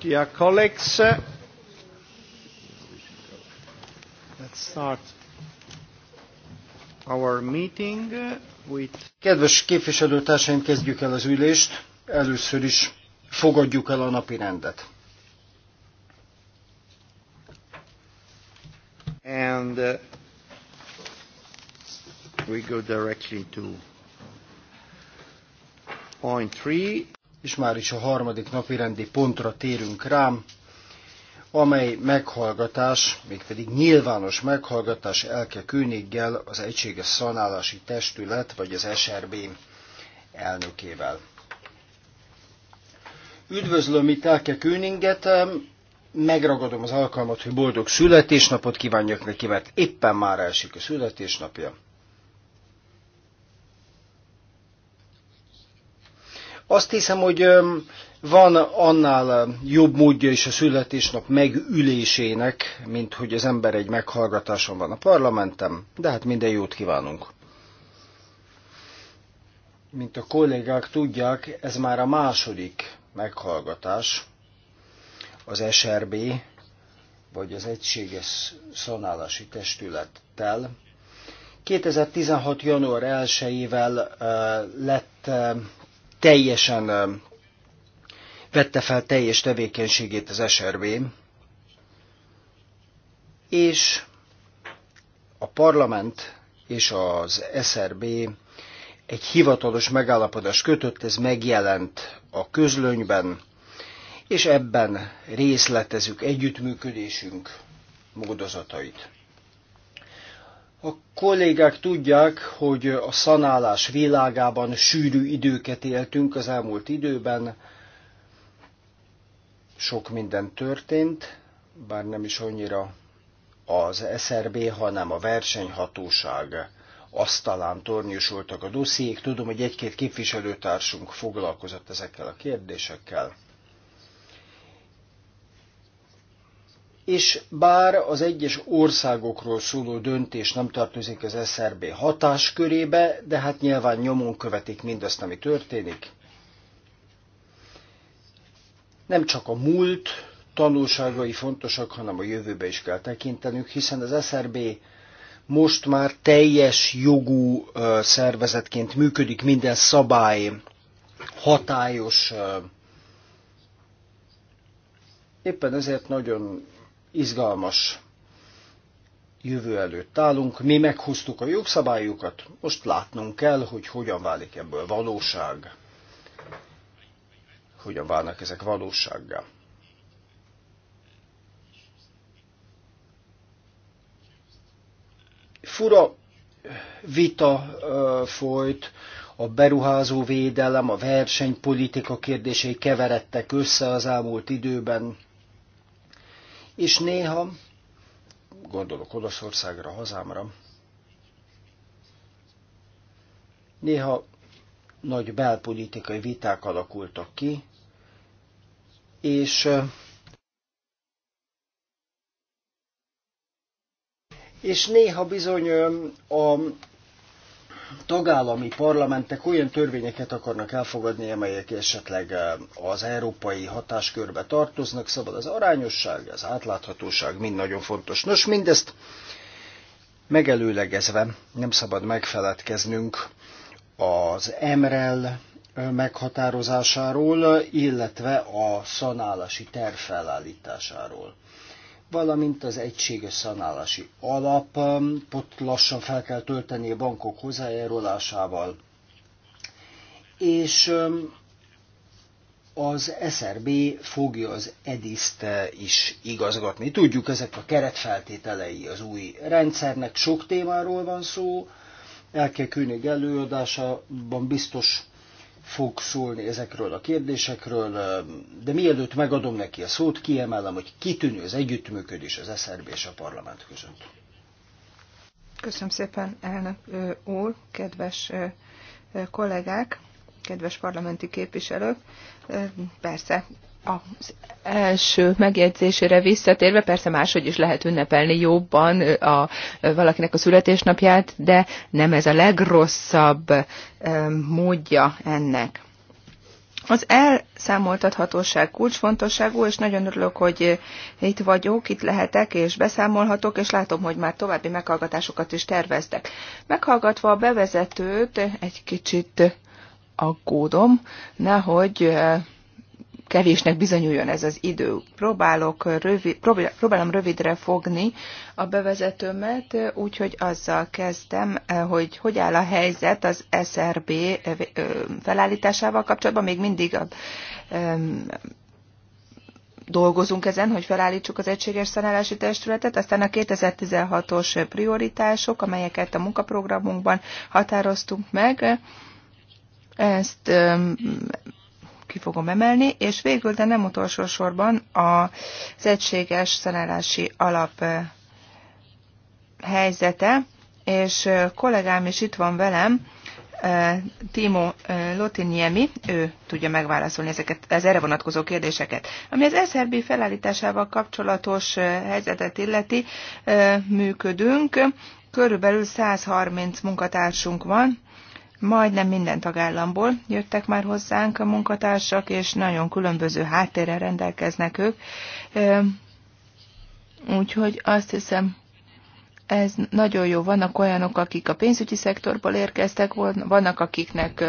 Dear colleagues, uh, let's start our meeting with... Kedves képviselőtársaim, kezdjük el az ülést. Először is fogadjuk el a napi rendet. And uh, we go directly to point three és már is a harmadik napi rendi pontra térünk rám, amely meghallgatás, mégpedig nyilvános meghallgatás Elke Kőnéggel, az Egységes Szanálási Testület, vagy az SRB elnökével. Üdvözlöm itt Elke Kőninget, megragadom az alkalmat, hogy boldog születésnapot kívánjak neki, mert éppen már elsik a születésnapja. Azt hiszem, hogy van annál jobb módja is a születésnap megülésének, mint hogy az ember egy meghallgatáson van a parlamentem, de hát minden jót kívánunk. Mint a kollégák tudják, ez már a második meghallgatás az SRB, vagy az Egységes Szonálási Testülettel. 2016. január 1-ével lett teljesen vette fel teljes tevékenységét az SRB, és a parlament és az SRB egy hivatalos megállapodás kötött, ez megjelent a közlönyben, és ebben részletezük együttműködésünk módozatait. A kollégák tudják, hogy a szanálás világában sűrű időket éltünk az elmúlt időben. Sok minden történt, bár nem is annyira az SRB, hanem a versenyhatóság asztalán tornyosultak a dossziék. Tudom, hogy egy-két képviselőtársunk foglalkozott ezekkel a kérdésekkel. és bár az egyes országokról szóló döntés nem tartozik az SRB hatáskörébe, de hát nyilván nyomon követik mindazt, ami történik. Nem csak a múlt tanulságai fontosak, hanem a jövőbe is kell tekintenünk, hiszen az SRB most már teljes jogú szervezetként működik, minden szabály hatályos. Éppen ezért nagyon izgalmas jövő előtt állunk. Mi meghoztuk a jogszabályokat, most látnunk kell, hogy hogyan válik ebből valóság. Hogyan válnak ezek valósággá. Fura vita uh, folyt, a beruházó védelem, a versenypolitika kérdései keveredtek össze az elmúlt időben és néha, gondolok Olaszországra, hazámra, néha nagy belpolitikai viták alakultak ki, és és néha bizony a tagállami parlamentek olyan törvényeket akarnak elfogadni, amelyek esetleg eh, az európai hatáskörbe tartoznak, szabad az arányosság, az átláthatóság mind nagyon fontos. Nos, mindezt megelőlegezve nem szabad megfeledkeznünk az MREL eh, meghatározásáról, illetve a szanálási terv felállításáról valamint az egységes szanálási alapot um, lassan fel kell tölteni a bankok hozzájárulásával, és um, az SRB fogja az EDIS-t uh, is igazgatni. Tudjuk, ezek a keretfeltételei az új rendszernek, sok témáról van szó, Elke König előadásában biztos fog szólni ezekről a kérdésekről, de mielőtt megadom neki a szót, kiemelem, hogy kitűnő az együttműködés az SZRB és a parlament között. Köszönöm szépen, elnök úr, kedves kollégák, kedves parlamenti képviselők. Persze, az első megjegyzésére visszatérve, persze máshogy is lehet ünnepelni jobban a, a valakinek a születésnapját, de nem ez a legrosszabb e, módja ennek. Az elszámoltathatóság kulcsfontosságú, és nagyon örülök, hogy itt vagyok, itt lehetek, és beszámolhatok, és látom, hogy már további meghallgatásokat is terveztek. Meghallgatva a bevezetőt, egy kicsit aggódom, nehogy kevésnek bizonyuljon ez az idő. Próbálok rövid, próbálom rövidre fogni a bevezetőmet, úgyhogy azzal kezdtem, hogy hogy áll a helyzet az SRB felállításával kapcsolatban. Még mindig a, dolgozunk ezen, hogy felállítsuk az egységes szanálási testületet, aztán a 2016-os prioritások, amelyeket a munkaprogramunkban határoztunk meg, ezt ki fogom emelni, és végül, de nem utolsó sorban az egységes szanálási alap helyzete, és kollégám is itt van velem, Timo Lotiniemi, ő tudja megválaszolni ezeket, az erre vonatkozó kérdéseket. Ami az SRB felállításával kapcsolatos helyzetet illeti, működünk. Körülbelül 130 munkatársunk van, Majdnem minden tagállamból jöttek már hozzánk a munkatársak, és nagyon különböző háttérrel rendelkeznek ők. Úgyhogy azt hiszem, ez nagyon jó. Vannak olyanok, akik a pénzügyi szektorból érkeztek, vannak akiknek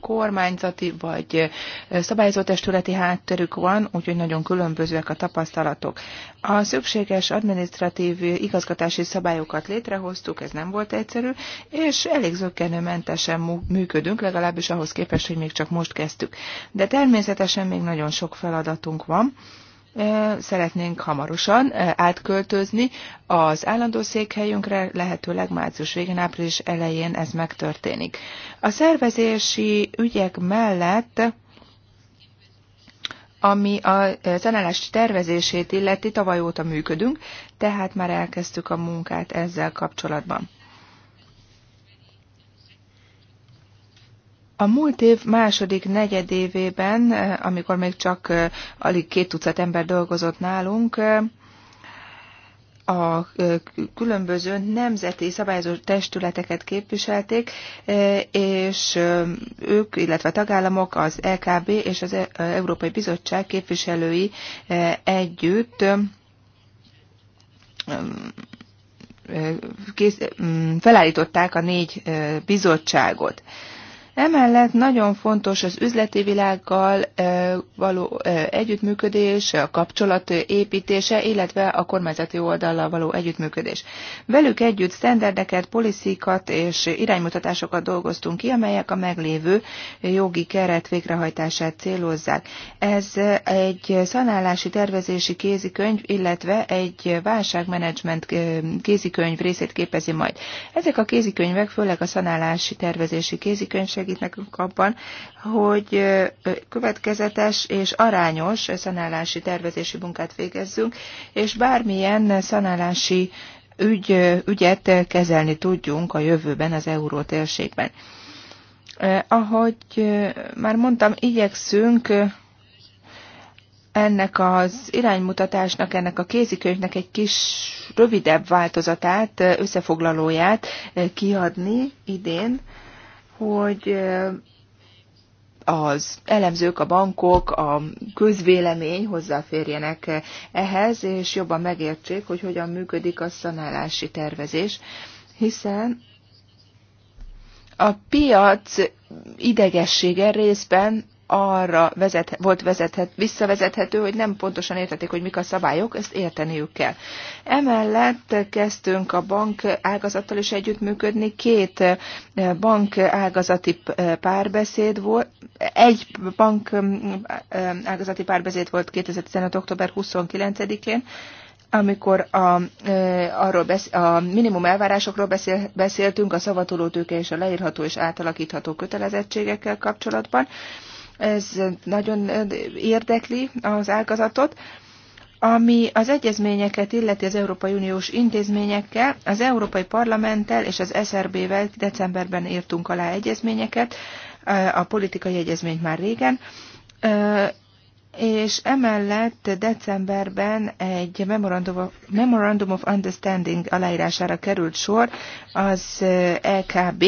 kormányzati vagy szabályozó testületi hátterük van, úgyhogy nagyon különbözőek a tapasztalatok. A szükséges administratív igazgatási szabályokat létrehoztuk, ez nem volt egyszerű, és elég zöggenőmentesen működünk, legalábbis ahhoz képest, hogy még csak most kezdtük. De természetesen még nagyon sok feladatunk van szeretnénk hamarosan átköltözni az állandó székhelyünkre, lehetőleg március végén, április elején ez megtörténik. A szervezési ügyek mellett ami a zenelás tervezését illeti, tavaly óta működünk, tehát már elkezdtük a munkát ezzel kapcsolatban. A múlt év második negyedévében, eh, amikor még csak eh, alig két tucat ember dolgozott nálunk, eh, a különböző nemzeti szabályozó testületeket képviselték, és ők, illetve a tagállamok, az LKB és az e- Európai Bizottság képviselői együtt mm, felállították a négy bizottságot. Emellett nagyon fontos az üzleti világgal való együttműködés, a kapcsolat építése, illetve a kormányzati oldallal való együttműködés. Velük együtt sztenderdeket, poliszikat és iránymutatásokat dolgoztunk ki, amelyek a meglévő jogi keret végrehajtását célozzák. Ez egy szanálási tervezési kézikönyv, illetve egy válságmenedzsment kézikönyv részét képezi majd. Ezek a kézikönyvek, főleg a szanálási tervezési kézikönyv segít nekünk abban, hogy következetes és arányos szanálási tervezési munkát végezzünk, és bármilyen szanálási ügy, ügyet kezelni tudjunk a jövőben az euró térségben. Ahogy már mondtam, igyekszünk ennek az iránymutatásnak, ennek a kézikönyvnek egy kis rövidebb változatát, összefoglalóját kiadni idén hogy az elemzők, a bankok, a közvélemény hozzáférjenek ehhez, és jobban megértsék, hogy hogyan működik a szanálási tervezés, hiszen a piac idegessége részben arra vezet, volt vezethet, visszavezethető, hogy nem pontosan értették, hogy mik a szabályok, ezt érteniük kell. Emellett kezdtünk a bank ágazattal is együttműködni, két eh, bank ágazati eh, párbeszéd volt, egy bank mm, eh, ágazati párbeszéd volt 2015. október 29-én, amikor a, e, arról besz, a minimum elvárásokról beszél, beszéltünk, a szavatoló tőke és a leírható és átalakítható kötelezettségekkel kapcsolatban, ez nagyon érdekli az ágazatot. Ami az egyezményeket illeti az Európai Uniós intézményekkel, az Európai Parlamenttel és az SRB-vel decemberben írtunk alá egyezményeket, a politikai egyezményt már régen, és emellett decemberben egy Memorandum of, Memorandum of Understanding aláírására került sor az EKB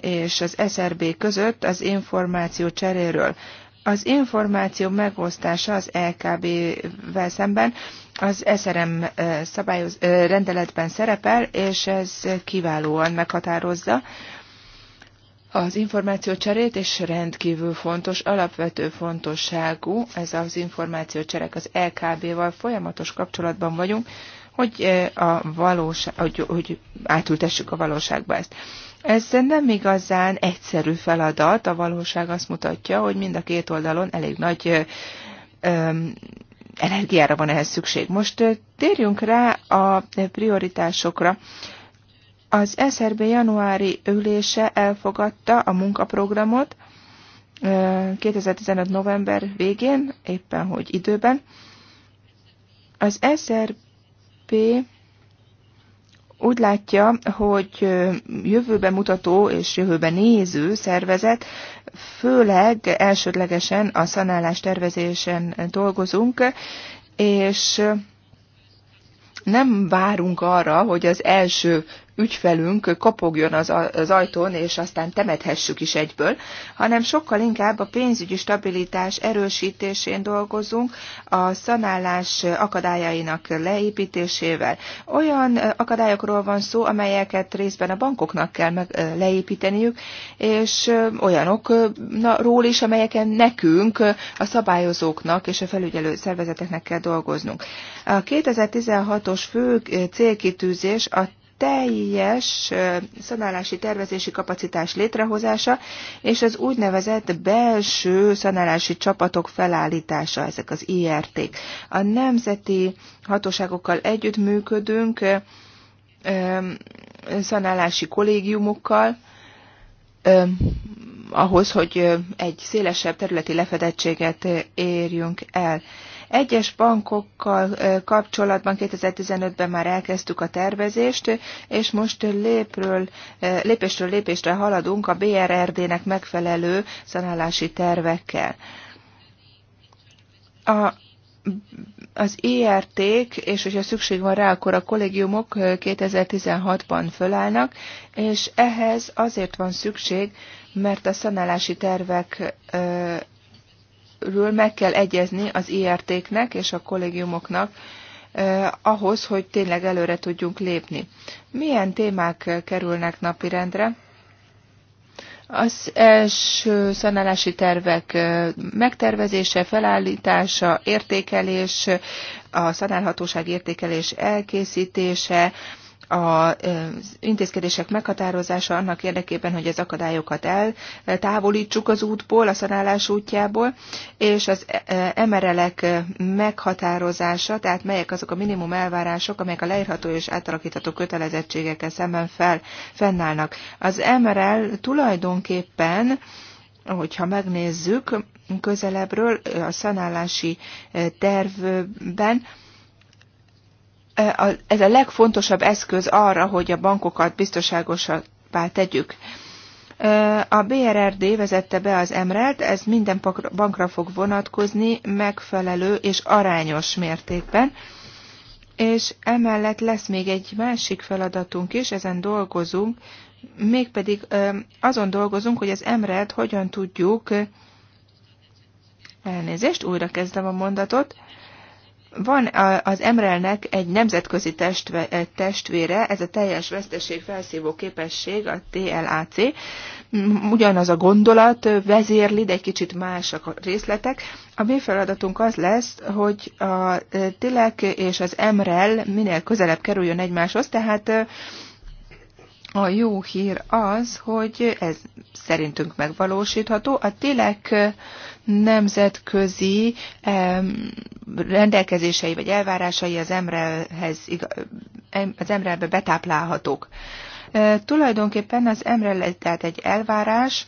és az SRB között az információ cseréről. Az információ megosztása az LKB-vel szemben az SRM szabályoz, rendeletben szerepel, és ez kiválóan meghatározza az információ cserét és rendkívül fontos, alapvető fontosságú ez az információ cserek az LKB-val folyamatos kapcsolatban vagyunk, hogy, a valóság, hogy, hogy átültessük a valóságba ezt. Ez nem igazán egyszerű feladat, a valóság azt mutatja, hogy mind a két oldalon elég nagy ö, energiára van ehhez szükség. Most térjünk rá a prioritásokra. Az SRB januári ülése elfogadta a munkaprogramot 2015. november végén, éppen hogy időben. Az SRB úgy látja, hogy jövőben mutató és jövőben néző szervezet, főleg elsődlegesen a szanálás tervezésen dolgozunk, és nem várunk arra, hogy az első ügyfelünk kopogjon az, az ajtón, és aztán temethessük is egyből, hanem sokkal inkább a pénzügyi stabilitás erősítésén dolgozunk, a szanálás akadályainak leépítésével. Olyan akadályokról van szó, amelyeket részben a bankoknak kell meg, leépíteniük, és olyanokról is, amelyeken nekünk, a szabályozóknak és a felügyelő szervezeteknek kell dolgoznunk. A 2016-os fő célkitűzés a teljes szanálási tervezési kapacitás létrehozása és az úgynevezett belső szanálási csapatok felállítása, ezek az IRT-k. A nemzeti hatóságokkal együttműködünk, szanálási kollégiumokkal, ahhoz, hogy egy szélesebb területi lefedettséget érjünk el. Egyes bankokkal kapcsolatban 2015-ben már elkezdtük a tervezést, és most lépről, lépésről lépésre haladunk a BRRD-nek megfelelő szanálási tervekkel. A az IRT-k, és hogyha szükség van rá, akkor a kollégiumok 2016-ban fölállnak, és ehhez azért van szükség, mert a szanálási tervek ről meg kell egyezni az IRT-knek és a kollégiumoknak, ahhoz, hogy tényleg előre tudjunk lépni. Milyen témák kerülnek napirendre? Az első szanálási tervek megtervezése, felállítása, értékelés, a szanálhatóság értékelés elkészítése, az intézkedések meghatározása annak érdekében, hogy az akadályokat eltávolítsuk az útból, a szanálás útjából, és az emerelek meghatározása, tehát melyek azok a minimum elvárások, amelyek a leírható és átalakítható kötelezettségekkel szemben fel, fennállnak. Az emerel tulajdonképpen hogyha megnézzük közelebbről a szanálási tervben, E, ez a legfontosabb eszköz arra, hogy a bankokat biztonságosabbá tegyük. E, a BRRD vezette be az emrelt, t ez minden bankra fog vonatkozni megfelelő és arányos mértékben, és emellett lesz még egy másik feladatunk is, ezen dolgozunk, mégpedig e, azon dolgozunk, hogy az emrelt t hogyan tudjuk, elnézést, újra kezdem a mondatot, van az Emrelnek egy nemzetközi eh, testvére, ez a teljes veszteség felszívó képesség, a TLAC. Ugyanaz a gondolat vezérli, de egy kicsit másak a részletek. A mi feladatunk az lesz, hogy a TILEK és az Emrel minél közelebb kerüljön egymáshoz, tehát a jó hír az, hogy ez szerintünk megvalósítható. A Tilek nemzetközi rendelkezései vagy elvárásai az emrelhez, az emrelbe betáplálhatók. Tulajdonképpen az emrel, tehát egy elvárás,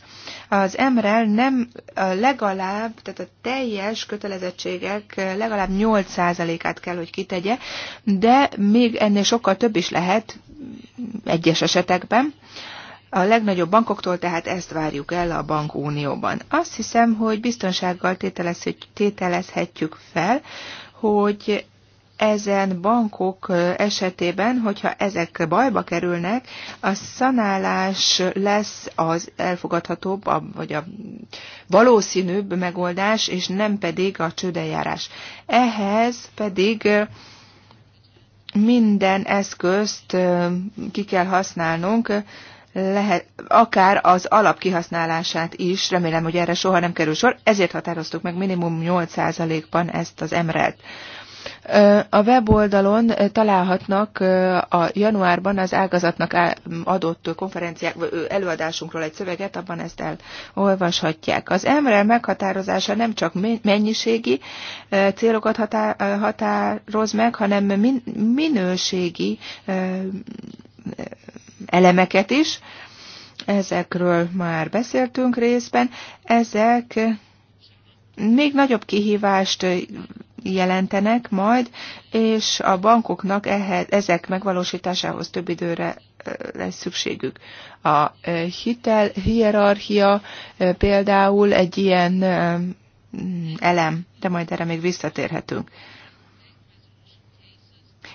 az emrel nem legalább, tehát a teljes kötelezettségek legalább 8%-át kell, hogy kitegye, de még ennél sokkal több is lehet egyes esetekben. A legnagyobb bankoktól tehát ezt várjuk el a bankunióban. Azt hiszem, hogy biztonsággal tételezhetjük fel, hogy ezen bankok esetében, hogyha ezek bajba kerülnek, a szanálás lesz az elfogadhatóbb, a, vagy a valószínűbb megoldás, és nem pedig a csődeljárás. Ehhez pedig minden eszközt ki kell használnunk, lehet, akár az alapkihasználását is, remélem, hogy erre soha nem kerül sor, ezért határoztuk meg minimum 8%-ban ezt az emrelt. A weboldalon találhatnak a januárban az ágazatnak adott konferenciák, előadásunkról egy szöveget, abban ezt elolvashatják. Az MREL meghatározása nem csak mennyiségi célokat határoz meg, hanem minőségi elemeket is. Ezekről már beszéltünk részben. Ezek még nagyobb kihívást jelentenek majd, és a bankoknak ehhez, ezek megvalósításához több időre lesz szükségük. A hitel hierarchia például egy ilyen elem, de majd erre még visszatérhetünk.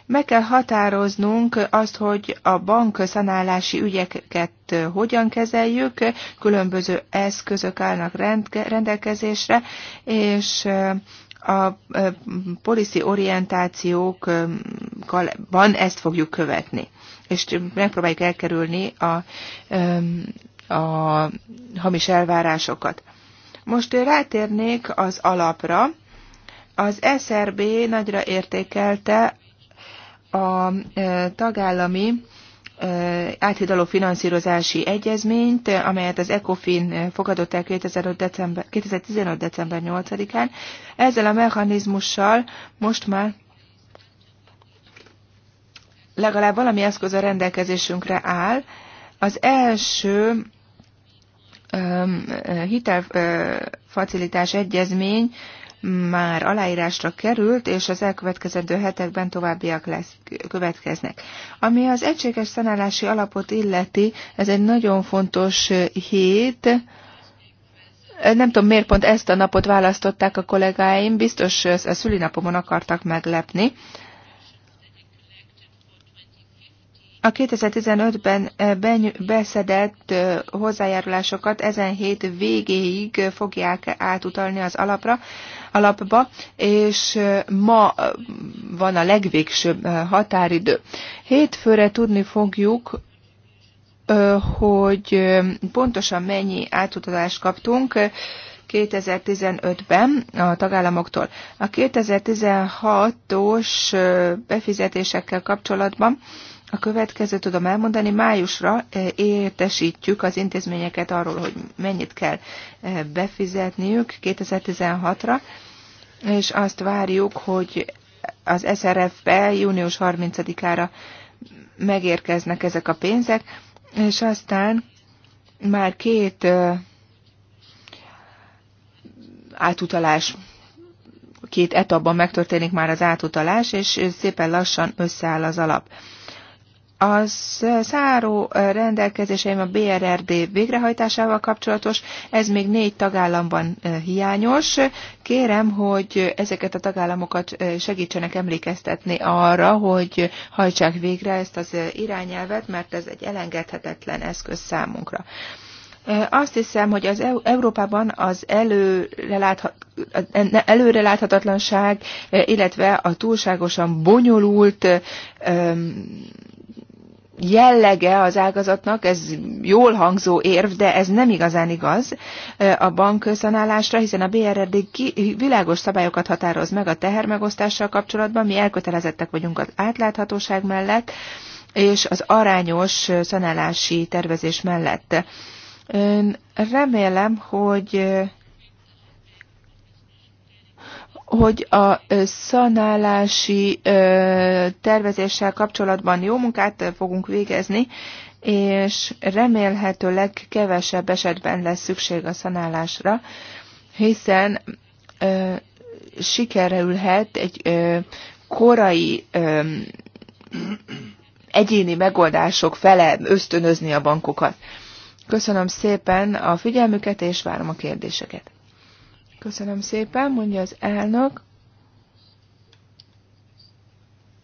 Meg kell határoznunk azt, hogy a szanálási ügyeket hogyan kezeljük, különböző eszközök állnak rendelkezésre, és a policy orientációkban ezt fogjuk követni, és megpróbáljuk elkerülni a, a hamis elvárásokat. Most rátérnék az alapra. Az SRB nagyra értékelte a tagállami áthidaló finanszírozási egyezményt, amelyet az ECOFIN fogadott el 2015. December, 2015. december 8-án. Ezzel a mechanizmussal most már legalább valami eszköz a rendelkezésünkre áll. Az első hitelfacilitás egyezmény már aláírásra került, és az elkövetkezendő hetekben továbbiak lesz, következnek. Ami az egységes szanálási alapot illeti, ez egy nagyon fontos hét, nem tudom, miért pont ezt a napot választották a kollégáim, biztos a szülinapomon akartak meglepni. A 2015-ben beszedett hozzájárulásokat ezen hét végéig fogják átutalni az alapra, alapba, és ma van a legvégsőbb határidő. Hétfőre tudni fogjuk, hogy pontosan mennyi átutalást kaptunk, 2015-ben a tagállamoktól. A 2016-os befizetésekkel kapcsolatban a következő tudom elmondani, májusra e, értesítjük az intézményeket arról, hogy mennyit kell e, befizetniük 2016-ra, és azt várjuk, hogy az SRF-be június 30-ára megérkeznek ezek a pénzek, és aztán már két e, átutalás két etapban megtörténik már az átutalás, és szépen lassan összeáll az alap. Az eh, száró eh, rendelkezéseim a BRRD végrehajtásával kapcsolatos, ez még négy tagállamban eh, hiányos. Kérem, hogy ezeket a tagállamokat segítsenek emlékeztetni arra, hogy hajtsák végre ezt az irányelvet, mert ez egy elengedhetetlen eszköz számunkra. Azt hiszem, hogy az Európában az előreláthatatlanság, illetve a túlságosan bonyolult jellege az ágazatnak, ez jól hangzó érv, de ez nem igazán igaz a bankszanálásra, hiszen a BRRD világos szabályokat határoz meg a tehermegosztással kapcsolatban, mi elkötelezettek vagyunk az átláthatóság mellett, és az arányos szanálási tervezés mellett. remélem, hogy hogy a szanálási tervezéssel kapcsolatban jó munkát fogunk végezni, és remélhetőleg kevesebb esetben lesz szükség a szanálásra, hiszen sikerülhet egy ö, korai ö, egyéni megoldások fele ösztönözni a bankokat. Köszönöm szépen a figyelmüket, és várom a kérdéseket. Köszönöm szépen, mondja az elnök.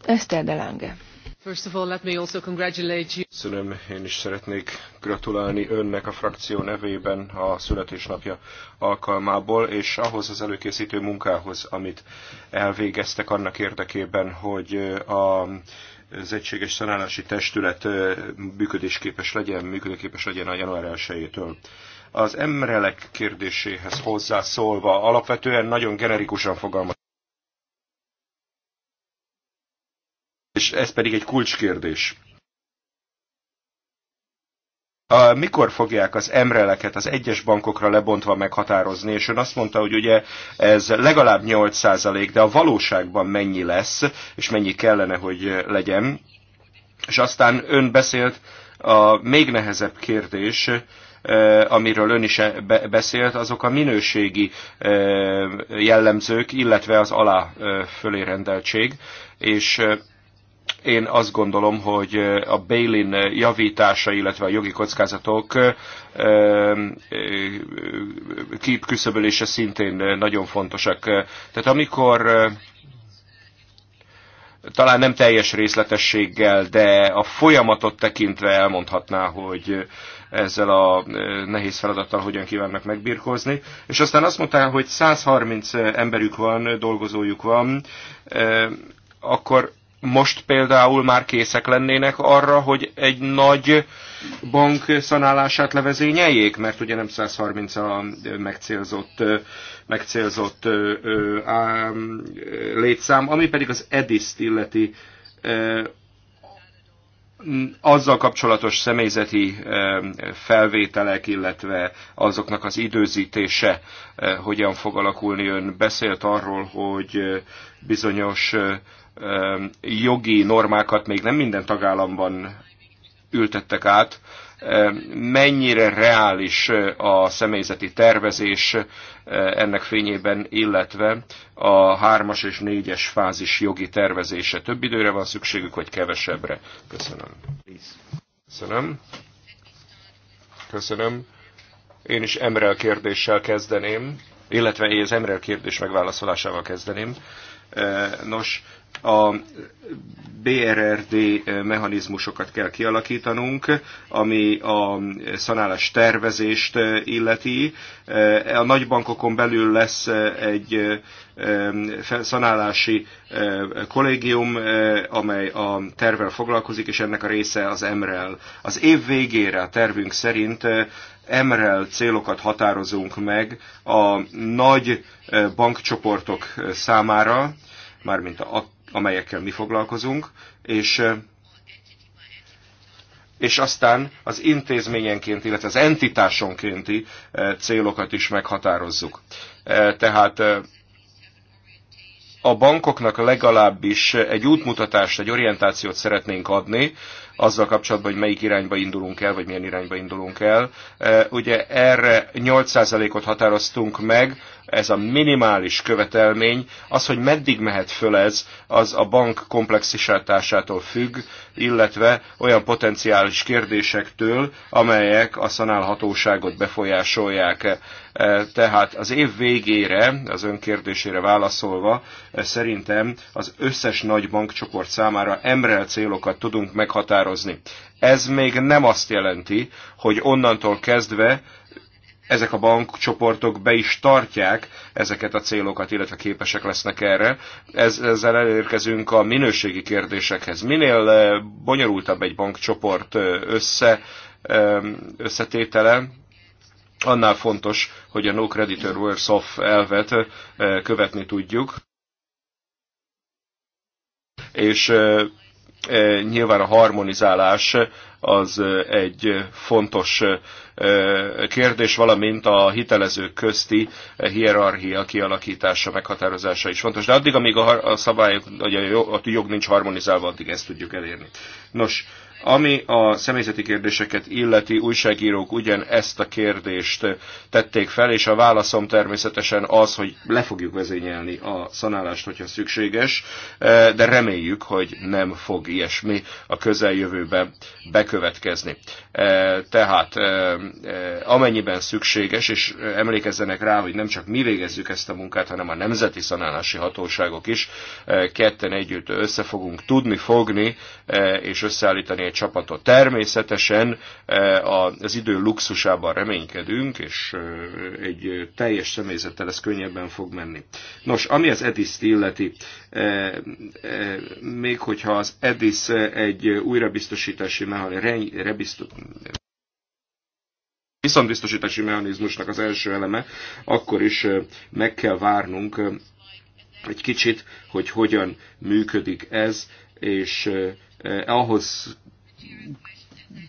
Eszter Delange. First of all, let me also congratulate you. Köszönöm, én is szeretnék gratulálni önnek a frakció nevében a születésnapja alkalmából, és ahhoz az előkészítő munkához, amit elvégeztek annak érdekében, hogy a az egységes szanálási testület működésképes legyen, működőképes legyen a január 1-től. Az emrelek kérdéséhez hozzászólva alapvetően nagyon generikusan fogalmaz. És ez pedig egy kulcskérdés. A, mikor fogják az emreleket az egyes bankokra lebontva meghatározni, és ön azt mondta, hogy ugye ez legalább 8%, de a valóságban mennyi lesz, és mennyi kellene, hogy legyen. És aztán ön beszélt a még nehezebb kérdés, amiről ön is e, beszélt, azok a minőségi jellemzők, illetve az alá fölé rendeltség, és én azt gondolom, hogy a Bailin javítása, illetve a jogi kockázatok kép szintén nagyon fontosak. Tehát amikor talán nem teljes részletességgel, de a folyamatot tekintve elmondhatná, hogy ezzel a nehéz feladattal hogyan kívánnak megbirkózni. És aztán azt mondta, hogy 130 emberük van, dolgozójuk van, akkor most például már készek lennének arra, hogy egy nagy bank szanálását levezényeljék, mert ugye nem 130 a megcélzott, megcélzott létszám, ami pedig az edis illeti azzal kapcsolatos személyzeti eh, felvételek, illetve azoknak az időzítése eh, hogyan fog alakulni. Ön beszélt arról, hogy eh, bizonyos jogi normákat még nem minden tagállamban ültettek át, mennyire reális a személyzeti tervezés ennek fényében, illetve a hármas és négyes fázis jogi tervezése. Több időre van szükségük, vagy kevesebbre? Köszönöm. Köszönöm. Köszönöm. Én is Emrel kérdéssel kezdeném, illetve én az Emrel kérdés megválaszolásával kezdeném. Nos, a BRRD mechanizmusokat kell kialakítanunk, ami a szanálás tervezést eh, illeti. Eh, a nagybankokon belül lesz eh, egy szanálási kollégium, amely a tervvel foglalkozik, és ennek a része az MREL. Az év végére a tervünk szerint MREL célokat határozunk meg a nagy bankcsoportok számára, mármint a amelyekkel mi foglalkozunk, és és aztán az intézményenként, illetve az entitásonkénti célokat is meghatározzuk. Tehát a bankoknak legalábbis egy útmutatást, egy orientációt szeretnénk adni, azzal kapcsolatban, hogy melyik irányba indulunk el, vagy milyen irányba indulunk el. Ugye erre 8%-ot határoztunk meg, ez a minimális követelmény, az, hogy meddig mehet föl ez, az a bank komplexisátásától függ, illetve olyan potenciális kérdésektől, amelyek a szanálhatóságot befolyásolják. E, tehát az év végére, az önkérdésére válaszolva, e, szerintem az összes nagy bankcsoport számára emrel célokat tudunk meghatározni. Ez még nem azt jelenti, hogy onnantól kezdve ezek a bankcsoportok be is tartják ezeket a célokat, illetve képesek lesznek erre. Ez, ezzel elérkezünk a minőségi kérdésekhez. Minél eh, bonyolultabb egy bankcsoport eh, össze, eh, összetétele, annál fontos, hogy a no creditor worse off elvet követni tudjuk. És nyilván a harmonizálás az egy fontos kérdés, valamint a hitelezők közti hierarchia kialakítása, meghatározása is fontos. De addig, amíg a szabályok, vagy a jog nincs harmonizálva, addig ezt tudjuk elérni. Nos, ami a személyzeti kérdéseket illeti, újságírók ugyan ezt a kérdést tették fel, és a válaszom természetesen az, hogy le fogjuk vezényelni a szanálást, hogyha szükséges, e, de reméljük, hogy nem fog ilyesmi a közeljövőben bekövetkezni. E, tehát e, amennyiben szükséges, és emlékezzenek rá, hogy nem csak mi végezzük ezt a munkát, hanem a nemzeti szanálási hatóságok is, ketten együtt össze fogunk tudni fogni, és összeállítani egy csapatot. Természetesen e, az idő luxusában reménykedünk, és e, egy teljes személyzettel ez könnyebben fog menni. Nos, ami az edis illeti, e, még hogyha az EDIS egy újrabiztosítási mechanizmus, biztosítási mechanizmusnak az első eleme, akkor is meg kell várnunk egy kicsit, hogy hogyan működik ez, és ahhoz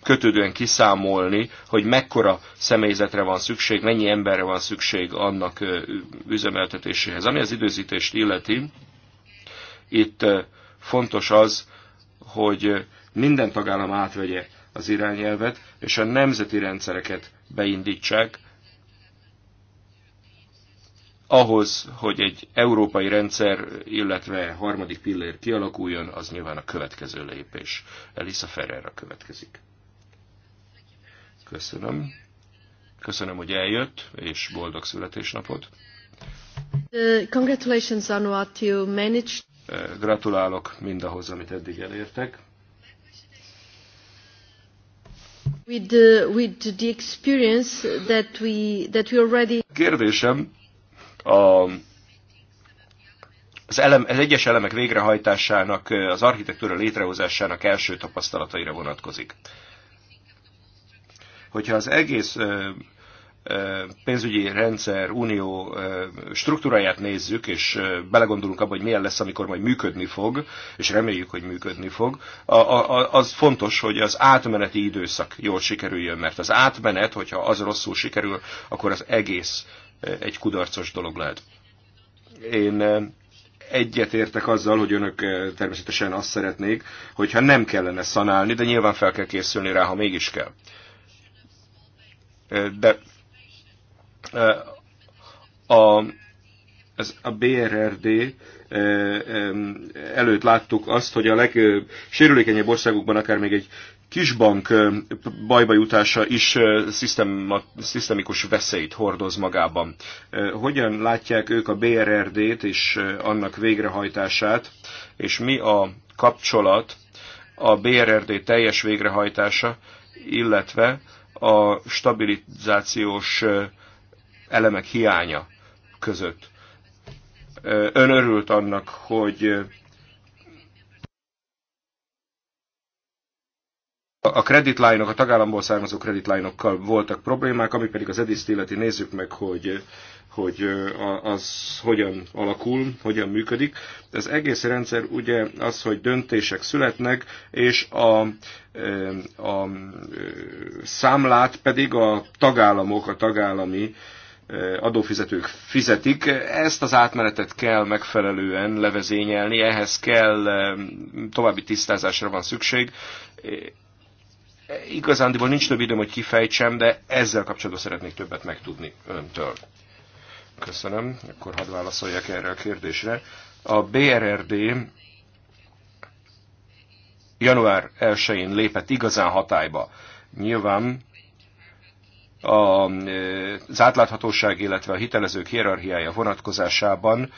kötődően kiszámolni, hogy mekkora személyzetre van szükség, mennyi emberre van szükség annak üzemeltetéséhez. Ami az időzítést illeti, itt fontos az, hogy minden tagállam átvegye az irányelvet, és a nemzeti rendszereket beindítsák, ahhoz, hogy egy európai rendszer, illetve harmadik pillér kialakuljon, az nyilván a következő lépés. Elisa Ferreira következik. Köszönöm. Köszönöm, hogy eljött, és boldog születésnapot. Uh, congratulations on what you managed. Uh, gratulálok mindahhoz, amit eddig elértek. With the, uh, with the experience that we, that we already... Kérdésem, a az, elem, az egyes elemek végrehajtásának, az architektúra létrehozásának első tapasztalataira vonatkozik. Hogyha az egész pénzügyi rendszer, unió struktúráját nézzük, és belegondolunk abba, hogy milyen lesz, amikor majd működni fog, és reméljük, hogy működni fog, az fontos, hogy az átmeneti időszak jól sikerüljön, mert az átmenet, hogyha az rosszul sikerül, akkor az egész egy kudarcos dolog lehet. Én eh, egyet értek azzal, hogy önök eh, természetesen azt szeretnék, hogyha nem kellene szanálni, de nyilván fel kell készülni rá, ha mégis kell. Eh, de a, az, a BRRD előtt láttuk azt, hogy a legsérülékenyebb országokban akár még egy kisbank bajba jutása is szisztemikus veszélyt hordoz magában. Hogyan látják ők a BRRD-t és annak végrehajtását, és mi a kapcsolat a BRRD teljes végrehajtása, illetve a stabilizációs elemek hiánya között. Ön örült annak, hogy a kreditlányok, a tagállamból származó kreditlányokkal voltak problémák, ami pedig az edis illeti nézzük meg, hogy, hogy az hogyan alakul, hogyan működik. Az egész rendszer ugye az, hogy döntések születnek, és a, a számlát pedig a tagállamok, a tagállami adófizetők fizetik. Ezt az átmenetet kell megfelelően levezényelni, ehhez kell további tisztázásra van szükség Igazándiból nincs több időm, hogy kifejtsem, de ezzel kapcsolatban szeretnék többet megtudni öntől. Köszönöm, akkor hadd válaszoljak erre a kérdésre. A BRRD január 1-én lépett igazán hatályba. Nyilván e, az átláthatóság, illetve a hitelezők hierarchiája vonatkozásában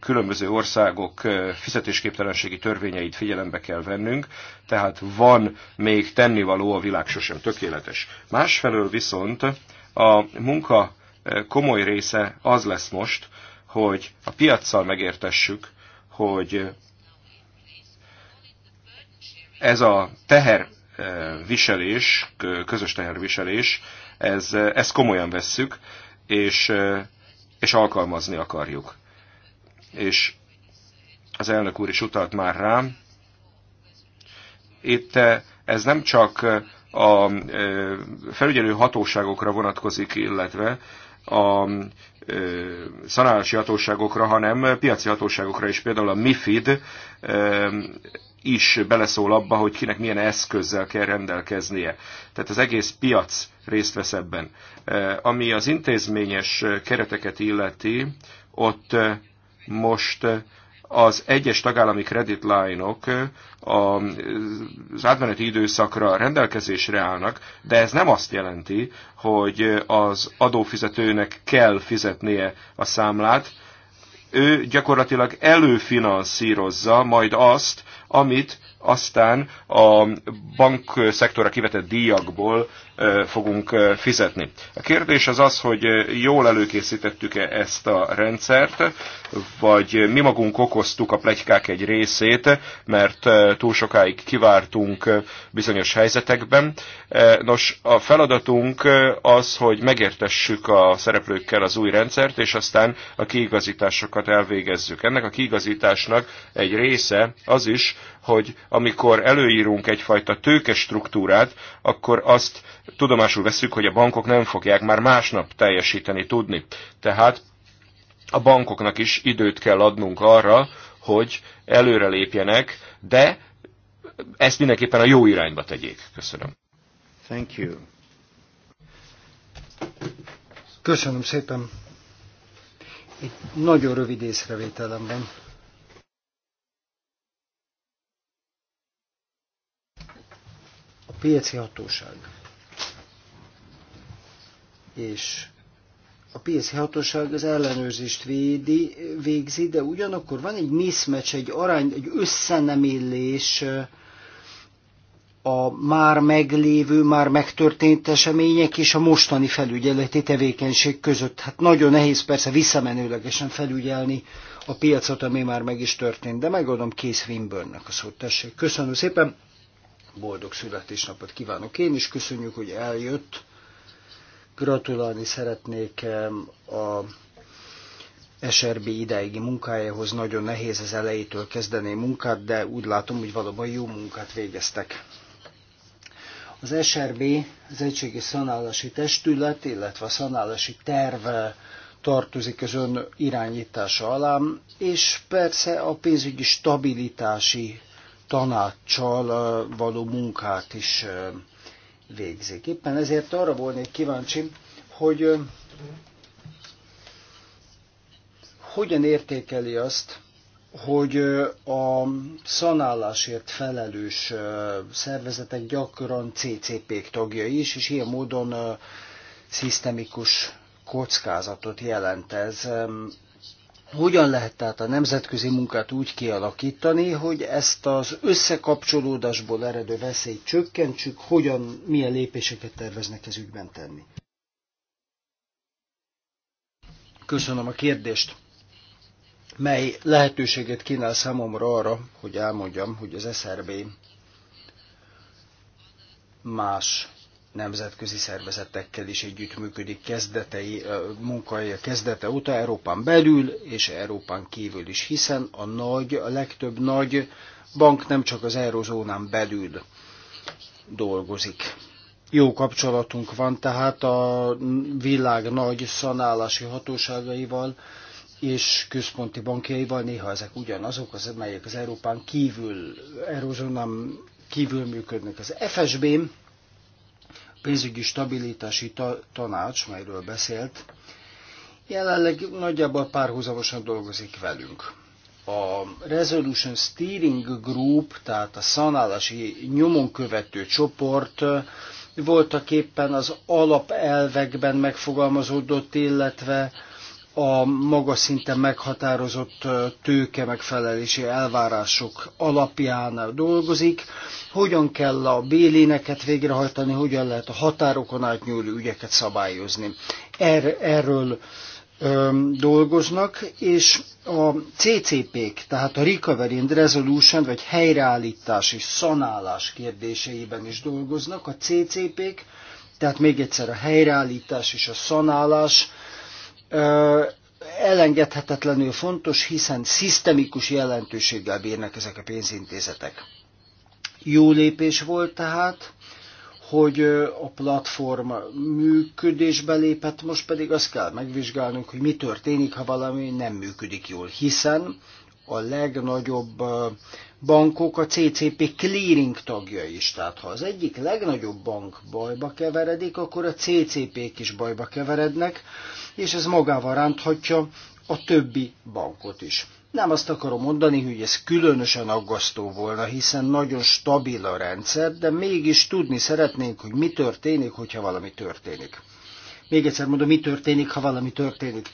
különböző országok fizetésképtelenségi törvényeit figyelembe kell vennünk, tehát van még tennivaló, a világ sosem tökéletes. Másfelől viszont a munka komoly része az lesz most, hogy a piaccal megértessük, hogy ez a teherviselés, közös teherviselés, ez, ezt komolyan vesszük, és és alkalmazni akarjuk. És az elnök úr is utalt már rám. Itt eh, ez nem csak eh, a eh, felügyelő hatóságokra vonatkozik, illetve a szanálási hatóságokra, hanem piaci hatóságokra is, például a MIFID is beleszól abba, hogy kinek milyen eszközzel kell rendelkeznie. Tehát az egész piac részt vesz ebben. E, ami az intézményes kereteket illeti, ott e, most e, az egyes tagállami kreditlájnok az átmeneti időszakra rendelkezésre állnak, de ez nem azt jelenti, hogy az adófizetőnek kell fizetnie a számlát, ő gyakorlatilag előfinanszírozza majd azt, amit aztán a bankszektorra kivetett díjakból fogunk fizetni. A kérdés az az, hogy jól előkészítettük-e ezt a rendszert, vagy mi magunk okoztuk a plegykák egy részét, mert túl sokáig kivártunk bizonyos helyzetekben. Nos, a feladatunk az, hogy megértessük a szereplőkkel az új rendszert, és aztán a kiigazításokat elvégezzük. Ennek a kiigazításnak egy része az is, hogy amikor előírunk egyfajta struktúrát, akkor azt tudomásul veszük, hogy a bankok nem fogják már másnap teljesíteni tudni. Tehát a bankoknak is időt kell adnunk arra, hogy előrelépjenek, de ezt mindenképpen a jó irányba tegyék. Köszönöm. Thank you. Köszönöm szépen. Egy nagyon rövid észrevételem van. A piaci hatóság és a PSZ hatóság az ellenőrzést védi, végzi, de ugyanakkor van egy mismatch, egy arány, egy összenemillés a már meglévő, már megtörtént események és a mostani felügyeleti tevékenység között. Hát nagyon nehéz persze visszamenőlegesen felügyelni a piacot, ami már meg is történt, de megadom Kész Wimbörnek a szót, tessék. Köszönöm szépen, boldog születésnapot kívánok én is, köszönjük, hogy eljött Gratulálni szeretnék a SRB ideigi munkájához. Nagyon nehéz az elejétől kezdeni munkát, de úgy látom, hogy valóban jó munkát végeztek. Az SRB, az Egységi Szanálási Testület, illetve a szanálási terv eh, tartozik az ön irányítása alá, és persze a pénzügyi stabilitási tanácssal eh, való munkát is eh, végzik. Éppen ezért arra volnék kíváncsi, hogy hogyan értékeli azt, hogy a szanálásért felelős szervezetek gyakran CCP-k tagja is, és ilyen módon szisztemikus kockázatot jelent ez. Hogyan lehet tehát a nemzetközi munkát úgy kialakítani, hogy ezt az összekapcsolódásból eredő veszélyt csökkentsük, hogyan, milyen lépéseket terveznek ez ügyben tenni? Köszönöm a kérdést, mely lehetőséget kínál számomra arra, hogy elmondjam, hogy az SRB más nemzetközi szervezetekkel is együttműködik kezdetei, munkája kezdete óta Európán belül és Európán kívül is, hiszen a nagy, a legtöbb nagy bank nem csak az eurozónán belül dolgozik. Jó kapcsolatunk van tehát a világ nagy szanálási hatóságaival és központi bankjaival, néha ezek ugyanazok, az, melyek az Európán kívül, eurozónán kívül működnek. Az fsb pénzügyi stabilitási ta tanács, melyről beszélt, jelenleg nagyjából párhuzamosan dolgozik velünk. A Resolution Steering Group, tehát a szanálási nyomon követő csoport voltak éppen az alapelvekben megfogalmazódott, illetve a magas szinten meghatározott tőke megfelelési elvárások alapján dolgozik, hogyan kell a béléneket végrehajtani, hogyan lehet a határokon átnyúló ügyeket szabályozni. Er, erről dolgoznak, és a CCP-k, tehát a Recovery and Resolution, vagy helyreállítás és szanálás kérdéseiben is dolgoznak. A CCP-k, tehát még egyszer a helyreállítás és a szanálás elengedhetetlenül fontos, hiszen szisztemikus jelentőséggel bírnak ezek a pénzintézetek. Jó lépés volt tehát, hogy a platform működésbe lépett, most pedig azt kell megvizsgálnunk, hogy mi történik, ha valami nem működik jól, hiszen a legnagyobb bankok a CCP clearing tagja is. Tehát ha az egyik legnagyobb bank bajba keveredik, akkor a CCP-k is bajba keverednek, és ez magával ránthatja a többi bankot is. Nem azt akarom mondani, hogy ez különösen aggasztó volna, hiszen nagyon stabil a rendszer, de mégis tudni szeretnénk, hogy mi történik, hogyha valami történik. Még egyszer mondom, mi történik, ha valami történik.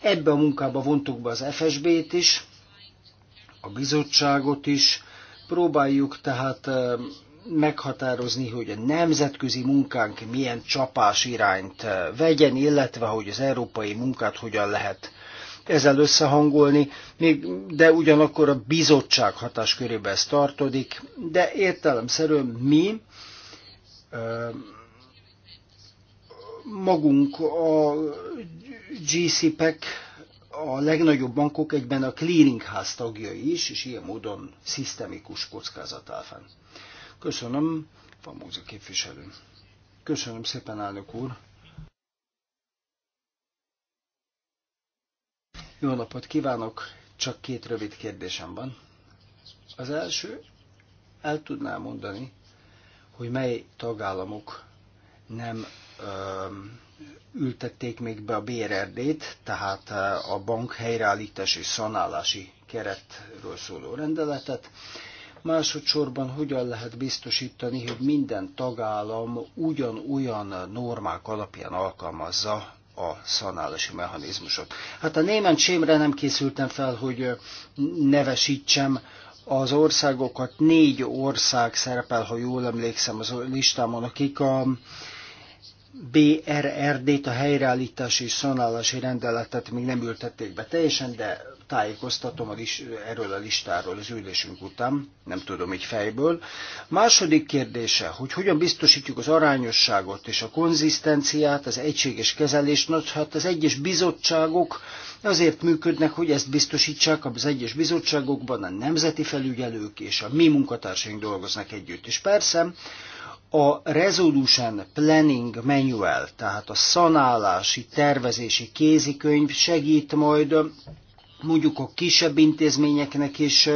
Ebbe a munkába vontuk be az FSB-t is, a bizottságot is. Próbáljuk tehát meghatározni, hogy a nemzetközi munkánk milyen csapás irányt vegyen, illetve hogy az európai munkát hogyan lehet ezzel összehangolni, még, de ugyanakkor a bizottság hatáskörébe ez tartodik, de értelemszerűen mi magunk a GCPEC a legnagyobb bankok egyben a clearingház tagjai is, és ilyen módon szisztemikus kockázat áll fenn. Köszönöm, Famóza képviselő. Köszönöm szépen, elnök úr. Jó napot kívánok, csak két rövid kérdésem van. Az első, el tudnám mondani, hogy mely tagállamok nem ültették még be a BRRD-t, tehát a bank helyreállítási szanálási keretről szóló rendeletet. Másodszorban hogyan lehet biztosítani, hogy minden tagállam ugyanolyan normák alapján alkalmazza a szanálási mechanizmusot. Hát a német sémre nem készültem fel, hogy nevesítsem az országokat. Négy ország szerepel, ha jól emlékszem az listámon, akik a BRRD-t, a helyreállítási és szanálási rendeletet még nem ültették be teljesen, de tájékoztatom a lis- erről a listáról az ülésünk után, nem tudom így fejből. Második kérdése, hogy hogyan biztosítjuk az arányosságot és a konzisztenciát, az egységes kezelést, no, hát az egyes bizottságok azért működnek, hogy ezt biztosítsák, az egyes bizottságokban a nemzeti felügyelők és a mi munkatársaink dolgoznak együtt. És persze, a Resolution Planning Manual, tehát a szanálási tervezési kézikönyv segít majd mondjuk a kisebb intézményeknek is,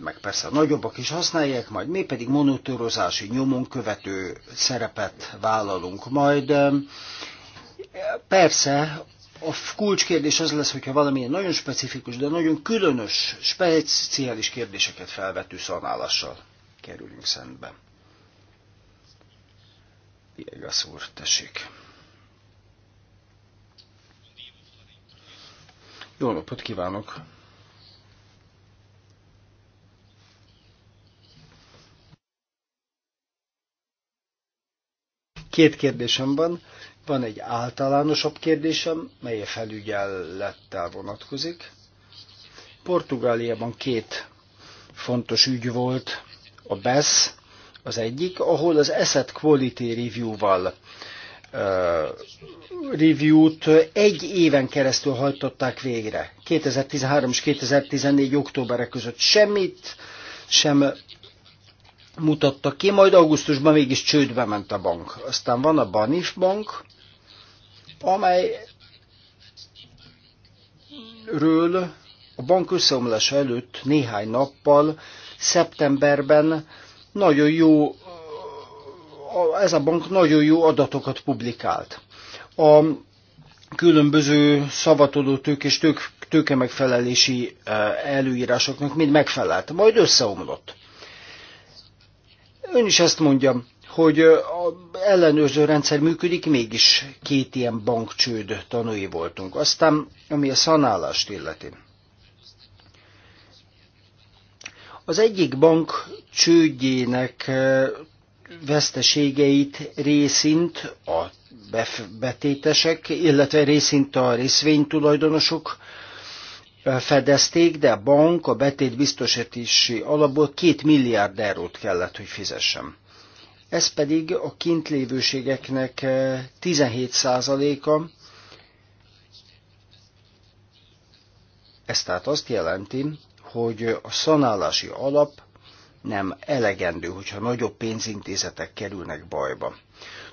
meg persze a nagyobbak is használják, majd mi pedig monitorozási nyomon követő szerepet vállalunk. Majd persze a kulcskérdés az lesz, hogyha valamilyen nagyon specifikus, de nagyon különös, speciális kérdéseket felvető szanálással kerülünk szembe. Viegas úr, tessék. Jó napot kívánok! Két kérdésem van. Van egy általánosabb kérdésem, mely a felügyelettel vonatkozik. Portugáliában két fontos ügy volt, a BESZ az egyik, ahol az Asset Quality Review-val review-t egy éven keresztül hajtották végre. 2013 és 2014 októberek között semmit sem mutattak ki, majd augusztusban mégis csődbe ment a bank. Aztán van a Banif bank, amely ről a bank összeomlása előtt néhány nappal szeptemberben nagyon jó, ez a bank nagyon jó adatokat publikált. A különböző szavatodó tők és tők, tőke megfelelési e, előírásoknak mind megfelelt, majd összeomlott. Ön is ezt mondja, hogy e, a ellenőrző rendszer működik, mégis két ilyen bankcsőd tanúi voltunk. Aztán, ami a szanálást illeti. Az egyik bank csődjének veszteségeit részint a betétesek, illetve részint a részvénytulajdonosok fedezték, de a bank a betét biztosítási alapból két milliárd eurót kellett, hogy fizessem. Ez pedig a kintlévőségeknek 17%-a. Ez tehát azt jelenti, hogy a szanálási alap nem elegendő, hogyha nagyobb pénzintézetek kerülnek bajba.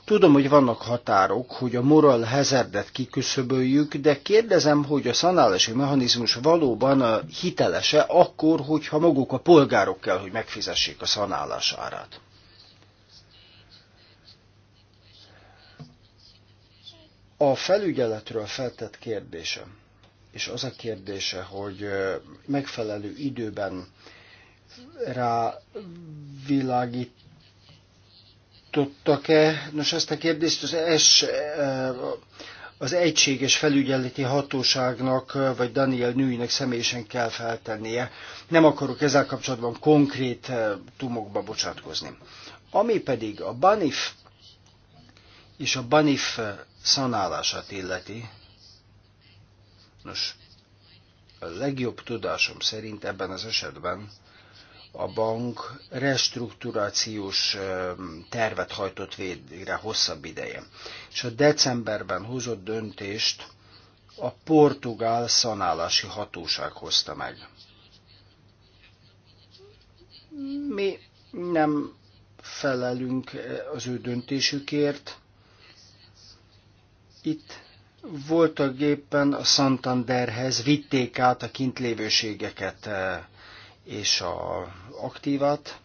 Tudom, hogy vannak határok, hogy a moral hazardet kiküszöböljük, de kérdezem, hogy a szanálási mechanizmus valóban uh, hitelese akkor, hogyha maguk a polgárok kell, hogy megfizessék a szanálás árát. A felügyeletről feltett kérdésem és az a kérdése, hogy megfelelő időben rávilágít világítottak e Nos, ezt a kérdést az S, az Egységes Felügyeleti Hatóságnak, vagy Daniel Nőinek személyesen kell feltennie. Nem akarok ezzel kapcsolatban konkrét tumokba bocsátkozni. Ami pedig a BANIF és a BANIF szanálását illeti, Nos, a legjobb tudásom szerint ebben az esetben a bank restrukturációs tervet hajtott végre hosszabb ideje. És a decemberben hozott döntést a portugál szanálási hatóság hozta meg. Mi nem felelünk az ő döntésükért. Itt voltak éppen a Santanderhez vitték át a kintlévőségeket eh, és a aktívát,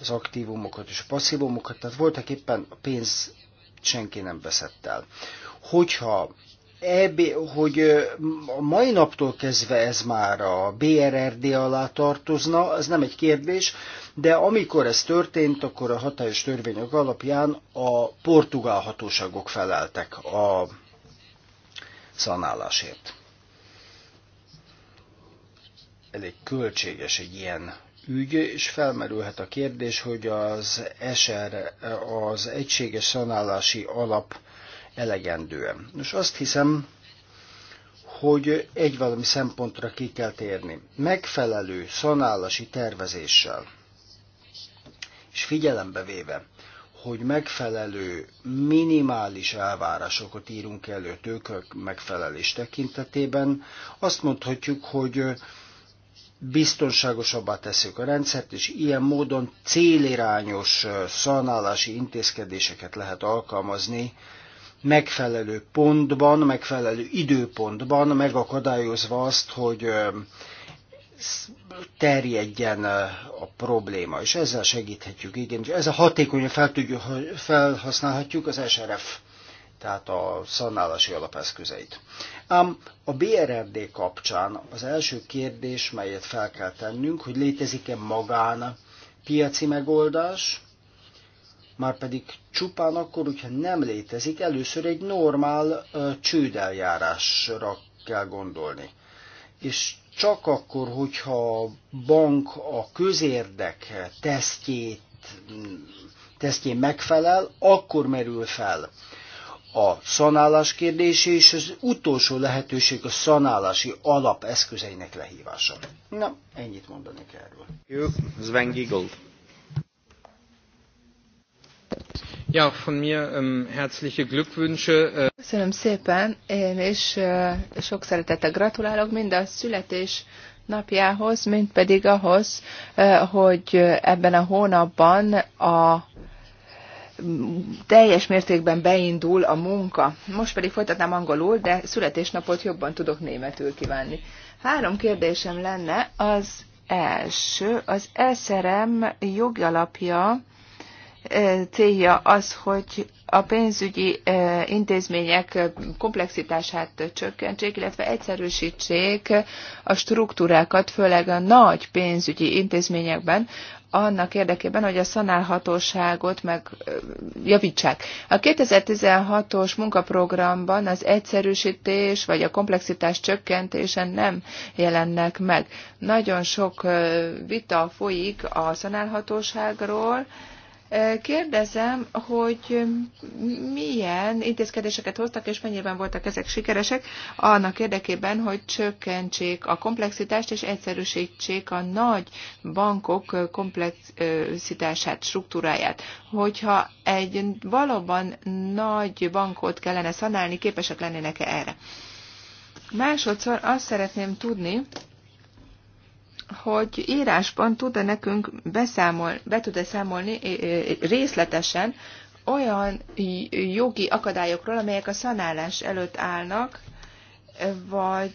az aktívumokat és a passzívumokat, tehát voltak éppen a pénz senki nem veszett el. Hogyha EB, hogy eh, a mai naptól kezdve ez már a BRRD alá tartozna, ez nem egy kérdés, de amikor ez történt, akkor a hatályos törvények alapján a portugál hatóságok feleltek a szanálásért. Elég költséges egy ilyen ügy, és felmerülhet a kérdés, hogy az SR, az egységes szanálási alap elegendően. Nos, azt hiszem, hogy egy valami szempontra ki kell térni. Megfelelő szanálási tervezéssel és figyelembe véve hogy megfelelő minimális elvárásokat írunk elő tőkök megfelelés tekintetében, azt mondhatjuk, hogy biztonságosabbá teszük a rendszert, és ilyen módon célirányos szanálási intézkedéseket lehet alkalmazni, megfelelő pontban, megfelelő időpontban, megakadályozva azt, hogy terjedjen a probléma, és ezzel segíthetjük, igen, és ezzel hatékonyan fel tudjuk, felhasználhatjuk az SRF, tehát a szannálási alapeszközeit. Ám a BRRD kapcsán az első kérdés, melyet fel kell tennünk, hogy létezik-e magán piaci megoldás, márpedig csupán akkor, hogyha nem létezik, először egy normál csődeljárásra kell gondolni. És csak akkor, hogyha a bank a közérdek tesztjét, tesztjén megfelel, akkor merül fel a szanálás kérdése, és az utolsó lehetőség a szanálási alap eszközeinek lehívása. Na, ennyit mondanék erről. Jó, Sven Giegold. Ja, von mir ähm, herzliche Glückwünsche. Äh, Köszönöm szépen, én is uh, sok szeretettel gratulálok mind a születés napjához, mint pedig ahhoz, uh, hogy ebben a hónapban a teljes mértékben beindul a munka. Most pedig folytatnám angolul, de születésnapot jobban tudok németül kívánni. Három kérdésem lenne, az első, az eszerem jogalapja, célja az, hogy a pénzügyi intézmények komplexitását csökkentsék, illetve egyszerűsítsék a struktúrákat, főleg a nagy pénzügyi intézményekben, annak érdekében, hogy a szanálhatóságot meg javítsák. A 2016-os munkaprogramban az egyszerűsítés vagy a komplexitás csökkentése nem jelennek meg. Nagyon sok vita folyik a szanálhatóságról, Kérdezem, hogy milyen intézkedéseket hoztak, és mennyiben voltak ezek sikeresek annak érdekében, hogy csökkentsék a komplexitást, és egyszerűsítsék a nagy bankok komplexitását, struktúráját. Hogyha egy valóban nagy bankot kellene szanálni, képesek lennének -e erre? Másodszor azt szeretném tudni, hogy írásban tud-e nekünk beszámol, be tud-e számolni részletesen olyan jogi akadályokról, amelyek a szanálás előtt állnak, vagy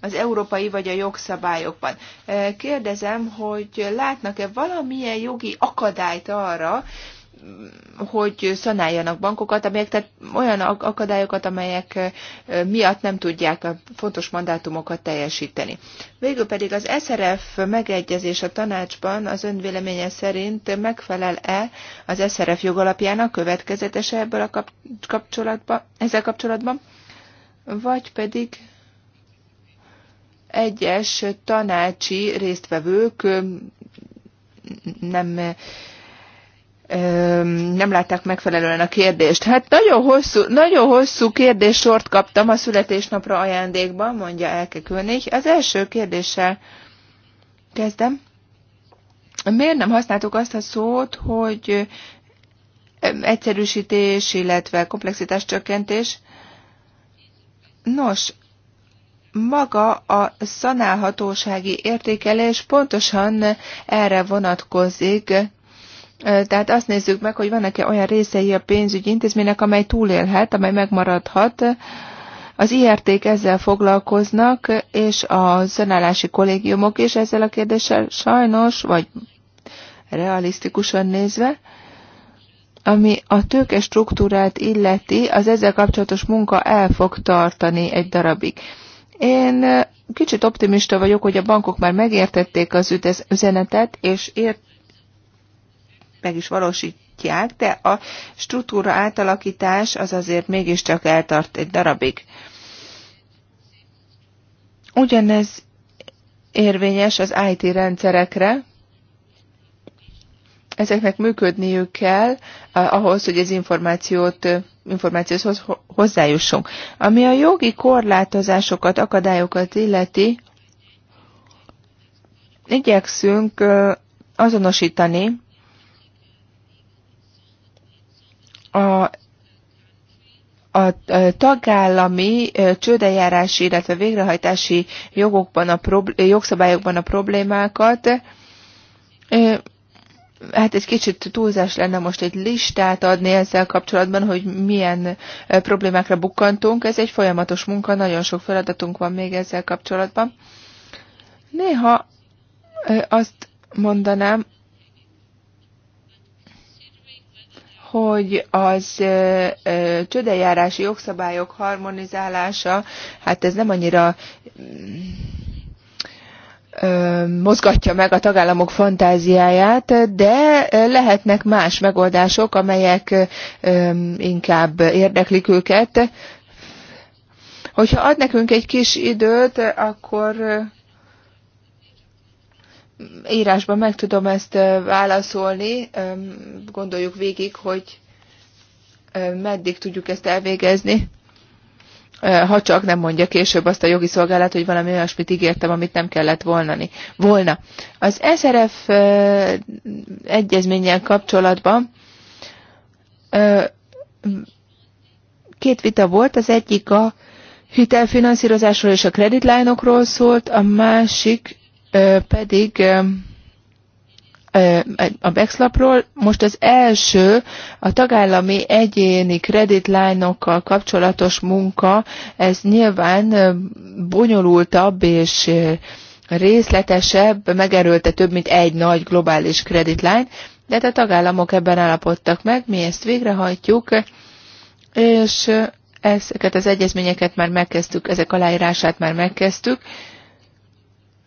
az európai vagy a jogszabályokban. Kérdezem, hogy látnak-e valamilyen jogi akadályt arra, hogy szanáljanak bankokat, amelyek tehát olyan akadályokat, amelyek miatt nem tudják a fontos mandátumokat teljesíteni. Végül pedig az SRF megegyezés a tanácsban az véleménye szerint megfelel-e az SRF jogalapjának következetese ebből a kapcsolatban, ezzel kapcsolatban, vagy pedig egyes tanácsi résztvevők nem nem látták megfelelően a kérdést. Hát nagyon hosszú, nagyon hosszú kérdéssort kaptam a születésnapra ajándékban, mondja Elke König. Az első kérdéssel kezdem. Miért nem használtuk azt a szót, hogy egyszerűsítés, illetve komplexitás csökkentés? Nos, maga a szanálhatósági értékelés pontosan erre vonatkozik, tehát azt nézzük meg, hogy vannak-e olyan részei a pénzügyi intézménynek, amely túlélhet, amely megmaradhat. Az IRT-k er ezzel foglalkoznak, és a zönállási kollégiumok is ezzel a kérdéssel sajnos, vagy realisztikusan nézve, ami a tőke struktúrát illeti, az ezzel kapcsolatos munka el fog tartani egy darabig. Én kicsit optimista vagyok, hogy a bankok már megértették az üzenetet, és ért, meg is valósítják, de a struktúra átalakítás az azért mégiscsak eltart egy darabig. Ugyanez érvényes az IT rendszerekre, ezeknek működniük kell ahhoz, hogy az információt, információhoz hozzájussunk. Ami a jogi korlátozásokat, akadályokat illeti, igyekszünk azonosítani a a tagállami csődejárási, illetve végrehajtási jogokban a probl- jogszabályokban a problémákat. Hát egy kicsit túlzás lenne most egy listát adni ezzel kapcsolatban, hogy milyen problémákra bukkantunk. Ez egy folyamatos munka, nagyon sok feladatunk van még ezzel kapcsolatban. Néha azt mondanám, hogy az ö, ö, csödejárási jogszabályok harmonizálása, hát ez nem annyira mozgatja meg a tagállamok fantáziáját, de lehetnek más megoldások, amelyek inkább érdeklik őket. Hogyha ad nekünk egy kis időt, akkor írásban meg tudom ezt válaszolni. Gondoljuk végig, hogy meddig tudjuk ezt elvégezni. Ha csak nem mondja később azt a jogi szolgálat, hogy valami olyasmit ígértem, amit nem kellett volnani. volna. Az SRF egyezménnyel kapcsolatban két vita volt, az egyik a hitelfinanszírozásról és a kreditlányokról szólt, a másik pedig a Bexlapról. Most az első, a tagállami egyéni kreditlányokkal kapcsolatos munka, ez nyilván bonyolultabb és részletesebb, megerőlte több mint egy nagy globális kreditlány, de hát a tagállamok ebben állapodtak meg, mi ezt végrehajtjuk, és ezeket az egyezményeket már megkezdtük, ezek aláírását már megkezdtük,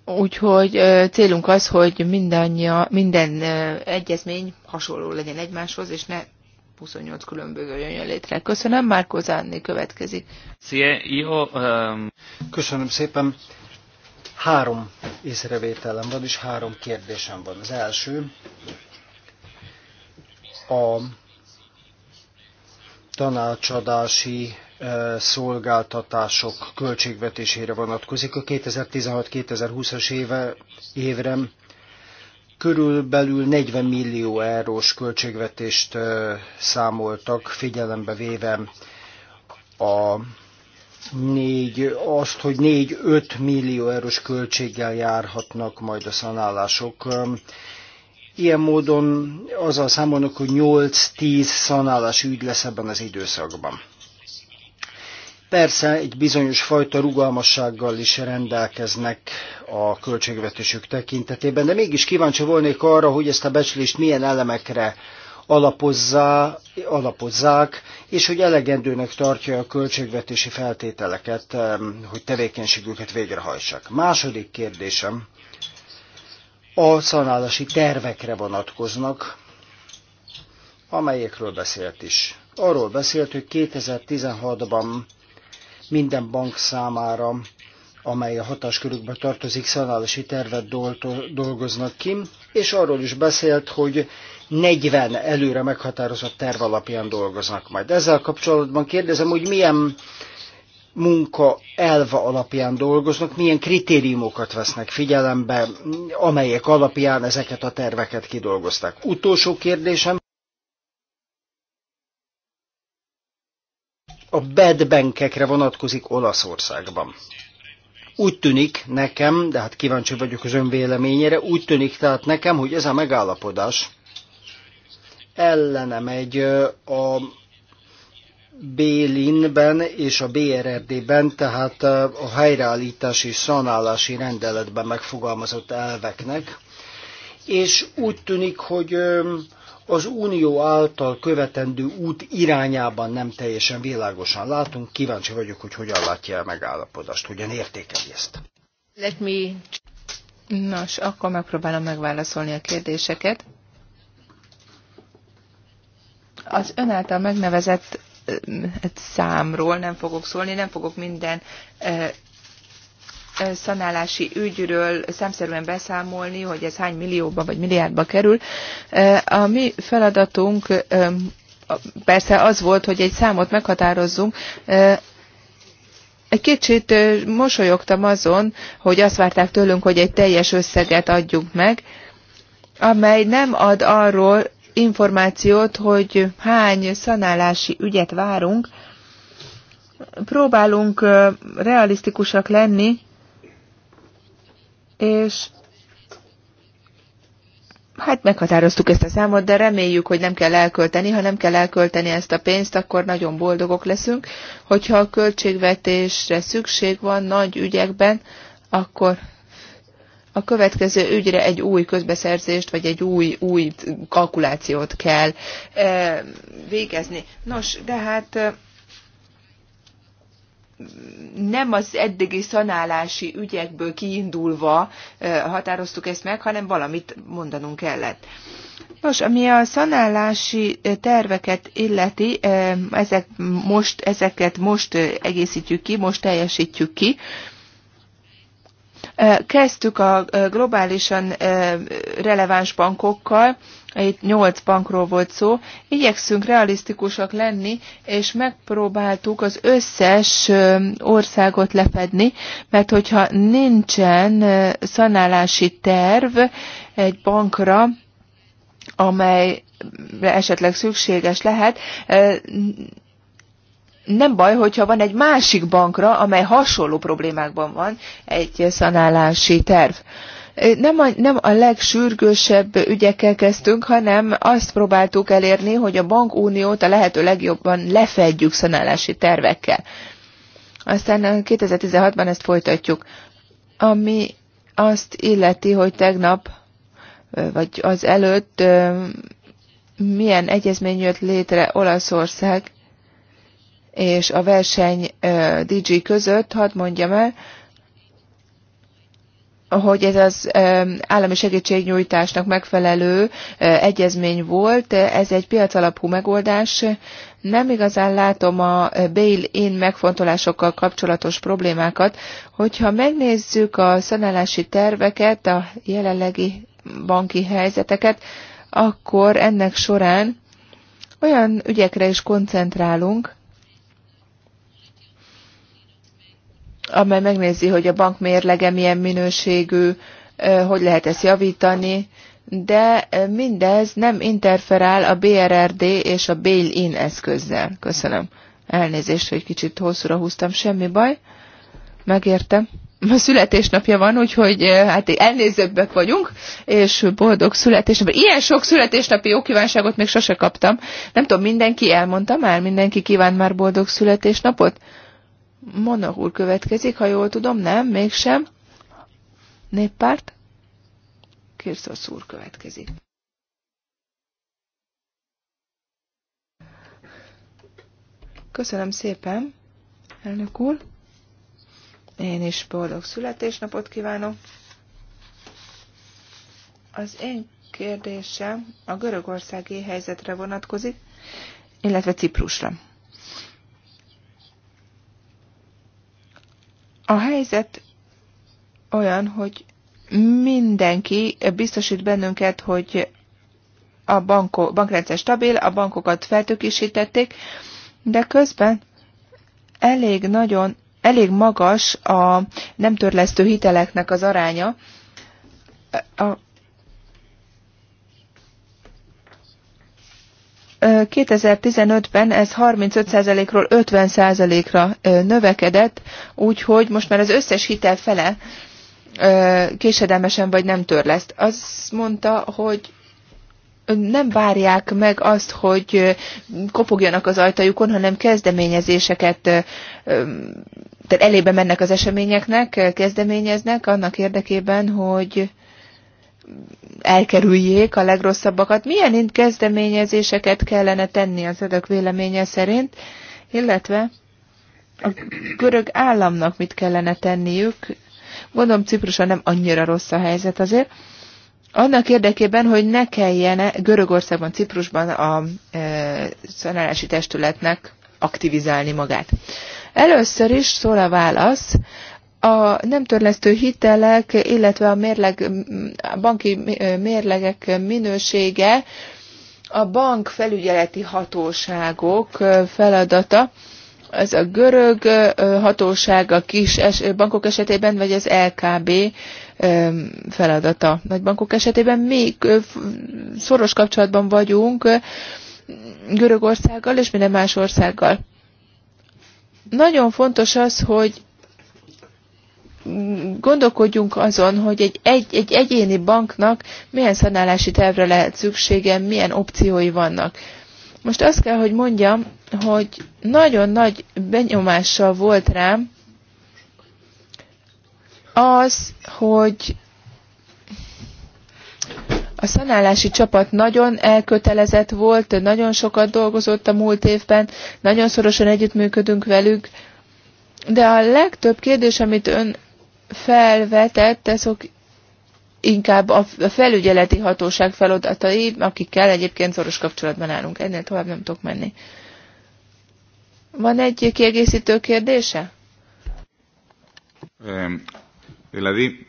Úgyhogy célunk az, hogy mindannyi, minden egyezmény hasonló legyen egymáshoz, és ne 28 különböző jön létre. Köszönöm, már Zánni következik. Szia, jó. Um... Köszönöm szépen. Három észrevételem van, és három kérdésem van. Az első, a tanácsadási szolgáltatások költségvetésére vonatkozik a 2016-2020-as éve, évre. Körülbelül 40 millió eurós költségvetést számoltak, figyelembe véve a négy, azt, hogy 4-5 millió eurós költséggel járhatnak majd a szanálások. Ilyen módon azzal számolnak, hogy 8-10 szanálási ügy lesz ebben az időszakban. Persze egy bizonyos fajta rugalmassággal is rendelkeznek a költségvetésük tekintetében, de mégis kíváncsi volnék arra, hogy ezt a becslést milyen elemekre alapozzá, alapozzák, és hogy elegendőnek tartja a költségvetési feltételeket, hogy tevékenységüket végrehajtsák. Második kérdésem a szanálási tervekre vonatkoznak, amelyekről beszélt is. Arról beszélt, hogy 2016-ban minden bank számára, amely a hatáskörükbe tartozik, szanálási tervet dolgoznak ki, és arról is beszélt, hogy 40 előre meghatározott terv alapján dolgoznak majd. Ezzel kapcsolatban kérdezem, hogy milyen munka elve alapján dolgoznak, milyen kritériumokat vesznek figyelembe, amelyek alapján ezeket a terveket kidolgozták. Utolsó kérdésem, a bad bankekre vonatkozik Olaszországban. Úgy tűnik nekem, de hát kíváncsi vagyok az ön véleményére, úgy tűnik tehát nekem, hogy ez a megállapodás ellene megy a Bélinben és a BRRD-ben, tehát a helyreállítási és szanálási rendeletben megfogalmazott elveknek, és úgy tűnik, hogy az unió által követendő út irányában nem teljesen világosan látunk. Kíváncsi vagyok, hogy hogyan látja a megállapodást, hogyan értékeli ezt. Let me... Nos, akkor megpróbálom megválaszolni a kérdéseket. Az ön által megnevezett hát, számról nem fogok szólni, nem fogok minden szanálási ügyről szemszerűen beszámolni, hogy ez hány millióba vagy milliárdba kerül. A mi feladatunk persze az volt, hogy egy számot meghatározzunk, egy kicsit mosolyogtam azon, hogy azt várták tőlünk, hogy egy teljes összeget adjunk meg, amely nem ad arról információt, hogy hány szanálási ügyet várunk. Próbálunk realisztikusak lenni, és hát meghatároztuk ezt a számot, de reméljük, hogy nem kell elkölteni. Ha nem kell elkölteni ezt a pénzt, akkor nagyon boldogok leszünk. Hogyha a költségvetésre szükség van nagy ügyekben, akkor a következő ügyre egy új közbeszerzést, vagy egy új, új kalkulációt kell eh, végezni. Nos, de hát eh, nem az eddigi szanálási ügyekből kiindulva határoztuk ezt meg, hanem valamit mondanunk kellett. Nos, ami a szanálási terveket illeti, ezek most, ezeket most egészítjük ki, most teljesítjük ki. Kezdtük a globálisan releváns bankokkal, itt nyolc bankról volt szó, igyekszünk realisztikusak lenni, és megpróbáltuk az összes országot lefedni, mert hogyha nincsen szanálási terv egy bankra, amely esetleg szükséges lehet, nem baj, hogyha van egy másik bankra, amely hasonló problémákban van, egy szanálási terv. Nem a, nem a legsürgősebb ügyekkel kezdtünk, hanem azt próbáltuk elérni, hogy a bankuniót a lehető legjobban lefedjük szanálási tervekkel. Aztán 2016-ban ezt folytatjuk. Ami azt illeti, hogy tegnap, vagy az előtt milyen egyezmény jött létre Olaszország és a verseny DJ között, hadd mondjam el, hogy ez az állami segítségnyújtásnak megfelelő egyezmény volt, ez egy piacalapú megoldás. Nem igazán látom a bail-in megfontolásokkal kapcsolatos problémákat. Hogyha megnézzük a szanálási terveket, a jelenlegi banki helyzeteket, akkor ennek során olyan ügyekre is koncentrálunk, amely megnézi, hogy a bank mérlege milyen minőségű, hogy lehet ezt javítani, de mindez nem interferál a BRRD és a bail-in eszközzel. Köszönöm. Elnézést, hogy kicsit hosszúra húztam, semmi baj. Megértem. Ma születésnapja van, úgyhogy hát elnézőbbek vagyunk, és boldog születésnapja. Ilyen sok születésnapi jó kívánságot még sose kaptam. Nem tudom, mindenki elmondta már, mindenki kívánt már boldog születésnapot? Monach úr következik, ha jól tudom, nem, mégsem. Néppárt? Kirszosz úr következik. Köszönöm szépen, elnök úr. Én is boldog születésnapot kívánok. Az én kérdésem a görögországi helyzetre vonatkozik, illetve Ciprusra. A helyzet olyan, hogy mindenki biztosít bennünket, hogy a banko, bankrendszer stabil, a bankokat feltökésítették, de közben elég nagyon, elég magas a nem törlesztő hiteleknek az aránya. A 2015-ben ez 35%-ról 50%-ra növekedett, úgyhogy most már az összes hitel fele késedelmesen vagy nem törleszt. Azt mondta, hogy nem várják meg azt, hogy kopogjanak az ajtajukon, hanem kezdeményezéseket, tehát elébe mennek az eseményeknek, kezdeményeznek annak érdekében, hogy elkerüljék a legrosszabbakat. Milyen kezdeményezéseket kellene tenni az önök véleménye szerint, illetve a görög államnak mit kellene tenniük? Gondolom Cipruson nem annyira rossz a helyzet azért. Annak érdekében, hogy ne kelljen e Görögországban, Ciprusban a e, szanálási testületnek aktivizálni magát. Először is szól a válasz a nem törlesztő hitelek, illetve a, mérleg, a banki mérlegek minősége a bank felügyeleti hatóságok feladata. Ez a görög hatóság a kis bankok esetében, vagy az LKB feladata. Nagy bankok esetében még szoros kapcsolatban vagyunk Görögországgal és minden más országgal. Nagyon fontos az, hogy gondolkodjunk azon, hogy egy, egy, egy egyéni banknak milyen szanálási tervre lehet szüksége, milyen opciói vannak. Most azt kell, hogy mondjam, hogy nagyon nagy benyomással volt rám az, hogy a szanálási csapat nagyon elkötelezett volt, nagyon sokat dolgozott a múlt évben, nagyon szorosan együttműködünk velük, de a legtöbb kérdés, amit ön felvetett, azok inkább a felügyeleti hatóság feladatai, akikkel egyébként szoros kapcsolatban állunk. Ennél tovább nem tudok menni. Van egy kiegészítő kérdése? Δηλαδή,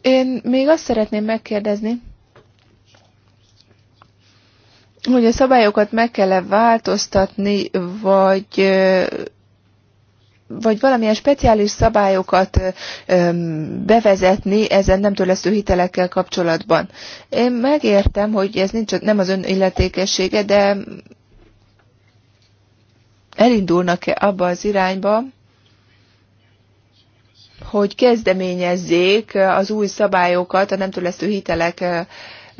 Én még azt szeretném megkérdezni, hogy a szabályokat meg kell -e változtatni, vagy vagy valamilyen speciális szabályokat bevezetni ezen nem törlesztő hitelekkel kapcsolatban. Én megértem, hogy ez nincs, nem az ön illetékessége, de elindulnak-e abba az irányba, hogy kezdeményezzék az új szabályokat a nem törlesztő hitelek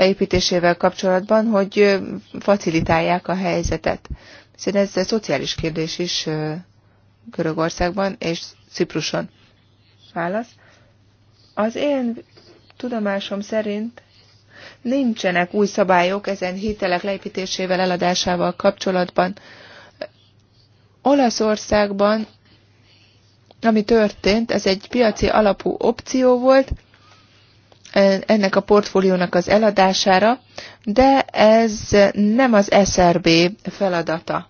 építésével kapcsolatban, hogy facilitálják a helyzetet. Hiszen ez a szociális kérdés is Görögországban és Cipruson. Válasz. Az én tudomásom szerint nincsenek új szabályok ezen hitelek leépítésével, eladásával kapcsolatban. Olaszországban, ami történt, ez egy piaci alapú opció volt, E, ennek a portfóliónak az eladására, de ez nem az SRB feladata.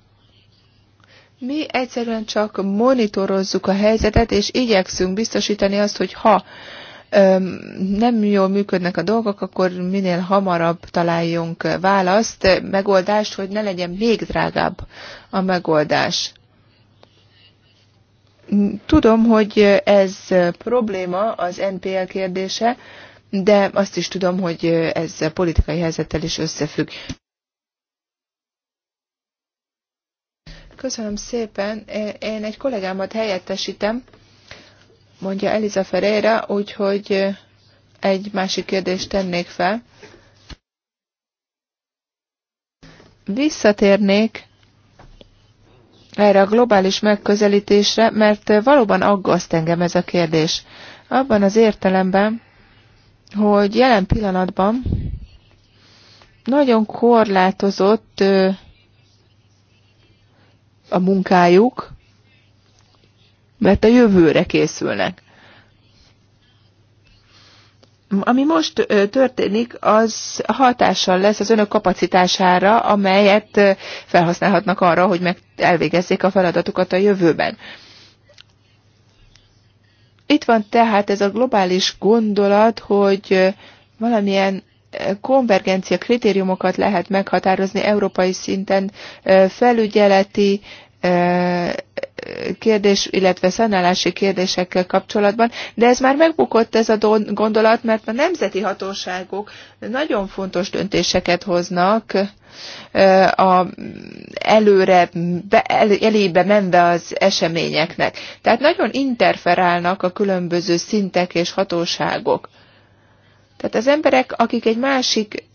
Mi egyszerűen csak monitorozzuk a helyzetet, és igyekszünk biztosítani azt, hogy ha e, nem jól működnek a dolgok, akkor minél hamarabb találjunk választ, megoldást, hogy ne legyen még drágább a megoldás. Tudom, hogy ez probléma az NPL kérdése, de azt is tudom, hogy ez a politikai helyzettel is összefügg. Köszönöm szépen. Én egy kollégámat helyettesítem, mondja Eliza Ferreira, úgyhogy egy másik kérdést tennék fel. Visszatérnék erre a globális megközelítésre, mert valóban aggaszt engem ez a kérdés. Abban az értelemben, hogy jelen pillanatban nagyon korlátozott a munkájuk, mert a jövőre készülnek. Ami most történik, az hatással lesz az önök kapacitására, amelyet felhasználhatnak arra, hogy meg elvégezzék a feladatukat a jövőben. Itt van tehát ez a globális gondolat, hogy valamilyen konvergencia kritériumokat lehet meghatározni európai szinten felügyeleti kérdés, illetve szanálási kérdésekkel kapcsolatban, de ez már megbukott ez a gondolat, mert a nemzeti hatóságok nagyon fontos döntéseket hoznak a előre, be, el, elébe menve az eseményeknek. Tehát nagyon interferálnak a különböző szintek és hatóságok. Tehát az emberek, akik egy másik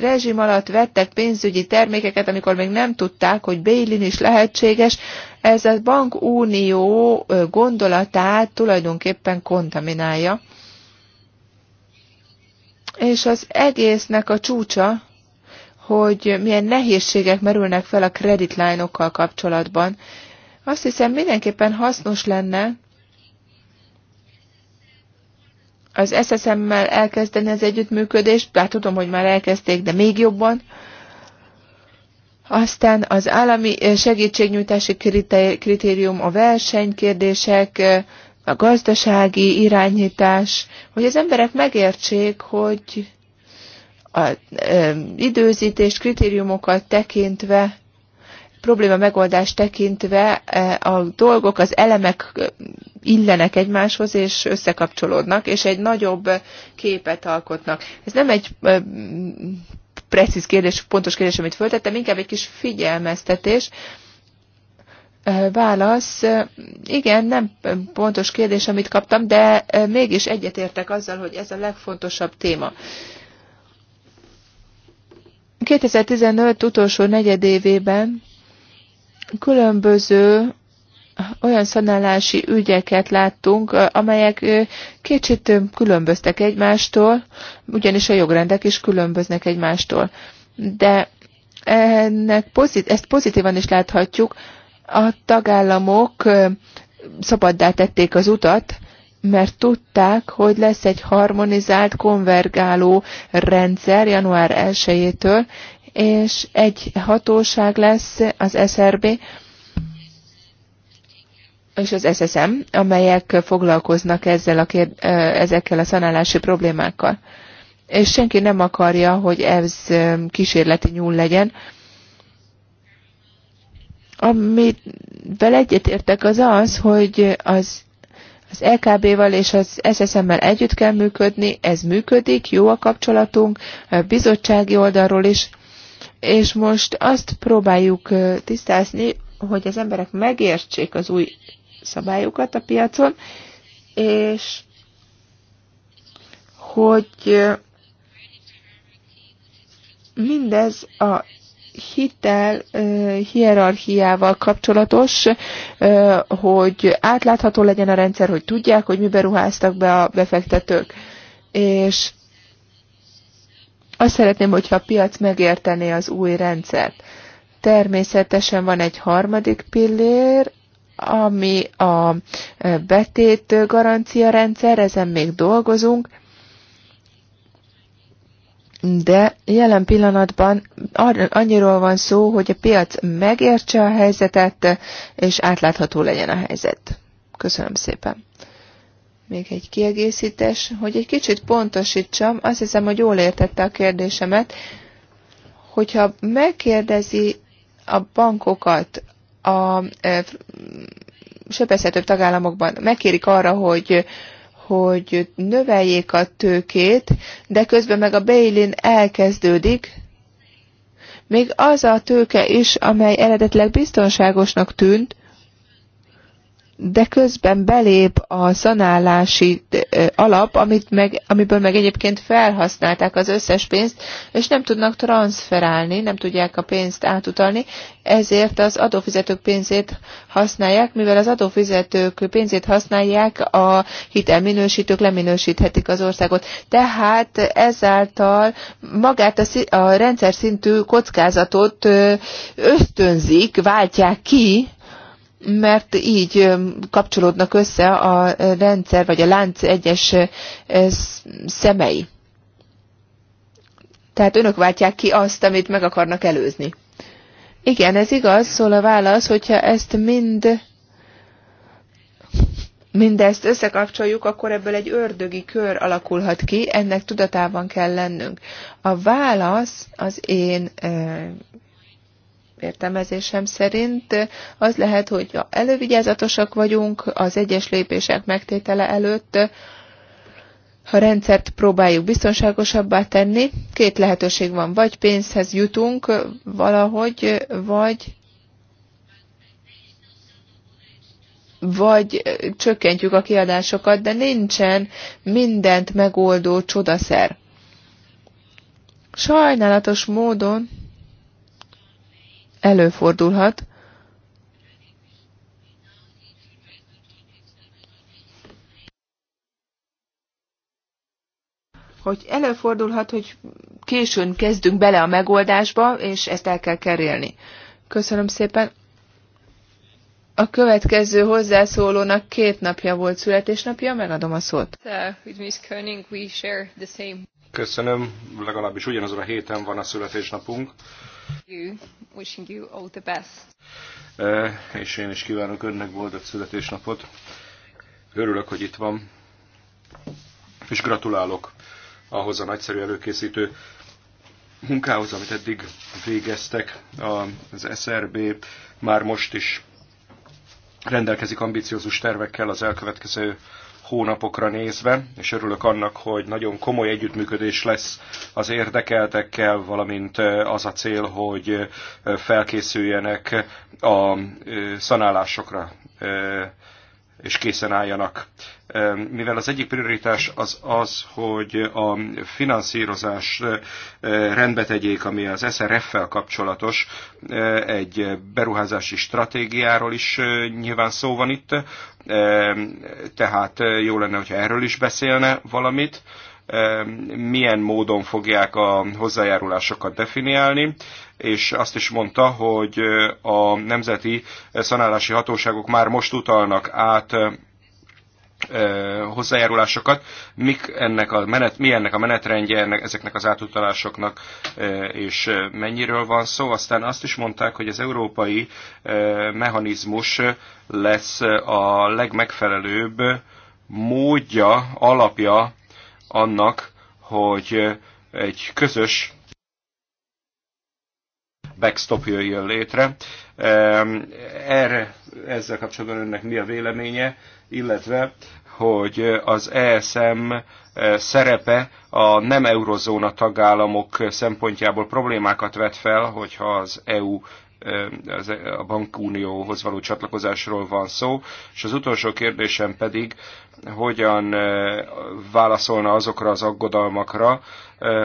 rezsim alatt vettek pénzügyi termékeket, amikor még nem tudták, hogy Bélin is lehetséges, ez a bankunió gondolatát tulajdonképpen kontaminálja. És az egésznek a csúcsa hogy milyen nehézségek merülnek fel a kreditlányokkal kapcsolatban. Azt hiszem mindenképpen hasznos lenne az SSM-mel elkezdeni az együttműködést, bár tudom, hogy már elkezdték, de még jobban. Aztán az állami eh, segítségnyújtási kritérium, a versenykérdések, eh, a gazdasági irányítás, hogy az emberek megértsék, hogy a időzítést, kritériumokat tekintve, probléma megoldást tekintve a dolgok, az elemek illenek egymáshoz, és összekapcsolódnak, és egy nagyobb képet alkotnak. Ez nem egy precíz kérdés, pontos kérdés, amit föltettem, inkább egy kis figyelmeztetés. Válasz, igen, nem pontos kérdés, amit kaptam, de mégis egyetértek azzal, hogy ez a legfontosabb téma. 2015 utolsó negyedévében különböző olyan szanálási ügyeket láttunk, amelyek kicsit különböztek egymástól, ugyanis a jogrendek is különböznek egymástól. De ennek pozit- ezt pozitívan is láthatjuk, a tagállamok szabaddá tették az utat mert tudták, hogy lesz egy harmonizált, konvergáló rendszer január 1-től, és egy hatóság lesz az SRB és az SSM, amelyek foglalkoznak ezzel a kér, ezekkel a szanálási problémákkal. És senki nem akarja, hogy ez kísérleti nyúl legyen. Amivel egyetértek az az, hogy az az LKB-val és az SSM-mel együtt kell működni, ez működik, jó a kapcsolatunk, a bizottsági oldalról is, és most azt próbáljuk tisztázni, hogy az emberek megértsék az új szabályokat a piacon, és hogy mindez a hittel hierarchiával kapcsolatos, hogy átlátható legyen a rendszer, hogy tudják, hogy mibe ruháztak be a befektetők. És azt szeretném, hogyha a piac megértené az új rendszert. Természetesen van egy harmadik pillér, ami a betét garancia rendszer, ezen még dolgozunk, de jelen pillanatban annyiról van szó, hogy a piac megértse a helyzetet, és átlátható legyen a helyzet. Köszönöm szépen. Még egy kiegészítés, hogy egy kicsit pontosítsam, azt hiszem, hogy jól értette a kérdésemet, hogyha megkérdezi a bankokat a e, sebezhetőbb tagállamokban, megkérik arra, hogy hogy növeljék a tőkét, de közben meg a bail elkezdődik, még az a tőke is, amely eredetileg biztonságosnak tűnt, de közben belép a szanálási alap, amit meg, amiből meg egyébként felhasználták az összes pénzt, és nem tudnak transferálni, nem tudják a pénzt átutalni, ezért az adófizetők pénzét használják, mivel az adófizetők pénzét használják, a hitelminősítők leminősíthetik az országot. Tehát ezáltal magát a, a rendszer szintű kockázatot ösztönzik, váltják ki, mert így kapcsolódnak össze a rendszer vagy a lánc egyes szemei. Tehát önök váltják ki azt, amit meg akarnak előzni. Igen, ez igaz, szól a válasz, hogyha ezt mind mindezt összekapcsoljuk, akkor ebből egy ördögi kör alakulhat ki, ennek tudatában kell lennünk. A válasz az én értelmezésem szerint az lehet, hogy elővigyázatosak vagyunk az egyes lépések megtétele előtt, ha rendszert próbáljuk biztonságosabbá tenni, két lehetőség van, vagy pénzhez jutunk valahogy, vagy vagy csökkentjük a kiadásokat, de nincsen mindent megoldó csodaszer. Sajnálatos módon előfordulhat. hogy előfordulhat, hogy későn kezdünk bele a megoldásba, és ezt el kell kerélni. Köszönöm szépen. A következő hozzászólónak két napja volt születésnapja, megadom a szót. Köszönöm, legalábbis ugyanazon a héten van a születésnapunk you all the best. E, és én is kívánok önnek boldog születésnapot. Örülök, hogy itt van, és gratulálok ahhoz a nagyszerű előkészítő munkához, amit eddig végeztek az SRB, már most is rendelkezik ambiciózus tervekkel az elkövetkező hónapokra nézve, és örülök annak, hogy nagyon komoly együttműködés lesz az érdekeltekkel, valamint az a cél, hogy felkészüljenek a szanálásokra és készen álljanak. Mivel az egyik prioritás az az, hogy a finanszírozás rendbe tegyék, ami az SRF-fel kapcsolatos, egy beruházási stratégiáról is nyilván szó van itt, tehát jó lenne, hogyha erről is beszélne valamit milyen módon fogják a hozzájárulásokat definiálni, és azt is mondta, hogy a nemzeti szanálási hatóságok már most utalnak át hozzájárulásokat, mik ennek a menet, mi ennek a menetrendje ennek, ezeknek az átutalásoknak, és mennyiről van szó. Aztán azt is mondták, hogy az európai mechanizmus lesz a legmegfelelőbb módja, alapja annak, hogy egy közös backstop jöjjön létre. Erre ezzel kapcsolatban önnek mi a véleménye, illetve hogy az ESM szerepe a nem eurozóna tagállamok szempontjából problémákat vet fel, hogyha az EU e- a bankunióhoz való csatlakozásról van szó, és az utolsó kérdésem pedig hogyan válaszolna azokra az aggodalmakra,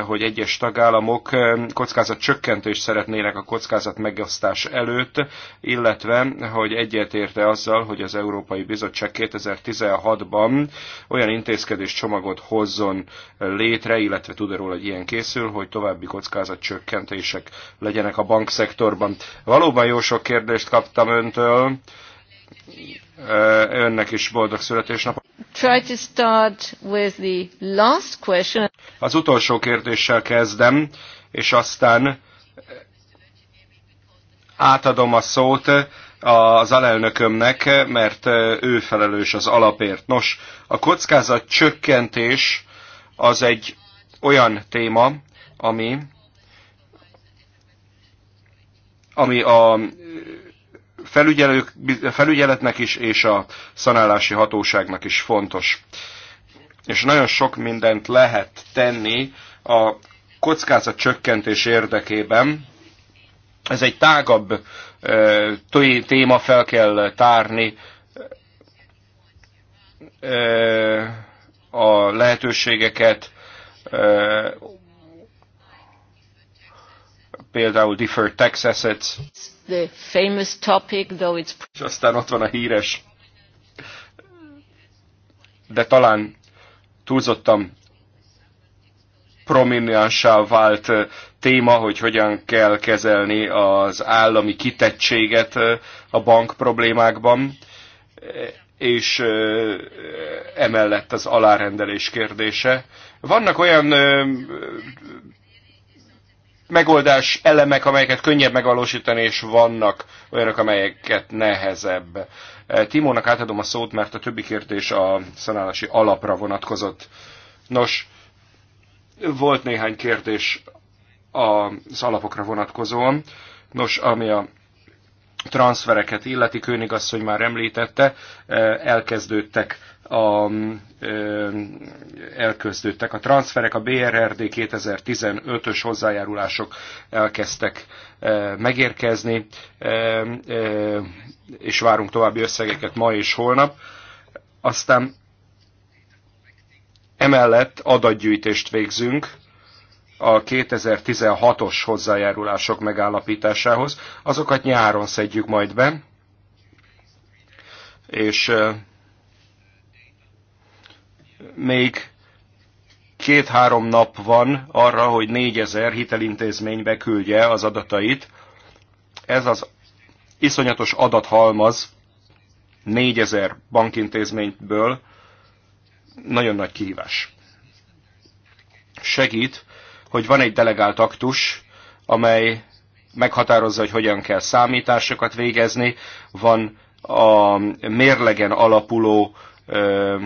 hogy egyes tagállamok kockázat csökkentést szeretnének a kockázat megosztás előtt, illetve hogy egyetérte azzal, hogy az Európai Bizottság 2016-ban olyan intézkedés csomagot hozzon létre, illetve tud róla, hogy ilyen készül, hogy további kockázat csökkentések legyenek a bankszektorban. Valóban jó sok kérdést kaptam öntől önnek is boldog születésnapot try to start with the last question. Az utolsó kérdéssel kezdem, és aztán eh, átadom a szót eh, az alelnökömnek, eh, mert ő felelős az alapért. Nos, a kockázat csökkentés az egy olyan téma, ami, ami a felügyelők, felügyeletnek is, és a szanálási hatóságnak is fontos. És nagyon sok mindent lehet tenni a kockázat csökkentés érdekében. Ez egy tágabb téma, fel kell tárni a lehetőségeket, például deferred tax assets, the famous topic, though it's... És aztán ott van a híres, de talán túlzottan prominensá vált eh, téma, hogy hogyan kell kezelni az állami kitettséget eh, a bank problémákban, eh, és emellett az alárendelés kérdése. Vannak olyan megoldás elemek, amelyeket könnyebb megvalósítani, és vannak olyanok, amelyeket nehezebb. Eh, Timónak átadom a szót, mert a többi kérdés a szanálási alapra vonatkozott. Nos, volt néhány kérdés az alapokra vonatkozóan. Nos, ami a transfereket illeti, Königasszony már említette, elkezdődtek a, elkezdődtek a transferek, a BRRD 2015-ös hozzájárulások elkezdtek megérkezni, és várunk további összegeket ma és holnap. Aztán emellett adatgyűjtést végzünk, a 2016-os hozzájárulások megállapításához, azokat nyáron szedjük majd be, és még két-három nap van arra, hogy 4000 hitelintézmény beküldje az adatait. Ez az iszonyatos adathalmaz 4000 bankintézményből nagyon nagy kihívás. Segít hogy van egy delegált aktus, amely meghatározza, hogy hogyan kell számításokat végezni, van a mérlegen alapuló ö,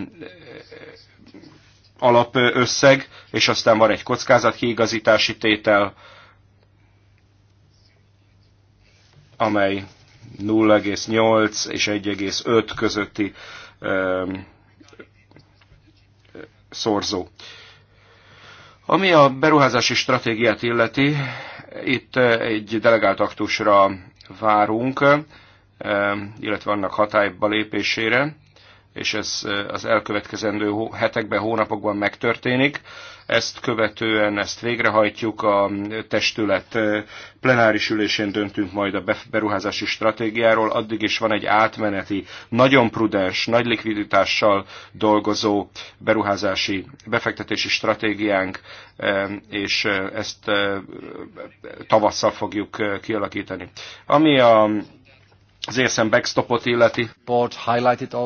alapösszeg, és aztán van egy kockázatkiigazítási tétel, amely 0,8 és 1,5 közötti ö, szorzó. Ami a beruházási stratégiát illeti, itt eh, egy delegált aktusra várunk, eh, illetve annak hatályba lépésére és ez az elkövetkezendő hetekben, hónapokban megtörténik. Ezt követően ezt végrehajtjuk, a testület plenáris ülésén döntünk majd a beruházási stratégiáról, addig is van egy átmeneti, nagyon prudens, nagy likviditással dolgozó beruházási, befektetési stratégiánk, és ezt tavasszal fogjuk kialakítani. Ami a az érszem backstopot illeti. E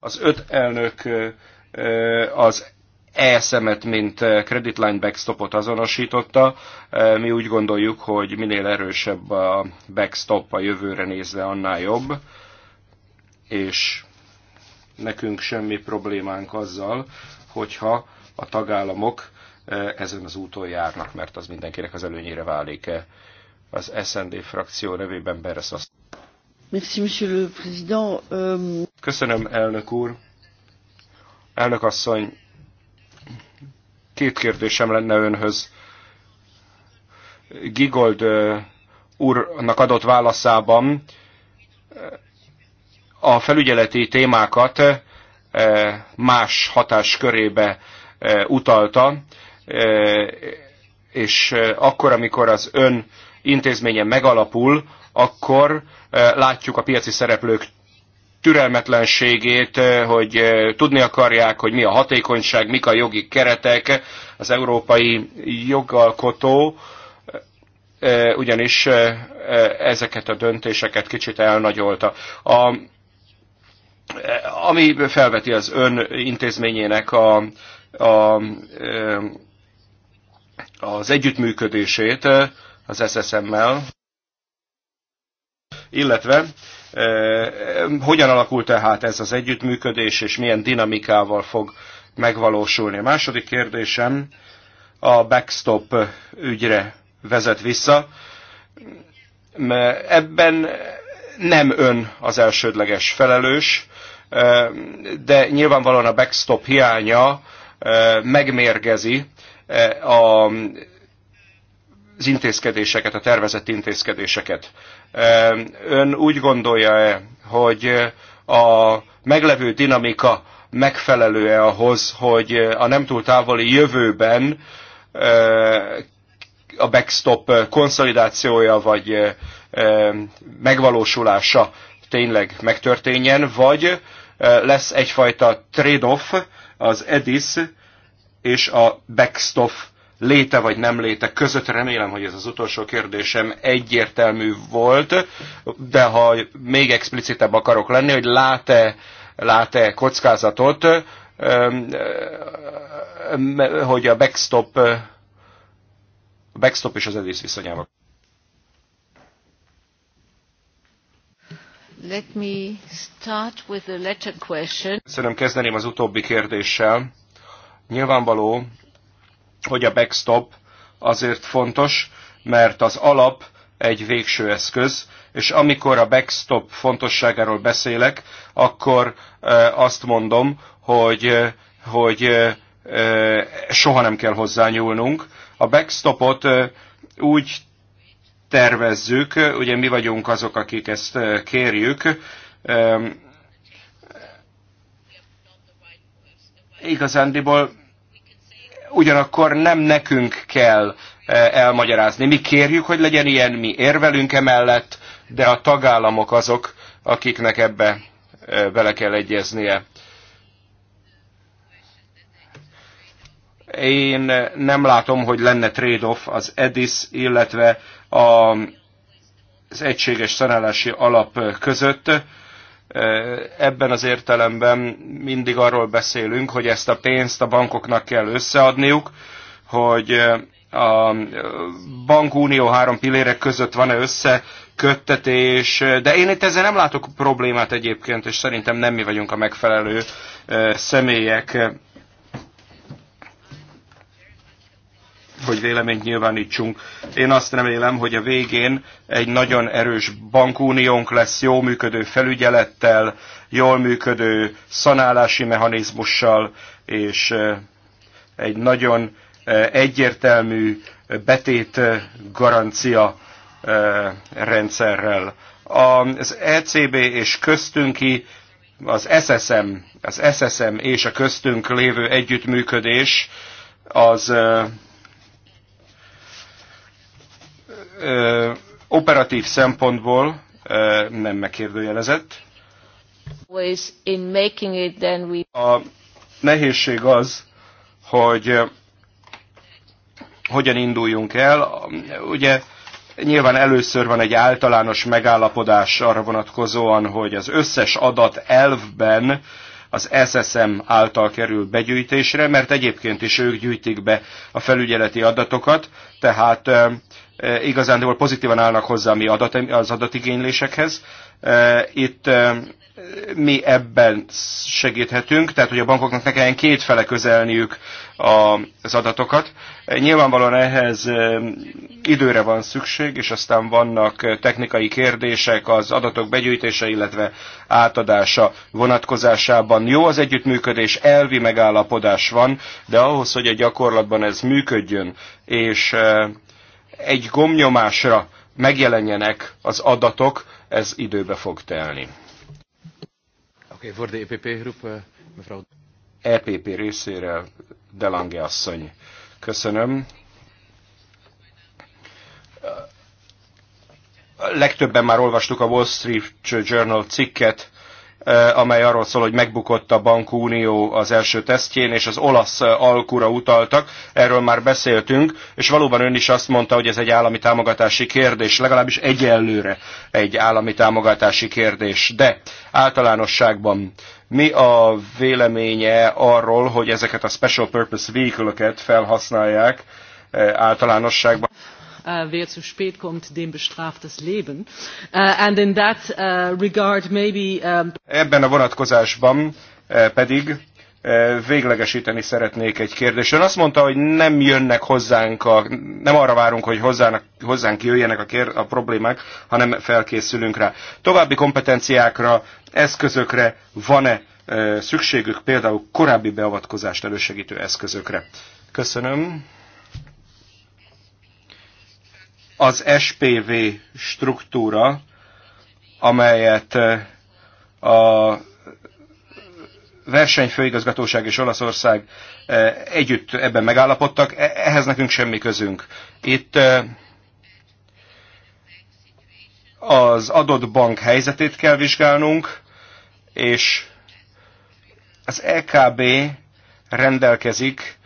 az öt elnök az ESM-et, mint credit line backstopot azonosította. Mi úgy gondoljuk, hogy minél erősebb a backstop a jövőre nézve, annál jobb, és nekünk semmi problémánk azzal, hogyha a tagállamok ezen az úton járnak, mert az mindenkinek az előnyére válik. Az SND frakció nevében Beres azt Euh, Köszönöm, elnök úr. Elnök asszony, két kérdésem lenne önhöz. Gigold úrnak adott válaszában a felügyeleti témákat más hatás körébe utalta, és akkor, amikor az ön intézménye megalapul, akkor eh, látjuk a piaci szereplők türelmetlenségét, eh, hogy eh, tudni akarják, hogy mi a hatékonyság, mik a jogi keretek. Az európai jogalkotó ugyanis ezeket a döntéseket kicsit elnagyolta. A, ami felveti az ön intézményének a, a, az együttműködését az SSM-mel, illetve e, hogyan alakul tehát ez az együttműködés, és milyen dinamikával fog megvalósulni. A második kérdésem a backstop ügyre vezet vissza. Ebben nem ön az elsődleges felelős, e, de nyilvánvalóan a backstop hiánya e, megmérgezi a az intézkedéseket, a tervezett intézkedéseket. Ön úgy gondolja-e, hogy a meglevő dinamika megfelelő-e ahhoz, hogy a nem túl távoli jövőben a backstop konszolidációja vagy megvalósulása tényleg megtörténjen, vagy lesz egyfajta trade-off az EDIS és a backstop léte vagy nem léte között. Remélem, hogy ez az utolsó kérdésem egyértelmű volt, de ha még explicitebb akarok lenni, hogy lát-e lát -e kockázatot, hogy a backstop, a backstop és az edész viszonyában. Let me start with the letter question. Szerintem kezdeném az utóbbi kérdéssel. Nyilvánvaló, hogy a backstop azért fontos, mert az alap egy végső eszköz, és amikor a backstop fontosságáról beszélek, akkor azt mondom, hogy, hogy soha nem kell hozzányúlnunk. A backstopot úgy tervezzük, ugye mi vagyunk azok, akik ezt kérjük, igazándiból ugyanakkor nem nekünk kell eh, elmagyarázni. Mi kérjük, hogy legyen ilyen, mi érvelünk emellett, de a tagállamok azok, akiknek ebbe eh, bele kell egyeznie. Én eh, nem látom, hogy lenne trade-off az EDIS, illetve a, az egységes szanálási alap között Ebben az értelemben mindig arról beszélünk, hogy ezt a pénzt a bankoknak kell összeadniuk, hogy a bankunió három pillérek között van-e összeköttetés, de én itt ezzel nem látok problémát egyébként, és szerintem nem mi vagyunk a megfelelő személyek hogy véleményt nyilvánítsunk. Én azt remélem, hogy a végén egy nagyon erős bankuniónk lesz, jó működő felügyelettel, jól működő szanálási mechanizmussal, és egy nagyon egyértelmű betét garancia rendszerrel. Az ECB és köztünki, az SSM, az SSM és a köztünk lévő együttműködés az operatív szempontból nem megkérdőjelezett. A nehézség az, hogy hogyan induljunk el. Ugye nyilván először van egy általános megállapodás arra vonatkozóan, hogy az összes adat elvben az SSM által kerül begyűjtésre, mert egyébként is ők gyűjtik be a felügyeleti adatokat, tehát E, igazándiból pozitívan állnak hozzá mi adat, az adatigénylésekhez. E, itt e, mi ebben segíthetünk, tehát hogy a bankoknak ne kelljen kétfele közelniük az adatokat. Nyilvánvalóan ehhez időre van szükség, és aztán vannak technikai kérdések az adatok begyűjtése, illetve átadása vonatkozásában. Jó az együttműködés, elvi megállapodás van, de ahhoz, hogy a gyakorlatban ez működjön, és egy gomnyomásra megjelenjenek az adatok, ez időbe fog telni. Oké, okay, for the EPP group, uh, eh, EPP e részére Delange asszony. Köszönöm. Legtöbben már olvastuk a Wall Street Journal cikket Eh, amely arról szól, hogy megbukott a bankunió az első tesztjén, és az olasz eh, alkura utaltak, erről már beszéltünk, és valóban ön is azt mondta, hogy ez egy állami támogatási kérdés, legalábbis egyelőre egy állami támogatási kérdés. De általánosságban mi a véleménye arról, hogy ezeket a special purpose vehicle-öket felhasználják eh, általánosságban? uh, wer zu spät kommt, dem bestraft das Leben. Uh, and in that uh, regard maybe... Um... Ebben a vonatkozásban uh, pedig uh, véglegesíteni szeretnék egy kérdést. Ön azt mondta, hogy nem jönnek hozzánk, a, nem arra várunk, hogy hozzának, hozzánk jöjjenek a, kér, a problémák, hanem felkészülünk rá. További kompetenciákra, eszközökre van-e uh, szükségük, például korábbi beavatkozást elősegítő eszközökre? Köszönöm. az SPV struktúra, amelyet a versenyfőigazgatóság és Olaszország együtt ebben megállapodtak, e-, ehhez nekünk semmi közünk. Itt az adott bank helyzetét kell vizsgálnunk, és az EKB rendelkezik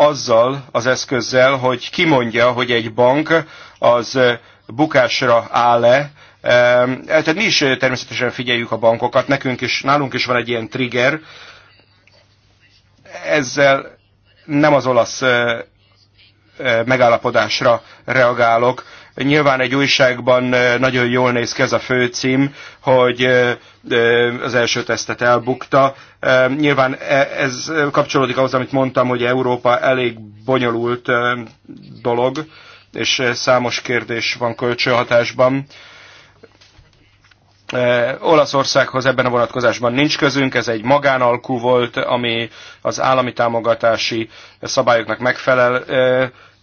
azzal az eszközzel, hogy kimondja, hogy egy bank az eh, bukásra áll-e, eh, tehát mi is eh, természetesen figyeljük a bankokat, nekünk is, nálunk is van egy ilyen trigger, ezzel nem az olasz megállapodásra reagálok, Nyilván egy újságban nagyon jól néz ki ez a főcím, hogy az első tesztet elbukta. Nyilván e, ez kapcsolódik ahhoz, amit mondtam, hogy Európa elég bonyolult dolog, és számos kérdés van kölcsönhatásban. Olaszországhoz ebben a vonatkozásban nincs közünk, ez egy magánalkú volt, ami az állami támogatási szabályoknak megfelel.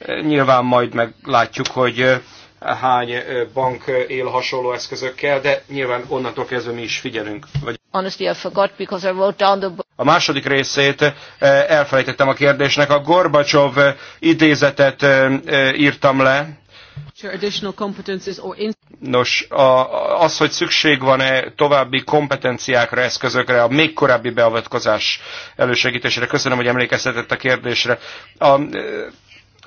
Nyilván majd meglátjuk, hogy hány bank él hasonló eszközökkel, de nyilván onnantól kezdve mi is figyelünk. Vagy... Honestly, I forgot because I wrote down the... A második részét elfelejtettem a kérdésnek. A Gorbacsov idézetet írtam le. Nos, a, az, hogy szükség van-e további kompetenciákra, eszközökre, a még korábbi beavatkozás elősegítésére. Köszönöm, hogy emlékeztetett a kérdésre. A,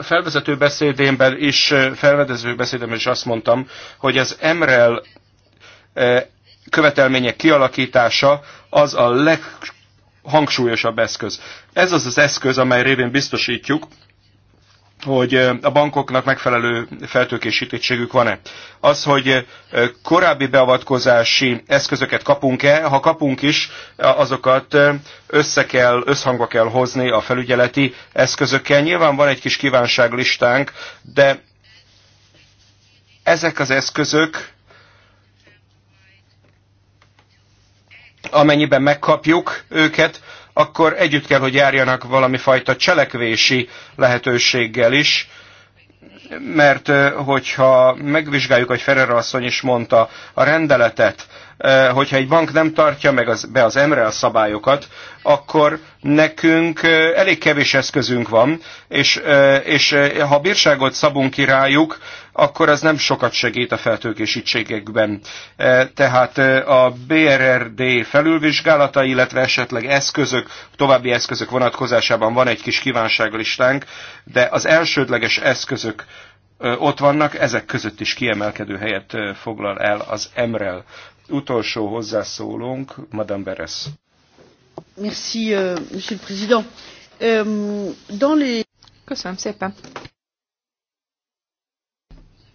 a felvezető beszédémben is, felvezető beszédemben is azt mondtam, hogy az MREL követelmények kialakítása az a leghangsúlyosabb eszköz. Ez az az eszköz, amely révén biztosítjuk, hogy a bankoknak megfelelő feltőkésítettségük van-e. Az, hogy korábbi beavatkozási eszközöket kapunk-e, ha kapunk is, azokat össze kell, összhangba kell hozni a felügyeleti eszközökkel. Nyilván van egy kis kívánságlistánk, de ezek az eszközök, amennyiben megkapjuk őket, akkor együtt kell, hogy járjanak valami fajta cselekvési lehetőséggel is, mert hogyha megvizsgáljuk, hogy Ferrer asszony is mondta, a rendeletet, Eh, hogyha egy bank nem tartja meg az, be az a szabályokat, akkor nekünk eh, elég kevés eszközünk van, és, eh, és ha bírságot szabunk ki rájuk, akkor az nem sokat segít a feltőkésítségekben. Tehát a BRRD felülvizsgálata, illetve esetleg eszközök, további eszközök vonatkozásában van egy kis kívánságlistánk, de az elsődleges eszközök ott vannak, ezek között is kiemelkedő helyet foglal el az MREL. Utolsó hozzászólónk, Madame Beres. Merci, euh, Monsieur le Président. Euh, dans les... Köszönöm szépen.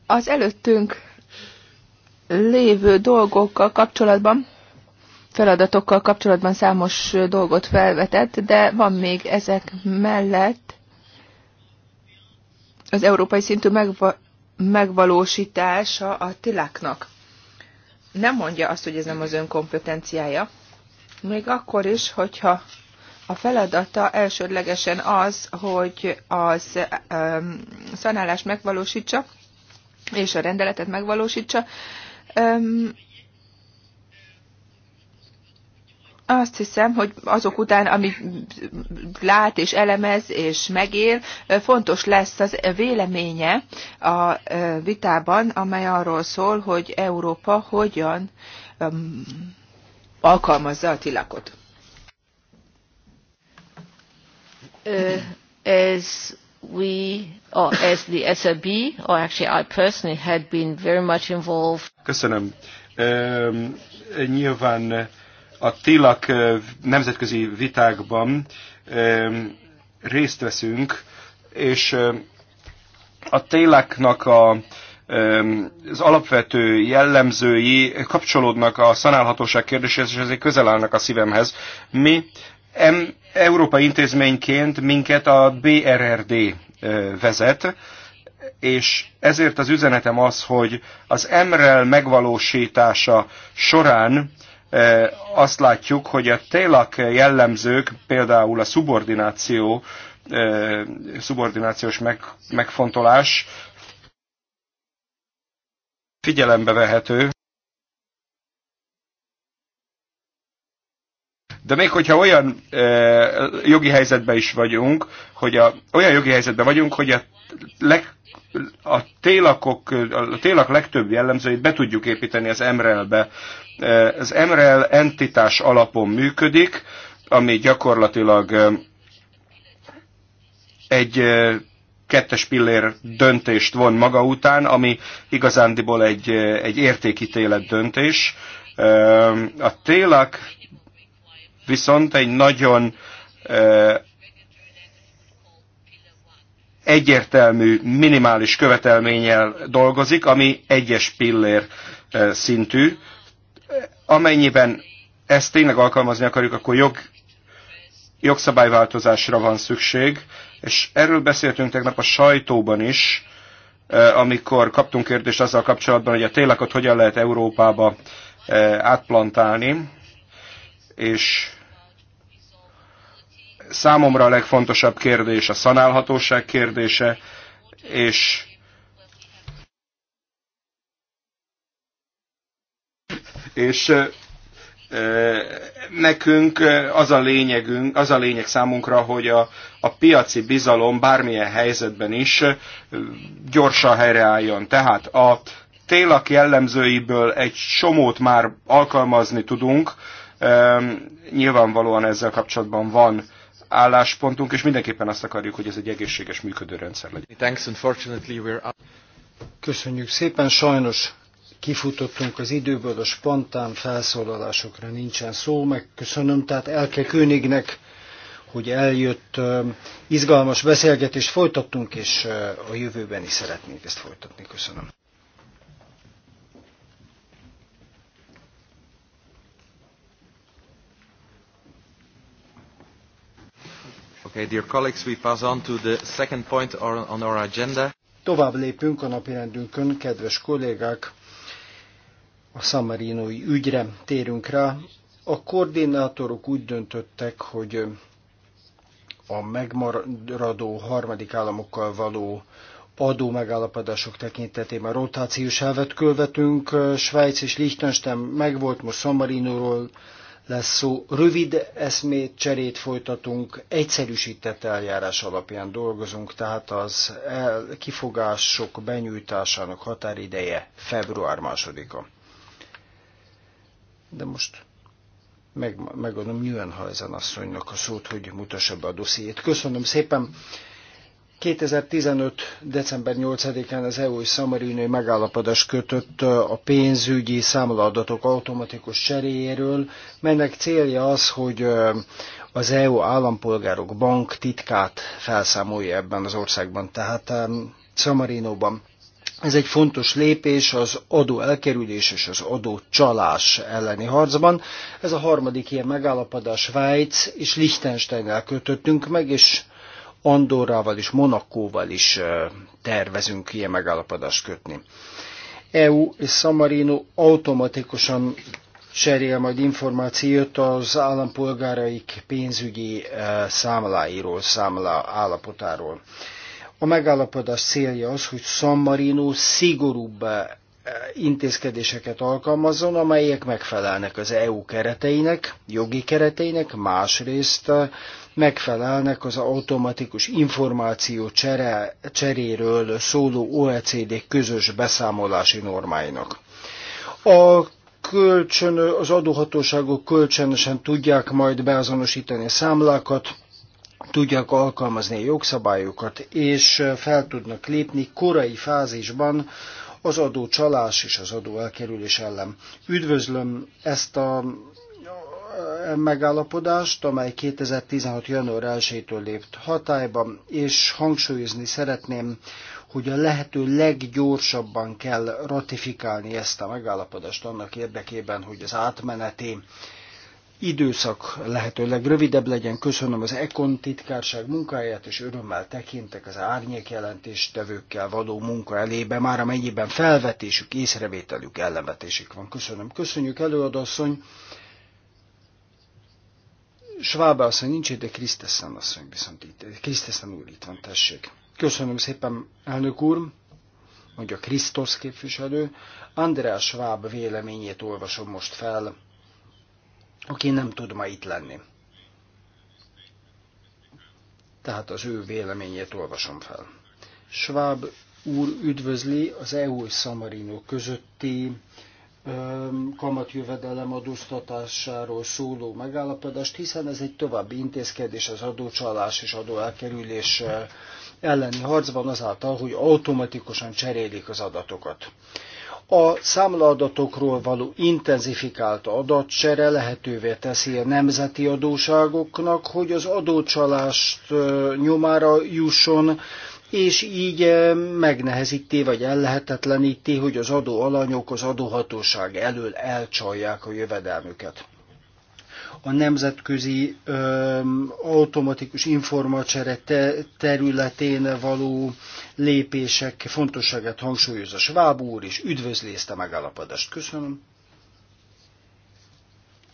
Az előttünk lévő dolgokkal kapcsolatban, feladatokkal kapcsolatban számos dolgot felvetett, de van még ezek mellett az európai szintű megva megvalósítása a tiláknak nem mondja azt, hogy ez nem az ön kompetenciája, még akkor is, hogyha a feladata elsődlegesen az, hogy az um, szanálást megvalósítsa, és a rendeletet megvalósítsa, um, azt hiszem, hogy azok után, amit lát és elemez és megél, fontos lesz az véleménye a vitában, amely arról szól, hogy Európa hogyan alkalmazza a tilakot. Uh, as we, or as the SRB, or actually I personally had been very much involved. Köszönöm. Um, nyilván a TILAK nemzetközi vitákban részt veszünk, és a téláknak a, az alapvető jellemzői kapcsolódnak a szanálhatóság kérdéséhez, és ezért közel állnak a szívemhez. Mi em, Európai intézményként minket a BRRD vezet, és ezért az üzenetem az, hogy az MREL megvalósítása során Eh, azt látjuk, hogy a télak jellemzők, például a szubordináció, eh, szubordinációs megfontolás figyelembe vehető, De még hogyha olyan e, jogi helyzetben is vagyunk, hogy a, olyan jogi helyzetben vagyunk, hogy a, leg, a, télakok, a télak legtöbb jellemzőit be tudjuk építeni az MREL-be. Az MREL entitás alapon működik, ami gyakorlatilag egy kettes pillér döntést von maga után, ami igazándiból egy, egy értékítélet döntés. A télak viszont egy nagyon egyértelmű minimális követelménnyel dolgozik, ami egyes pillér szintű. Amennyiben ezt tényleg alkalmazni akarjuk, akkor jog, jogszabályváltozásra van szükség, és erről beszéltünk tegnap a sajtóban is, amikor kaptunk kérdést azzal kapcsolatban, hogy a télakot hogyan lehet Európába átplantálni, és Számomra a legfontosabb kérdés a szanálhatóság kérdése, és és nekünk az a lényegünk, az a lényeg számunkra, hogy a, a piaci bizalom bármilyen helyzetben is gyorsan helyreálljon. Tehát a télak jellemzőiből egy csomót már alkalmazni tudunk, nyilvánvalóan ezzel kapcsolatban van álláspontunk, és mindenképpen azt akarjuk, hogy ez egy egészséges működő rendszer legyen. Köszönjük szépen, sajnos kifutottunk az időből, a spontán felszólalásokra nincsen szó, megköszönöm, tehát Elke Könignek, hogy eljött, izgalmas beszélgetést folytattunk, és a jövőben is szeretnénk ezt folytatni. Köszönöm. Okay, dear colleagues, we pass on to the second point on our agenda. Tovább lépünk a napirendünkön, kedves kollégák, a szamarinói ügyre térünk rá. A koordinátorok úgy döntöttek, hogy a megmaradó harmadik államokkal való adó megállapodások tekintetében rotációs elvet követünk. Svájc és Liechtenstein megvolt, most San lesz szó. Rövid eszmét cserét folytatunk, egyszerűsített eljárás alapján dolgozunk, tehát az el, kifogások benyújtásának határideje február másodika. De most meg, megadom Nyűenhajzen asszonynak a szót, hogy mutassa be a dossziét. Köszönöm szépen! 2015. december 8-án az EU és Szamarinői megállapodás kötött a pénzügyi számladatok automatikus cseréjéről, melynek célja az, hogy az EU állampolgárok bank titkát felszámolja ebben az országban, tehát Szamarinóban. Ez egy fontos lépés az adó elkerülés és az adó csalás elleni harcban. Ez a harmadik ilyen megállapodás Svájc és Liechtensteinnel kötöttünk meg, és Andorrával és Monakóval is tervezünk ilyen megállapodást kötni. EU és Samarino automatikusan cserél majd információt az állampolgáraik pénzügyi számláiról, számla állapotáról. A megállapodás célja az, hogy San Marino szigorúbb intézkedéseket alkalmazzon, amelyek megfelelnek az EU kereteinek, jogi kereteinek, másrészt megfelelnek az automatikus információ csere, cseréről szóló OECD közös beszámolási normáinak. A kölcsön, az adóhatóságok kölcsönösen tudják majd beazonosítani a számlákat, tudják alkalmazni a jogszabályokat, és fel tudnak lépni korai fázisban az adócsalás és az adó elkerülés ellen. Üdvözlöm ezt a megállapodást, amely 2016. január 1-től lépett hatályba, és hangsúlyozni szeretném, hogy a lehető leggyorsabban kell ratifikálni ezt a megállapodást annak érdekében, hogy az átmeneti időszak lehetőleg rövidebb legyen. Köszönöm az Ekon titkárság munkáját, és örömmel tekintek az árnyék jelentéstevőkkel való munka elébe, már amennyiben felvetésük, észrevételük, ellenvetésük van. Köszönöm. Köszönjük előadasszony. Schwab asszony nincs itt, de Krisztessen asszony viszont itt. Kriszteszen úr itt van, tessék. Köszönöm szépen, elnök úr, mondja Krisztos képviselő. András Schwab véleményét olvasom most fel, aki nem tud ma itt lenni. Tehát az ő véleményét olvasom fel. Schwab úr üdvözli az EU és Szamarino közötti kamatjövedelem adóztatásáról szóló megállapodást, hiszen ez egy további intézkedés az adócsalás és adóelkerülés elleni harcban azáltal, hogy automatikusan cserélik az adatokat. A számlaadatokról való intenzifikált adatcsere lehetővé teszi a nemzeti adóságoknak, hogy az adócsalást nyomára jusson, és így megnehezíti vagy ellehetetleníti, hogy az adóalanyok az adóhatóság elől elcsalják a jövedelmüket. A nemzetközi ö, automatikus informacsere te, területén való lépések fontosságát a Schwab úr, és üdvözli ezt a megállapodást. Köszönöm.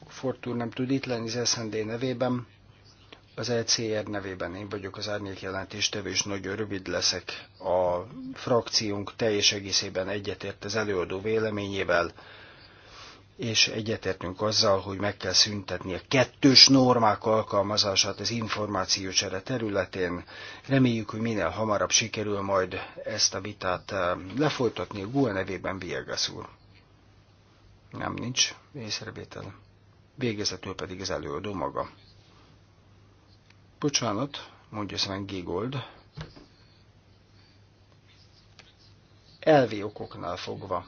Fortúr nem tud itt lenni Zeszendé nevében az ECR nevében én vagyok az árnyék jelentéstevő, és nagyon rövid leszek. A frakciónk teljes egészében egyetért az előadó véleményével, és egyetértünk azzal, hogy meg kell szüntetni a kettős normák alkalmazását az információcsere területén. Reméljük, hogy minél hamarabb sikerül majd ezt a vitát eh, lefolytatni a GUE nevében Biegas úr. Nem, nincs észrevétel. Végezetül pedig az előadó maga. Bocsánat, mondja szemben Gigold. Elvi okoknál fogva.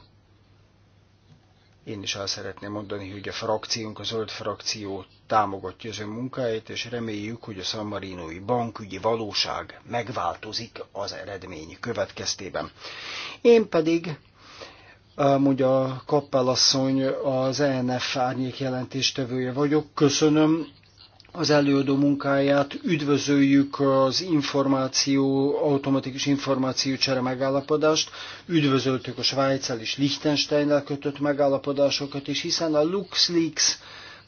Én is el szeretném mondani, hogy a frakciónk, a zöld frakció támogatja az ön munkáját, és reméljük, hogy a szammarinói bankügyi valóság megváltozik az eredmény következtében. Én pedig eh, mondja a kappelasszony, az ENF árnyék jelentéstevője vagyok. Köszönöm az előadó munkáját, üdvözöljük az információ, automatikus információcsere megállapodást, üdvözöltük a Svájccel és Liechtenstein kötött megállapodásokat is, hiszen a LuxLeaks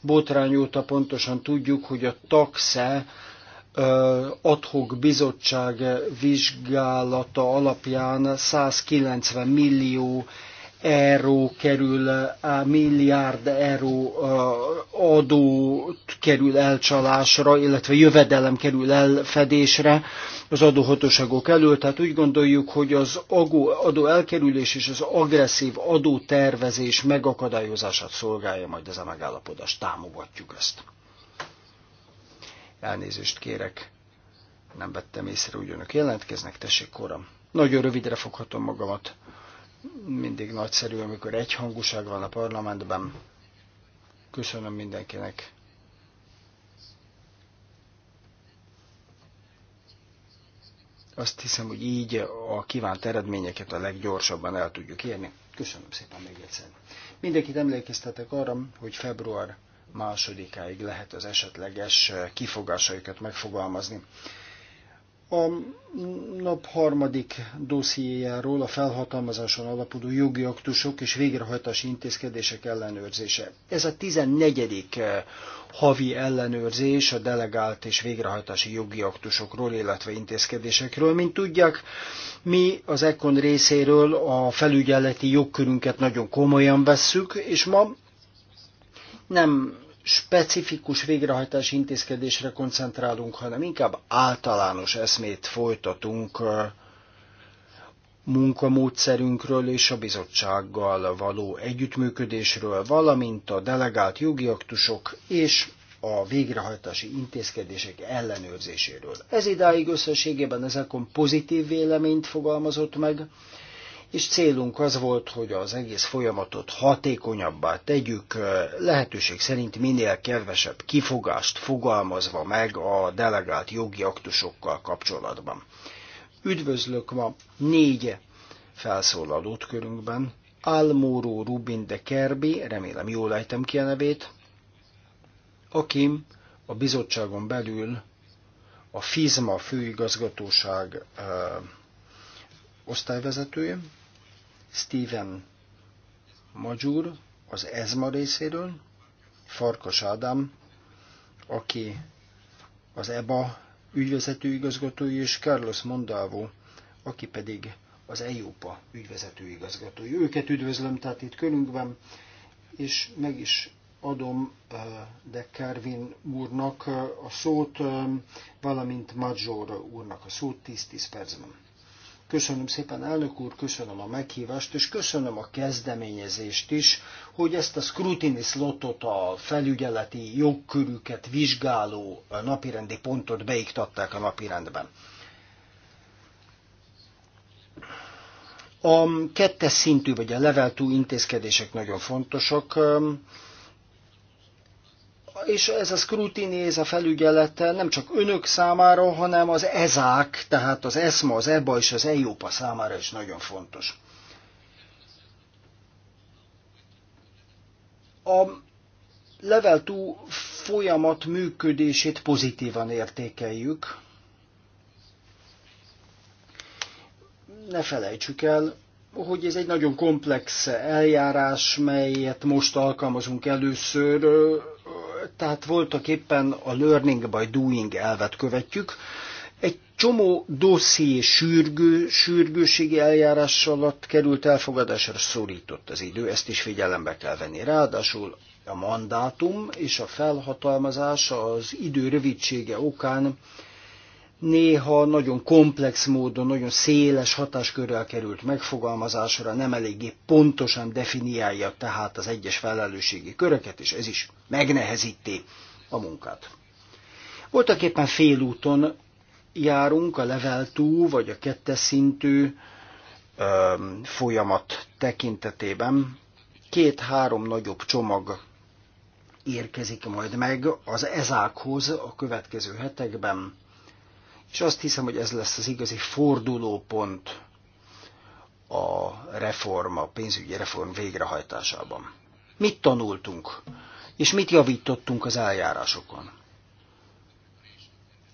botrány óta pontosan tudjuk, hogy a taxe adhok bizottság vizsgálata alapján 190 millió euró kerül, a milliárd euró adó kerül elcsalásra, illetve jövedelem kerül elfedésre az adóhatóságok elől. Tehát úgy gondoljuk, hogy az adó elkerülés és az agresszív adótervezés megakadályozását szolgálja majd ez a megállapodás. Támogatjuk ezt. Elnézést kérek, nem vettem észre, hogy önök jelentkeznek, tessék koram. Nagyon rövidre foghatom magamat. Mindig nagyszerű, amikor egyhangúság van a parlamentben. Köszönöm mindenkinek. Azt hiszem, hogy így a kívánt eredményeket a leggyorsabban el tudjuk érni. Köszönöm szépen még egyszer. Mindenkit emlékeztetek arra, hogy február másodikáig lehet az esetleges kifogásaikat megfogalmazni. A nap harmadik dossziéjáról a felhatalmazáson alapuló jogi aktusok és végrehajtási intézkedések ellenőrzése. Ez a 14. Eh, havi ellenőrzés a delegált és végrehajtási jogi aktusokról, illetve intézkedésekről. Mint tudják, mi az Ekon részéről a felügyeleti jogkörünket nagyon komolyan vesszük, és ma nem specifikus végrehajtási intézkedésre koncentrálunk, hanem inkább általános eszmét folytatunk munkamódszerünkről és a bizottsággal való együttműködésről, valamint a delegált jogi aktusok és a végrehajtási intézkedések ellenőrzéséről. Ez idáig összességében ezekon pozitív véleményt fogalmazott meg és célunk az volt, hogy az egész folyamatot hatékonyabbá tegyük, lehetőség szerint minél kevesebb kifogást fogalmazva meg a delegált jogi aktusokkal kapcsolatban. Üdvözlök ma négy felszólalót körünkben, Almóró Rubin de Kerbi, remélem jól ejtem ki a nevét, aki a bizottságon belül a FIZMA főigazgatóság osztályvezetője, Steven Majur az ESMA részéről, Farkas Ádám, aki az EBA ügyvezető igazgatói, és Carlos Mondávó, aki pedig az EIOPA ügyvezető igazgatói. Őket üdvözlöm, tehát itt körünkben, és meg is adom eh, de Kervin úrnak eh, a szót, eh, valamint Major úrnak a szót 10-10 percben. Köszönöm szépen, elnök úr, köszönöm a meghívást, és köszönöm a kezdeményezést is, hogy ezt a scrutiny slotot, a felügyeleti jogkörüket vizsgáló napirendi pontot beiktatták a napirendben. A kettes szintű vagy a level 2 intézkedések nagyon fontosak és ez a scrutiny, ez a felügyelet nem csak önök számára, hanem az ezák, tehát az ESMA, az EBA és az EIOPA számára is nagyon fontos. A level 2 folyamat működését pozitívan értékeljük. Ne felejtsük el, hogy ez egy nagyon komplex eljárás, melyet most alkalmazunk először, tehát voltak éppen a learning by doing elvet követjük. Egy csomó dosszié sürgő, sürgőségi eljárás alatt került elfogadásra szorított az idő, ezt is figyelembe kell venni. Ráadásul a mandátum és a felhatalmazás az idő rövidsége okán néha nagyon komplex módon, nagyon széles hatáskörrel került megfogalmazásra, nem eléggé pontosan definiálja tehát az egyes felelősségi köröket, és ez is megnehezíti a munkát. Voltak éppen félúton járunk a level 2 vagy a kettes szintű ö, folyamat tekintetében. Két-három nagyobb csomag érkezik majd meg az ezákhoz a következő hetekben és azt hiszem, hogy ez lesz az igazi fordulópont a reform, a pénzügyi reform végrehajtásában. Mit tanultunk, és mit javítottunk az eljárásokon?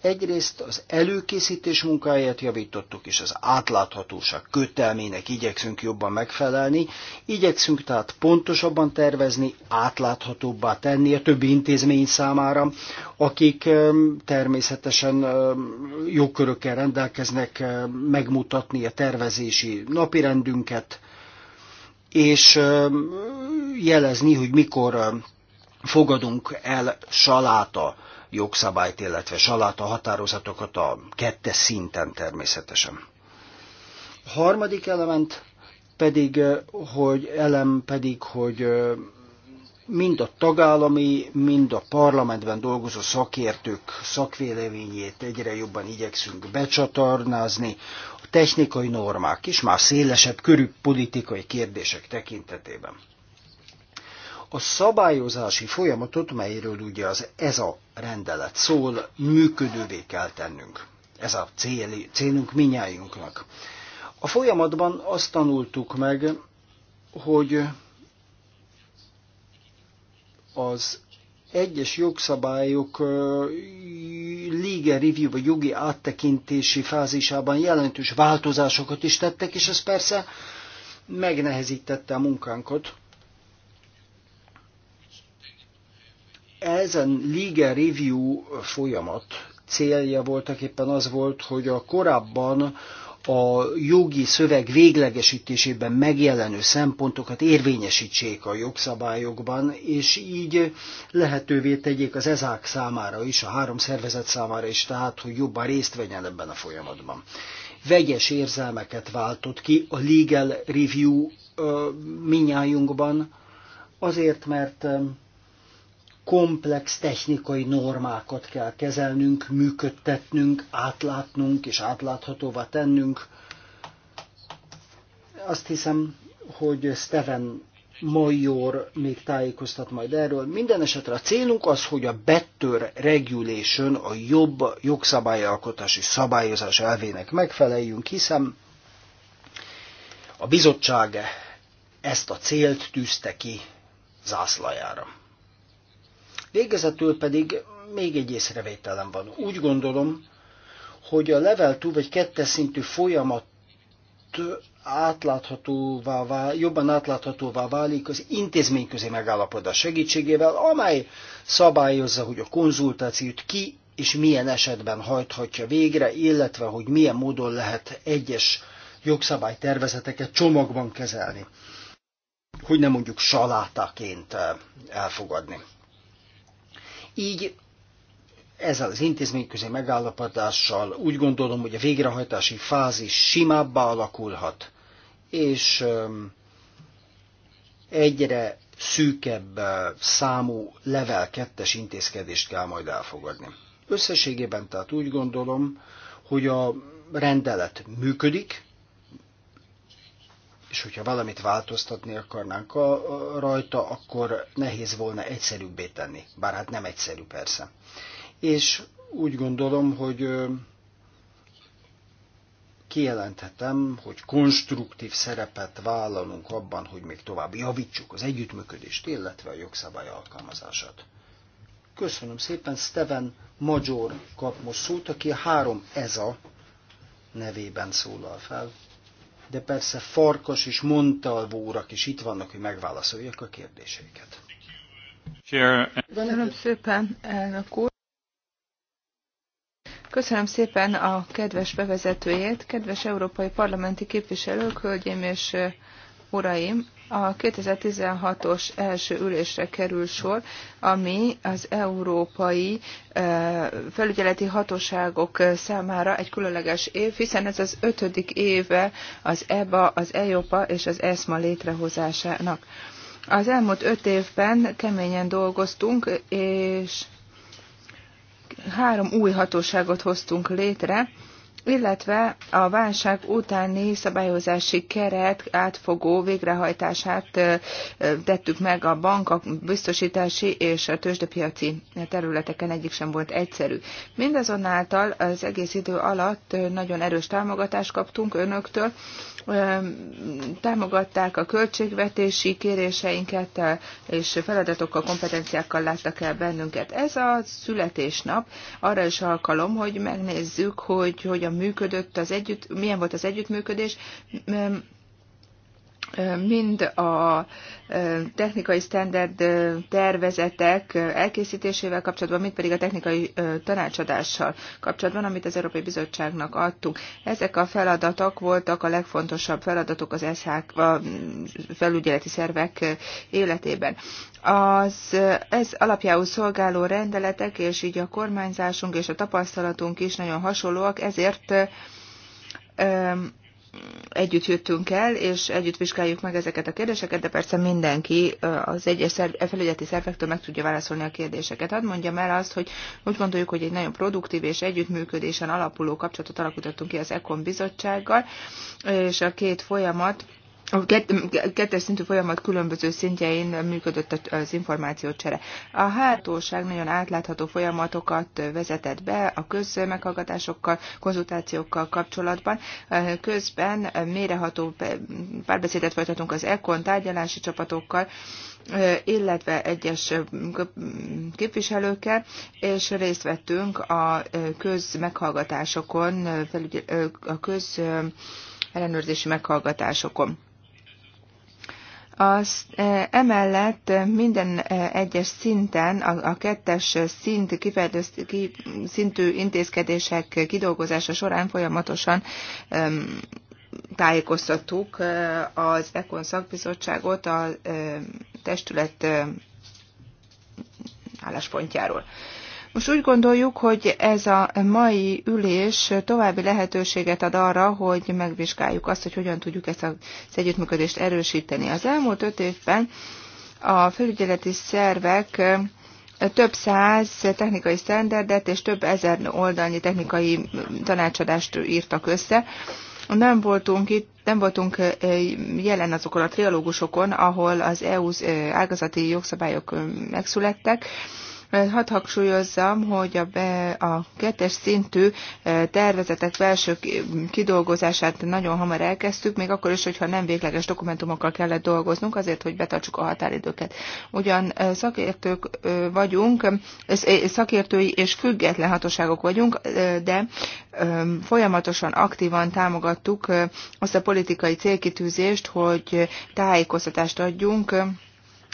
Egyrészt az előkészítés munkáját javítottuk, és az átláthatóság kötelmének igyekszünk jobban megfelelni, igyekszünk tehát pontosabban tervezni, átláthatóbbá tenni a többi intézmény számára, akik természetesen jogkörökkel rendelkeznek megmutatni a tervezési napirendünket, és jelezni, hogy mikor fogadunk el saláta jogszabályt, illetve saláta határozatokat a kettes szinten természetesen. A harmadik element pedig, hogy elem pedig, hogy mind a tagállami, mind a parlamentben dolgozó szakértők szakvéleményét egyre jobban igyekszünk becsatornázni, a technikai normák is, már szélesebb körű politikai kérdések tekintetében a szabályozási folyamatot, melyről ugye az ez a rendelet szól, működővé kell tennünk. Ez a cél, célunk minnyájunknak. A folyamatban azt tanultuk meg, hogy az egyes jogszabályok legal review vagy jogi áttekintési fázisában jelentős változásokat is tettek, és ez persze megnehezítette a munkánkat. Ezen legal review folyamat célja voltak éppen az volt, hogy a korábban a jogi szöveg véglegesítésében megjelenő szempontokat érvényesítsék a jogszabályokban, és így lehetővé tegyék az ezák számára is, a három szervezet számára is, tehát, hogy jobban részt vegyen ebben a folyamatban. Vegyes érzelmeket váltott ki a legal review minnyájunkban, azért, mert komplex technikai normákat kell kezelnünk, működtetnünk, átlátnunk és átláthatóvá tennünk. Azt hiszem, hogy Steven Major még tájékoztat majd erről. Minden esetre a célunk az, hogy a better regulation, a jobb jogszabályalkotási szabályozás elvének megfeleljünk, hiszen a bizottság ezt a célt tűzte ki zászlajára. Végezetül pedig még egy észrevételem van. Úgy gondolom, hogy a level 2 vagy 2 szintű folyamat átláthatóvá vál, jobban átláthatóvá válik az intézményközi megállapodás segítségével, amely szabályozza, hogy a konzultációt ki és milyen esetben hajthatja végre, illetve hogy milyen módon lehet egyes jogszabálytervezeteket csomagban kezelni, hogy nem mondjuk salátaként eh, elfogadni. Így ezzel az intézményközi megállapodással úgy gondolom, hogy a végrehajtási fázis simábbá alakulhat, és egyre szűkebb számú level 2 intézkedést kell majd elfogadni. Összességében tehát úgy gondolom, hogy a rendelet működik, és hogyha valamit változtatni akarnánk a, a, rajta, akkor nehéz volna egyszerűbbé tenni, bár hát nem egyszerű persze. És úgy gondolom, hogy kijelenthetem, hogy konstruktív szerepet vállalunk abban, hogy még tovább javítsuk az együttműködést, illetve a jogszabály alkalmazását. Köszönöm szépen, Steven Major kap most szót, aki a három e a nevében szólal fel de persze Farkas és Montalvo urak is itt vannak, hogy megválaszolják a kérdéseiket. Köszönöm szépen, elnök úr. Köszönöm szépen a kedves bevezetőjét, kedves európai parlamenti képviselők, hölgyeim és uraim! A 2016-os első ülésre kerül sor, ami az európai felügyeleti hatóságok számára egy különleges év, hiszen ez az ötödik éve az EBA, az EIOPA és az ESMA létrehozásának. Az elmúlt öt évben keményen dolgoztunk, és három új hatóságot hoztunk létre, illetve a válság utáni szabályozási keret átfogó végrehajtását tettük meg a bank, a biztosítási és a tőzsdepiaci területeken egyik sem volt egyszerű. Mindazonáltal az egész idő alatt nagyon erős támogatást kaptunk önöktől, támogatták a költségvetési kéréseinket, és feladatokkal, kompetenciákkal láttak el bennünket. Ez a születésnap arra is alkalom, hogy megnézzük, hogy hogyan működött az együtt, milyen volt az együttműködés, mind a technikai standard tervezetek elkészítésével kapcsolatban, mind pedig a technikai tanácsadással kapcsolatban, amit az Európai Bizottságnak adtunk. Ezek a feladatok voltak a legfontosabb feladatok az SH a felügyeleti szervek életében. Az, ez alapjául szolgáló rendeletek, és így a kormányzásunk és a tapasztalatunk is nagyon hasonlóak, ezért együtt jöttünk el, és együtt vizsgáljuk meg ezeket a kérdéseket, de persze mindenki az egyes szerv, e felügyeleti szervektől meg tudja válaszolni a kérdéseket. Hadd mondjam el azt, hogy úgy gondoljuk, hogy egy nagyon produktív és együttműködésen alapuló kapcsolatot alakítottunk ki az ECOM bizottsággal, és a két folyamat a kettes szintű folyamat különböző szintjein működött az információcsere. A hátóság nagyon átlátható folyamatokat vezetett be a közmeghallgatásokkal, konzultációkkal kapcsolatban. Közben méreható párbeszédet folytatunk az ECON tárgyalási csapatokkal, illetve egyes képviselőkkel, és részt vettünk a közmeghallgatásokon, a köz ellenőrzési meghallgatásokon. Az eh, emellett minden eh, egyes szinten, a, a kettes szint kifejlő, ki, szintű intézkedések kidolgozása során folyamatosan um, tájékoztattuk eh, az EKON szakbizottságot a testület álláspontjáról. Most úgy gondoljuk, hogy ez a mai ülés további lehetőséget ad arra, hogy megvizsgáljuk azt, hogy hogyan tudjuk ezt az együttműködést erősíteni. Az elmúlt öt évben a felügyeleti szervek eh, több száz technikai standardet és több ezer oldalnyi technikai mm, tanácsadást írtak össze. Nem voltunk itt, nem voltunk eh, jelen azokon a trialógusokon, ahol az EU eh, ágazati jogszabályok megszülettek, Hadd hangsúlyozzam, hogy a, be, a kettes szintű e, tervezetek belső kidolgozását nagyon hamar elkezdtük, még akkor is, hogyha nem végleges dokumentumokkal kellett dolgoznunk, azért, hogy betartsuk a határidőket. Ugyan e, szakértők e, vagyunk, szakértői és független hatóságok vagyunk, de folyamatosan aktívan támogattuk azt a politikai célkitűzést, hogy tájékoztatást adjunk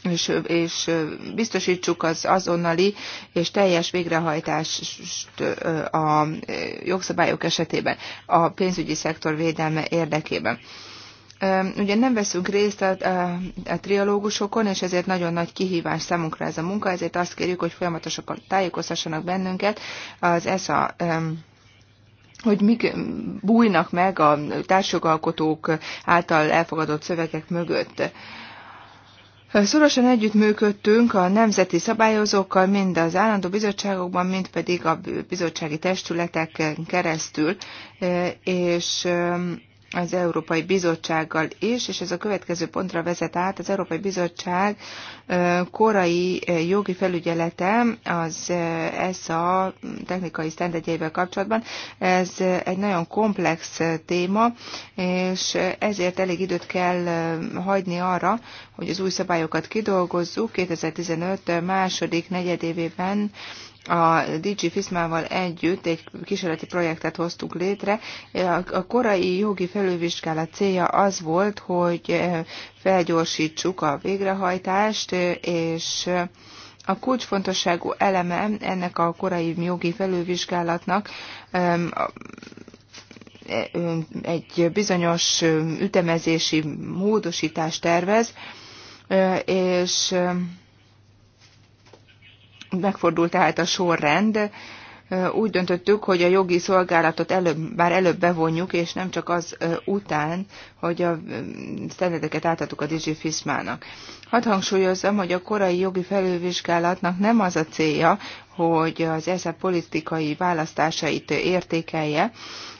és, és biztosítsuk az azonnali és teljes végrehajtást a jogszabályok esetében a pénzügyi szektor védelme érdekében. Ugye nem veszünk részt a, a, a trialógusokon, és ezért nagyon nagy kihívás számunkra ez a munka, ezért azt kérjük, hogy folyamatosan tájékoztassanak bennünket az ESA hogy mik bújnak meg a társjogalkotók által elfogadott szövegek mögött. Szorosan együttműködtünk a nemzeti szabályozókkal, mind az állandó bizottságokban, mind pedig a bizottsági testületeken keresztül, és az Európai Bizottsággal is, és ez a következő pontra vezet át. Az Európai Bizottság korai jogi felügyelete az ESA technikai sztendegyeivel kapcsolatban. Ez egy nagyon komplex téma, és ezért elég időt kell hagyni arra, hogy az új szabályokat kidolgozzuk. 2015 második negyedévében a DG Fiszmával együtt egy kísérleti projektet hoztuk létre. A korai jogi felülvizsgálat célja az volt, hogy eh, felgyorsítsuk a végrehajtást, eh, és eh, a kulcsfontosságú eleme ennek a korai jogi felülvizsgálatnak egy bizonyos ütemezési módosítást tervez, és megfordult tehát a sorrend. Úgy döntöttük, hogy a jogi szolgálatot előbb, már előbb bevonjuk, és nem csak az után, hogy a standardeket átadtuk a DG Fismának. Hadd hangsúlyozzam, hogy a korai jogi felülvizsgálatnak nem az a célja, hogy az ESZA politikai választásait értékelje,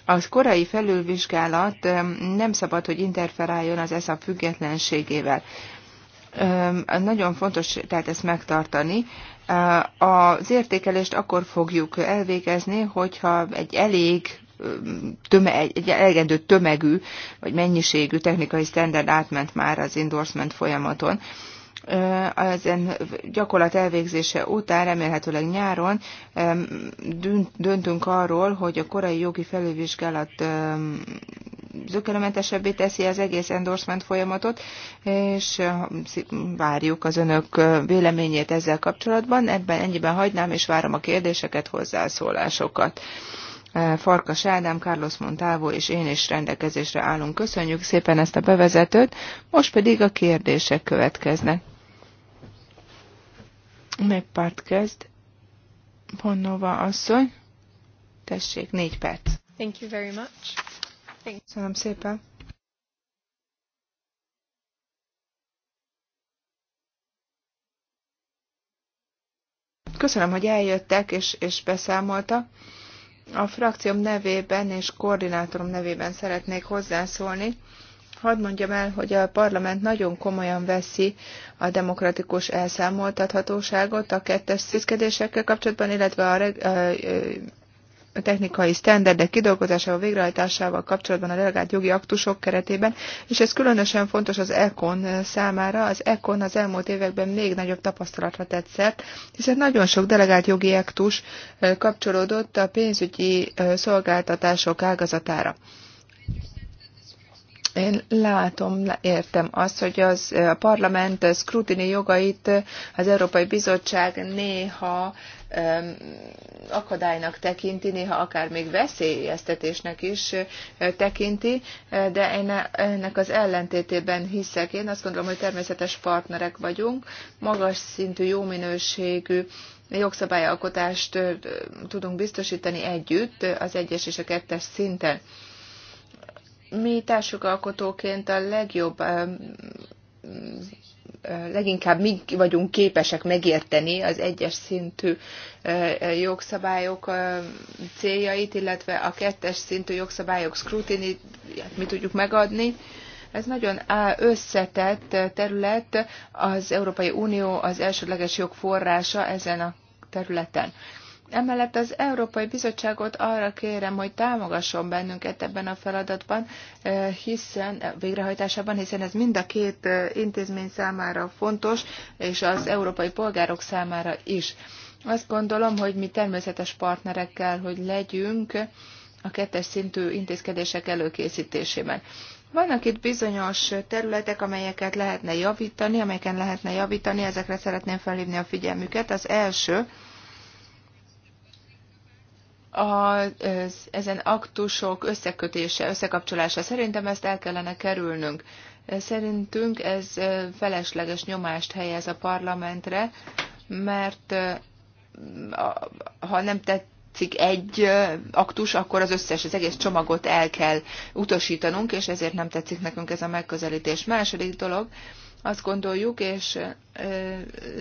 az korai felülvizsgálat nem szabad, hogy interferáljon az ESZA függetlenségével nagyon fontos tehát ezt megtartani. Az értékelést akkor fogjuk elvégezni, hogyha egy elég Töme, egy elegendő tömegű vagy mennyiségű technikai standard átment már az endorsement folyamaton. en gyakorlat elvégzése után, remélhetőleg nyáron döntünk arról, hogy a korai jogi felülvizsgálat zökkenőmentesebbé teszi az egész endorsement folyamatot, és eh, várjuk az önök eh, véleményét ezzel kapcsolatban. Ebben ennyiben hagynám, és várom a kérdéseket, hozzászólásokat. Eh, Farkas Ádám, Carlos Montávó és én is rendelkezésre állunk. Köszönjük szépen ezt a bevezetőt, most pedig a kérdések következnek. Meg párt kezd? Ponnova asszony. Tessék, négy perc. Thank you very much. Köszönöm szépen. Köszönöm, hogy eljöttek és, és beszámoltak. A frakcióm nevében és koordinátorom nevében szeretnék hozzászólni. Hadd mondjam el, hogy a parlament nagyon komolyan veszi a demokratikus elszámoltathatóságot a kettes szűzkedésekkel kapcsolatban, illetve a, a, a technikai sztenderdek kidolgozásával, végrehajtásával kapcsolatban a delegált jogi aktusok keretében, és ez különösen fontos az ECON számára. Az ECON az elmúlt években még nagyobb tapasztalatra tett szert, hiszen nagyon sok delegált jogi aktus kapcsolódott a pénzügyi szolgáltatások ágazatára. Én látom, értem azt, hogy az, a parlament szkrutini jogait az Európai Bizottság néha akadálynak tekinti, néha akár még veszélyeztetésnek is tekinti, de ennek az ellentétében hiszek. Én azt gondolom, hogy természetes partnerek vagyunk, magas szintű, jó minőségű jogszabályalkotást tudunk biztosítani együtt az egyes és a kettes szinten. Mi társjogalkotóként a legjobb leginkább mi vagyunk képesek megérteni az egyes szintű jogszabályok céljait, illetve a kettes szintű jogszabályok scrutiny, hát mi tudjuk megadni. Ez nagyon összetett terület, az Európai Unió az elsődleges jogforrása ezen a területen. Emellett az Európai Bizottságot arra kérem, hogy támogasson bennünket ebben a feladatban, eh, hiszen eh, végrehajtásában, hiszen ez mind a két eh, intézmény számára fontos, és az európai polgárok számára is. Azt gondolom, hogy mi természetes partnerekkel, hogy legyünk a kettes szintű intézkedések előkészítésében. Vannak itt bizonyos területek, amelyeket lehetne javítani, amelyeken lehetne javítani, ezekre szeretném felhívni a figyelmüket. Az első, az, ezen aktusok összekötése, összekapcsolása. Szerintem ezt el kellene kerülnünk. Szerintünk ez felesleges nyomást helyez a parlamentre, mert eh, ha nem tetszik egy eh, aktus, akkor az összes, az egész csomagot el kell utasítanunk, és ezért nem tetszik nekünk ez a megközelítés. Második dolog, azt gondoljuk, és eh,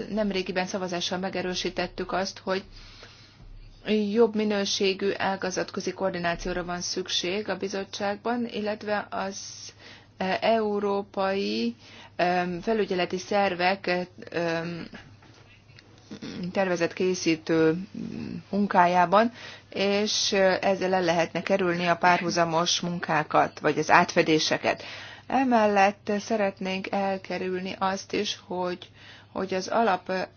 nemrégiben szavazással megerősítettük azt, hogy jobb minőségű ágazatközi koordinációra van szükség a bizottságban, illetve az e, európai e, felügyeleti szervek e, tervezetkészítő munkájában, és ezzel el lehetne kerülni a párhuzamos munkákat, vagy az átfedéseket. Emellett szeretnénk elkerülni azt is, hogy, hogy az alap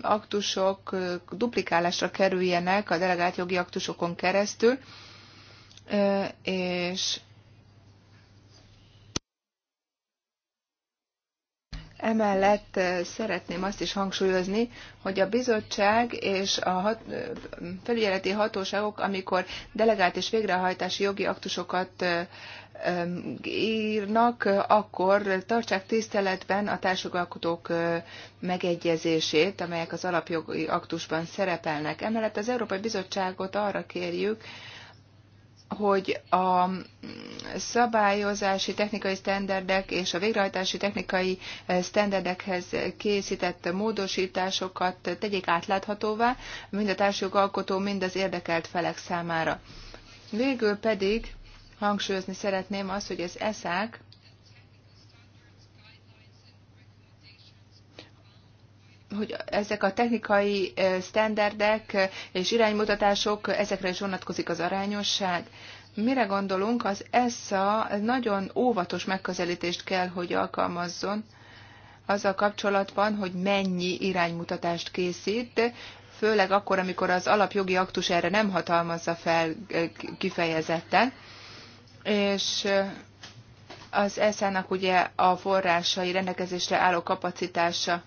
aktusok duplikálásra kerüljenek a delegált jogi aktusokon keresztül, és Emellett eh, szeretném azt is hangsúlyozni, hogy a bizottság és a hat, eh, felügyeleti hatóságok, amikor delegált és végrehajtási jogi aktusokat eh, írnak, akkor tartsák tiszteletben a társjogalkotók megegyezését, amelyek az alapjogi aktusban szerepelnek. Emellett az Európai Bizottságot arra kérjük, hogy a szabályozási technikai sztenderdek és a végrehajtási technikai eh, sztenderdekhez készített módosításokat tegyék átláthatóvá, mind a társjogalkotó, mind az érdekelt felek számára. Végül pedig hangsúlyozni szeretném azt, hogy az ESZÁK hogy ezek a technikai sztenderdek és iránymutatások, ezekre is vonatkozik az arányosság. Mire gondolunk? Az ESSA nagyon óvatos megközelítést kell, hogy alkalmazzon azzal kapcsolatban, hogy mennyi iránymutatást készít, főleg akkor, amikor az alapjogi aktus erre nem hatalmazza fel kifejezetten. És az ESZ-nak ugye a forrásai rendelkezésre álló kapacitása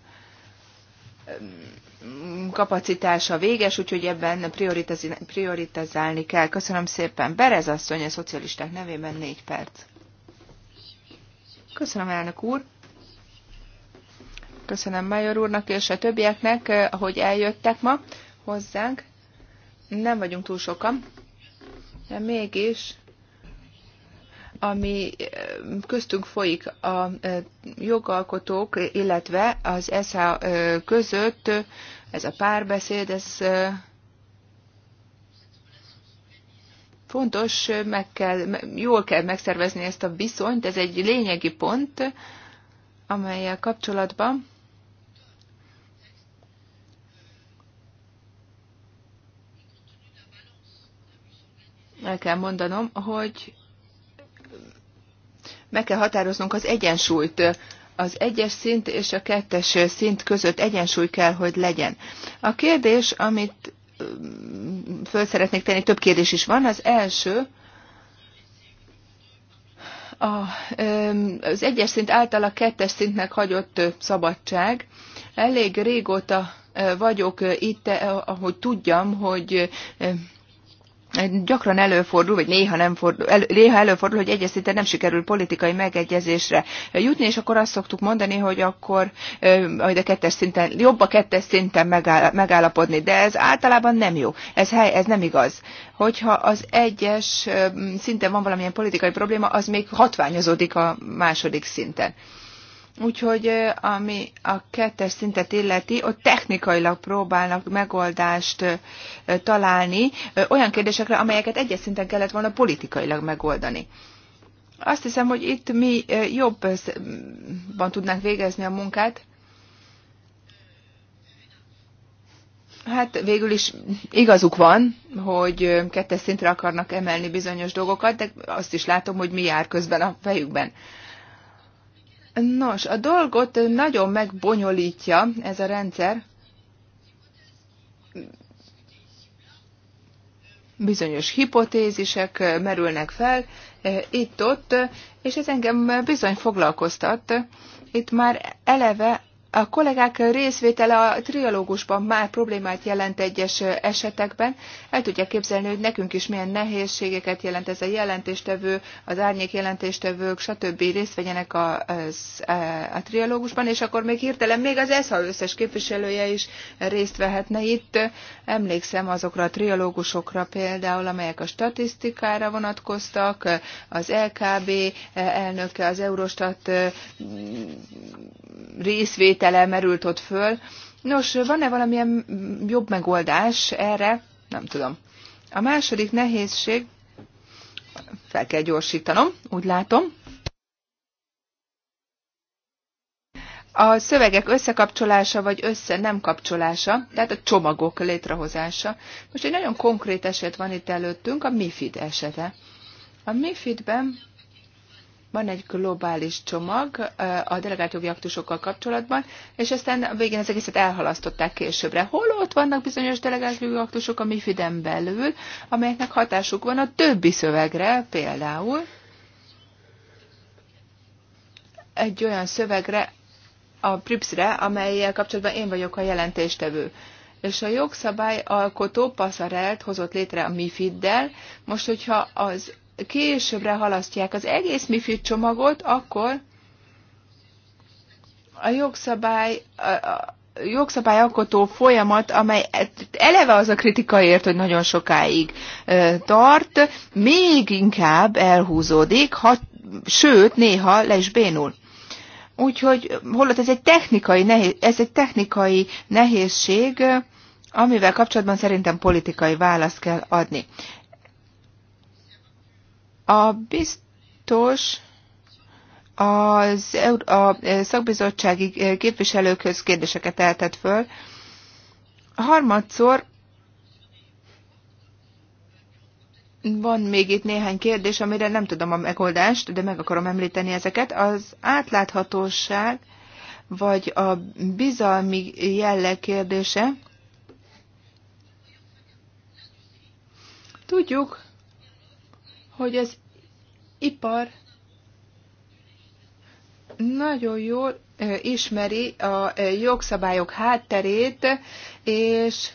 kapacitása véges, úgyhogy ebben prioritizálni kell. Köszönöm szépen. Berez asszony a szocialisták nevében négy perc. Köszönöm, elnök úr. Köszönöm Major úrnak és a többieknek, ahogy eh, eljöttek ma hozzánk. Nem vagyunk túl sokan, de mégis ami eh, köztünk folyik a eh, jogalkotók, illetve az ESA eh, között, ez a párbeszéd, ez fontos, meg kell, jól kell megszervezni ezt a viszonyt, ez egy lényegi pont, amelyel kapcsolatban el kell mondanom, hogy meg kell határoznunk az egyensúlyt. Az egyes szint és a kettes szint között egyensúly kell, hogy legyen. A kérdés, amit mm, föl szeretnék tenni, több kérdés is van. Az első, a, mm, az egyes szint által a kettes szintnek hagyott szabadság. Elég régóta eh, vagyok eh, itt, eh, ahogy tudjam, hogy gyakran előfordul, vagy néha, nem fordul, el, néha előfordul, hogy egyes szinten nem sikerül politikai megegyezésre jutni, és akkor azt szoktuk mondani, hogy akkor majd a kettes szinten, jobb a kettes szinten megáll, megállapodni, de ez általában nem jó, ez, hely, ez nem igaz. Hogyha az egyes szinten van valamilyen politikai probléma, az még hatványozódik a második szinten. Úgyhogy ami a kettes szintet illeti, ott technikailag próbálnak megoldást találni olyan kérdésekre, amelyeket egyes szinten kellett volna politikailag megoldani. Azt hiszem, hogy itt mi jobban tudnánk végezni a munkát. Hát végül is igazuk van, hogy kettes szintre akarnak emelni bizonyos dolgokat, de azt is látom, hogy mi jár közben a fejükben. Nos, a dolgot nagyon megbonyolítja ez a rendszer. Bizonyos hipotézisek merülnek fel eh, itt-ott, eh, és ez engem bizony foglalkoztat. Itt már eleve a kollégák részvétele a trialógusban már problémát jelent egyes esetekben. El tudja képzelni, hogy nekünk is milyen nehézségeket jelent ez a jelentéstevő, az árnyék jelentéstevők, stb. részt vegyenek a, e, a trialógusban, és akkor még hirtelen még az ESZA összes képviselője is részt vehetne itt. Emlékszem azokra a trialógusokra például, amelyek a statisztikára vonatkoztak, az LKB e, elnöke, az Eurostat e, részvétel, hirtelen merült ott föl. Nos, van-e valamilyen jobb megoldás erre? Nem tudom. A második nehézség, fel kell gyorsítanom, úgy látom. A szövegek összekapcsolása vagy össze nem kapcsolása, tehát a csomagok létrehozása. Most egy nagyon konkrét eset van itt előttünk, a MIFID esete. A MIFID-ben van egy globális csomag a delegált jogi aktusokkal kapcsolatban, és aztán a végén az egészet elhalasztották későbbre. Hol ott vannak bizonyos delegált jogi aktusok a MIFID-en belül, amelyeknek hatásuk van a többi szövegre például, egy olyan szövegre, a PRIPS-re, amelyel kapcsolatban én vagyok a jelentéstevő. És a jogszabály alkotó passzarelt hozott létre a MIFID-del. Most, hogyha az későbbre halasztják az egész MIFID csomagot, akkor a jogszabály, a jogszabályalkotó folyamat, amely eleve az a kritikaért, hogy nagyon sokáig tart, még inkább elhúzódik, ha, sőt, néha le is bénul. Úgyhogy holott ez egy technikai, nehéz, ez egy technikai nehézség, amivel kapcsolatban szerintem politikai választ kell adni. A biztos az, a szakbizottsági képviselőkhöz kérdéseket eltett föl. Harmadszor van még itt néhány kérdés, amire nem tudom a megoldást, de meg akarom említeni ezeket. Az átláthatóság vagy a bizalmi jelleg kérdése. Tudjuk, hogy az ipar nagyon jól ismeri a jogszabályok hátterét, és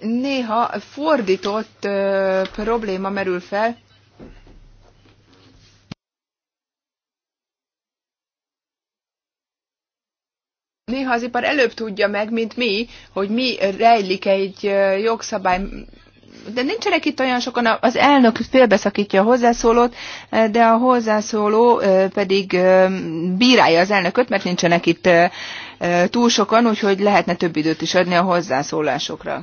néha fordított probléma merül fel, néha az ipar előbb tudja meg, mint mi, hogy mi rejlik egy jogszabály de nincsenek itt olyan sokan, az elnök félbeszakítja a hozzászólót, de a hozzászóló pedig bírálja az elnököt, mert nincsenek itt túl sokan, úgyhogy lehetne több időt is adni a hozzászólásokra.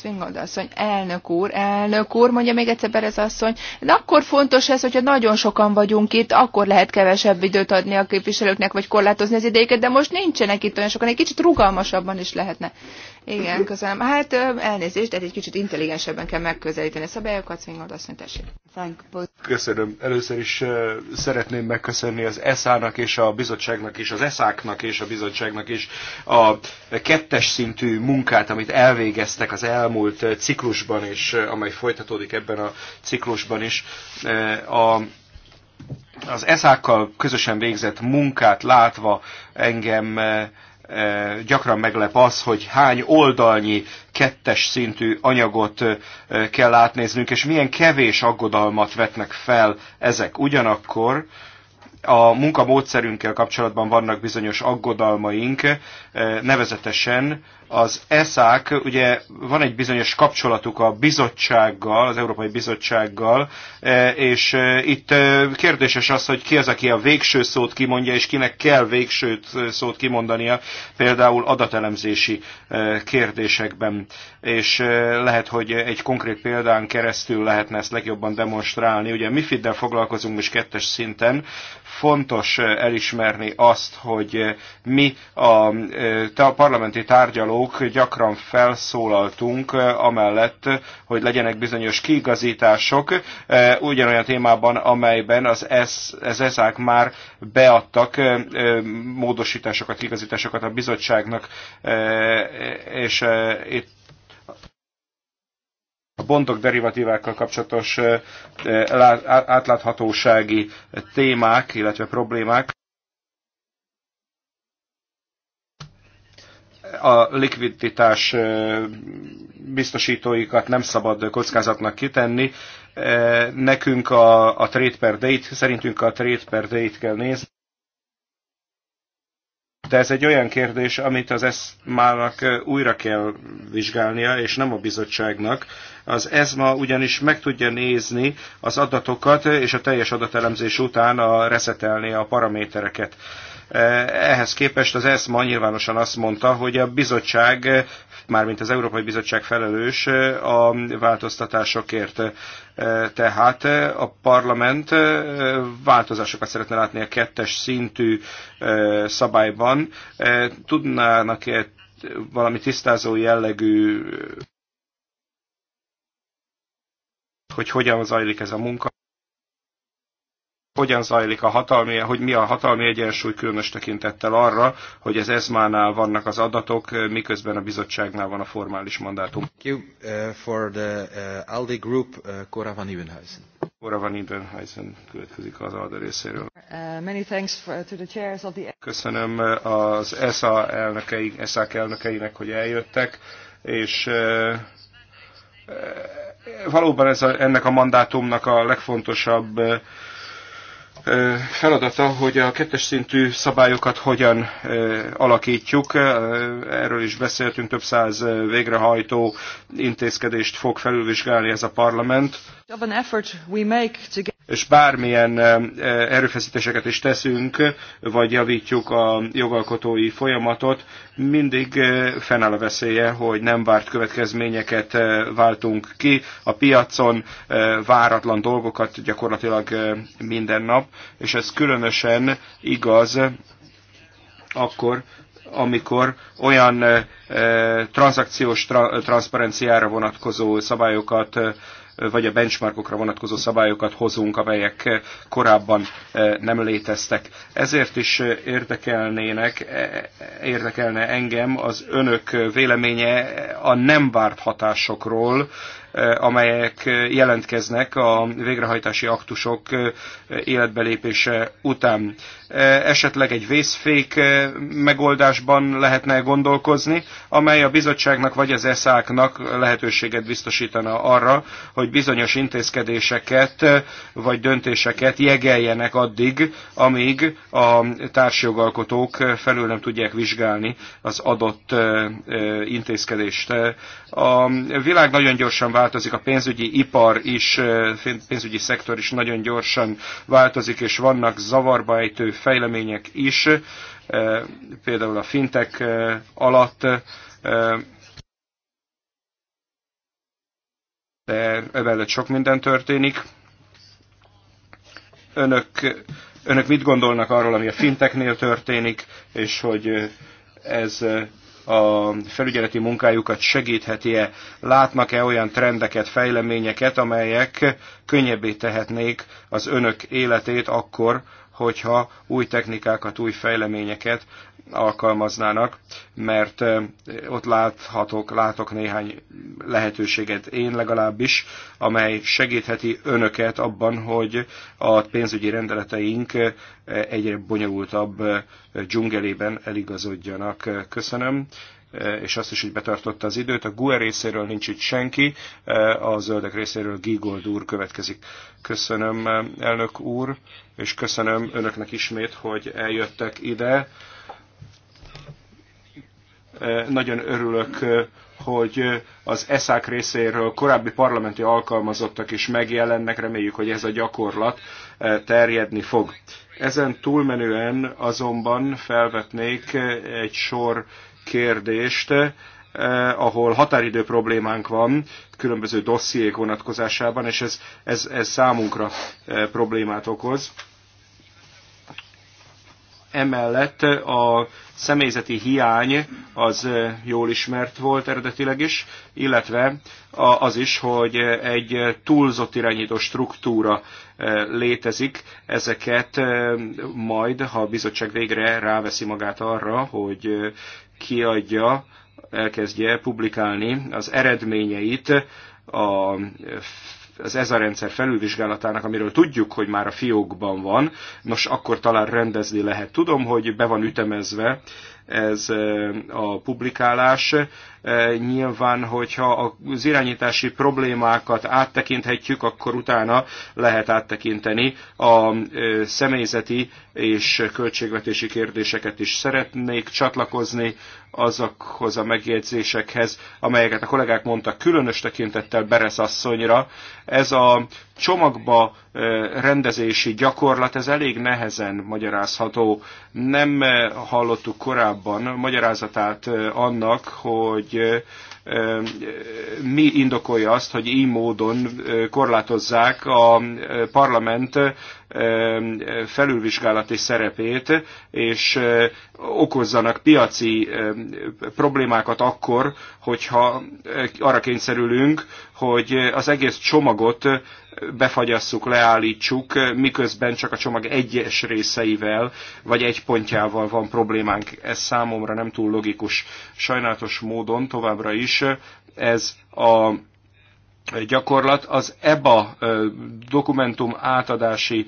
Swingold asszony, elnök úr, elnök úr, mondja még egyszer Berez asszony, de akkor fontos ez, hogyha nagyon sokan vagyunk itt, akkor lehet kevesebb időt adni a képviselőknek, vagy korlátozni az idejéket, de most nincsenek itt olyan sokan, egy kicsit rugalmasabban is lehetne. Igen, köszönöm. Hát elnézést, de egy kicsit intelligensebben kell megközelíteni a szabályokat. Szvingold azt mondja, tessék. Köszönöm. Először is szeretném megköszönni az ESZÁ-nak és a bizottságnak is, az ESZÁK-nak és a bizottságnak is a kettes szintű munkát, amit elvégeztek az elmúlt ciklusban, és amely folytatódik ebben a ciklusban is. A az eszákkal közösen végzett munkát látva engem gyakran meglep az, hogy hány oldalnyi kettes szintű anyagot kell átnéznünk, és milyen kevés aggodalmat vetnek fel ezek. Ugyanakkor a munkamódszerünkkel kapcsolatban vannak bizonyos aggodalmaink, nevezetesen az ESZÁK, ugye van egy bizonyos kapcsolatuk a bizottsággal, az Európai Bizottsággal, eh, és eh, itt eh, kérdéses az, hogy ki az, aki a végső szót kimondja, és kinek kell végső szót kimondania, például adatelemzési kérdésekben. És lehet, hogy egy konkrét példán keresztül lehetne ezt legjobban demonstrálni. Ugye mi fiddel foglalkozunk is kettes szinten, fontos elismerni azt, hogy mi a, a parlamenti tárgyaló frakciók gyakran felszólaltunk eh, amellett, hogy legyenek bizonyos kiigazítások eh, ugyanolyan témában, amelyben az, ez, ez ezák már beadtak eh, módosításokat, kiigazításokat a bizottságnak, és itt a bondok derivatívákkal kapcsolatos átláthatósági témák, illetve problémák a likviditás biztosítóikat nem szabad kockázatnak kitenni. Nekünk a, a trade per date, szerintünk a trade per date kell nézni. De ez egy olyan kérdés, amit az ESMA-nak újra kell vizsgálnia, és nem a bizottságnak. Az ESMA ugyanis meg tudja nézni az adatokat, és a teljes adatelemzés után a reszetelni a paramétereket. Eh, ehhez képest az ESMA nyilvánosan azt mondta, hogy a bizottság, mármint az Európai Bizottság felelős eh, a változtatásokért. Eh, tehát a parlament változásokat szeretne látni a kettes szintű szabályban. Tudnának-e valami tisztázó jellegű, hogy hogyan zajlik ez a munka? hogyan zajlik a hatalmi, hogy mi a hatalmi egyensúly különös tekintettel arra, hogy az ESMA-nál vannak az adatok, miközben a bizottságnál van a formális mandátum. Thank you uh, for the uh, ALDE group, uh, Cora van Ibenhuizen. Cora van Ibenhuizen következik az ALDE részéről. many thanks to the chairs of the... Köszönöm az ESA elnökei, ESA elnökeinek, hogy eljöttek, és valóban ez a, ennek a mandátumnak a legfontosabb feladata, hogy a kettes szintű szabályokat hogyan alakítjuk. Erről is beszéltünk, több száz végrehajtó intézkedést fog felülvizsgálni ez a parlament és bármilyen erőfeszítéseket is teszünk, vagy javítjuk a jogalkotói folyamatot, mindig fennáll a veszélye, hogy nem várt következményeket váltunk ki a piacon, váratlan dolgokat gyakorlatilag minden nap, és ez különösen igaz akkor, amikor olyan tranzakciós tra, transzparenciára vonatkozó szabályokat vagy a benchmarkokra vonatkozó szabályokat hozunk, amelyek korábban eh, nem léteztek. Ezért is eh, érdekelnének, eh, érdekelne engem az önök véleménye a nem várt hatásokról, amelyek jelentkeznek a végrehajtási aktusok életbelépése után. E, esetleg egy vészfék e, megoldásban lehetne gondolkozni, amely a bizottságnak vagy az eszáknak lehetőséget biztosítana arra, hogy bizonyos intézkedéseket e, vagy döntéseket jegeljenek addig, amíg a társjogalkotók felül nem tudják vizsgálni az adott intézkedést. A világ nagyon gyorsan változik, a pénzügyi ipar is, pénzügyi szektor is nagyon gyorsan változik, és vannak zavarba ejtő fejlemények is, eh, például a fintek eh, alatt eh, de emellett sok minden történik. Önök, önök mit gondolnak arról, ami a finteknél történik, és hogy ez a felügyeleti munkájukat segítheti-e? Látnak-e olyan trendeket, fejleményeket, amelyek könnyebbé tehetnék az önök életét akkor, hogyha új technikákat, új fejleményeket alkalmaznának, mert ott láthatok, látok néhány lehetőséget én legalábbis, amely segítheti önöket abban, hogy a pénzügyi rendeleteink egyre bonyolultabb dzsungelében eligazodjanak. Köszönöm. Eh, és azt is, hogy betartotta az időt. A GUE részéről nincs itt senki, eh, a zöldek részéről Gigold úr következik. Köszönöm, eh, elnök úr, és köszönöm önöknek ismét, hogy eljöttek ide. Nagyon örülök, hogy az eszák részéről korábbi parlamenti alkalmazottak is megjelennek, reméljük, hogy ez a gyakorlat terjedni fog. Ezen túlmenően azonban felvetnék egy sor kérdést, eh, ahol határidő problémánk van különböző dossziék vonatkozásában, és ez, ez, ez számunkra eh, problémát okoz. Emellett a személyzeti hiány az jól ismert volt eredetileg is, illetve az is, hogy egy túlzott irányító struktúra létezik. Ezeket majd, ha a bizottság végre ráveszi magát arra, hogy kiadja, elkezdje publikálni az eredményeit a az ez a rendszer felülvizsgálatának, amiről tudjuk, hogy már a fiókban van, nos, akkor talán rendezni lehet. Tudom, hogy be van ütemezve ez a publikálás. Nyilván, hogyha az irányítási problémákat áttekinthetjük, akkor utána lehet áttekinteni a személyzeti és költségvetési kérdéseket is. Szeretnék csatlakozni azokhoz a megjegyzésekhez, amelyeket a kollégák mondtak, különös tekintettel Beresz asszonyra. Ez a csomagba rendezési gyakorlat, ez elég nehezen magyarázható. Nem hallottuk korábban, korábban magyarázatát annak, hogy mi indokolja azt, hogy így módon korlátozzák a parlament felülvizsgálati szerepét, és okozzanak piaci problémákat akkor, hogyha arra kényszerülünk, hogy az egész csomagot befagyasszuk, leállítsuk, miközben csak a csomag egyes részeivel, vagy egy pontjával van problémánk. Ez számomra nem túl logikus. Sajnálatos módon továbbra is ez a gyakorlat az EBA dokumentum átadási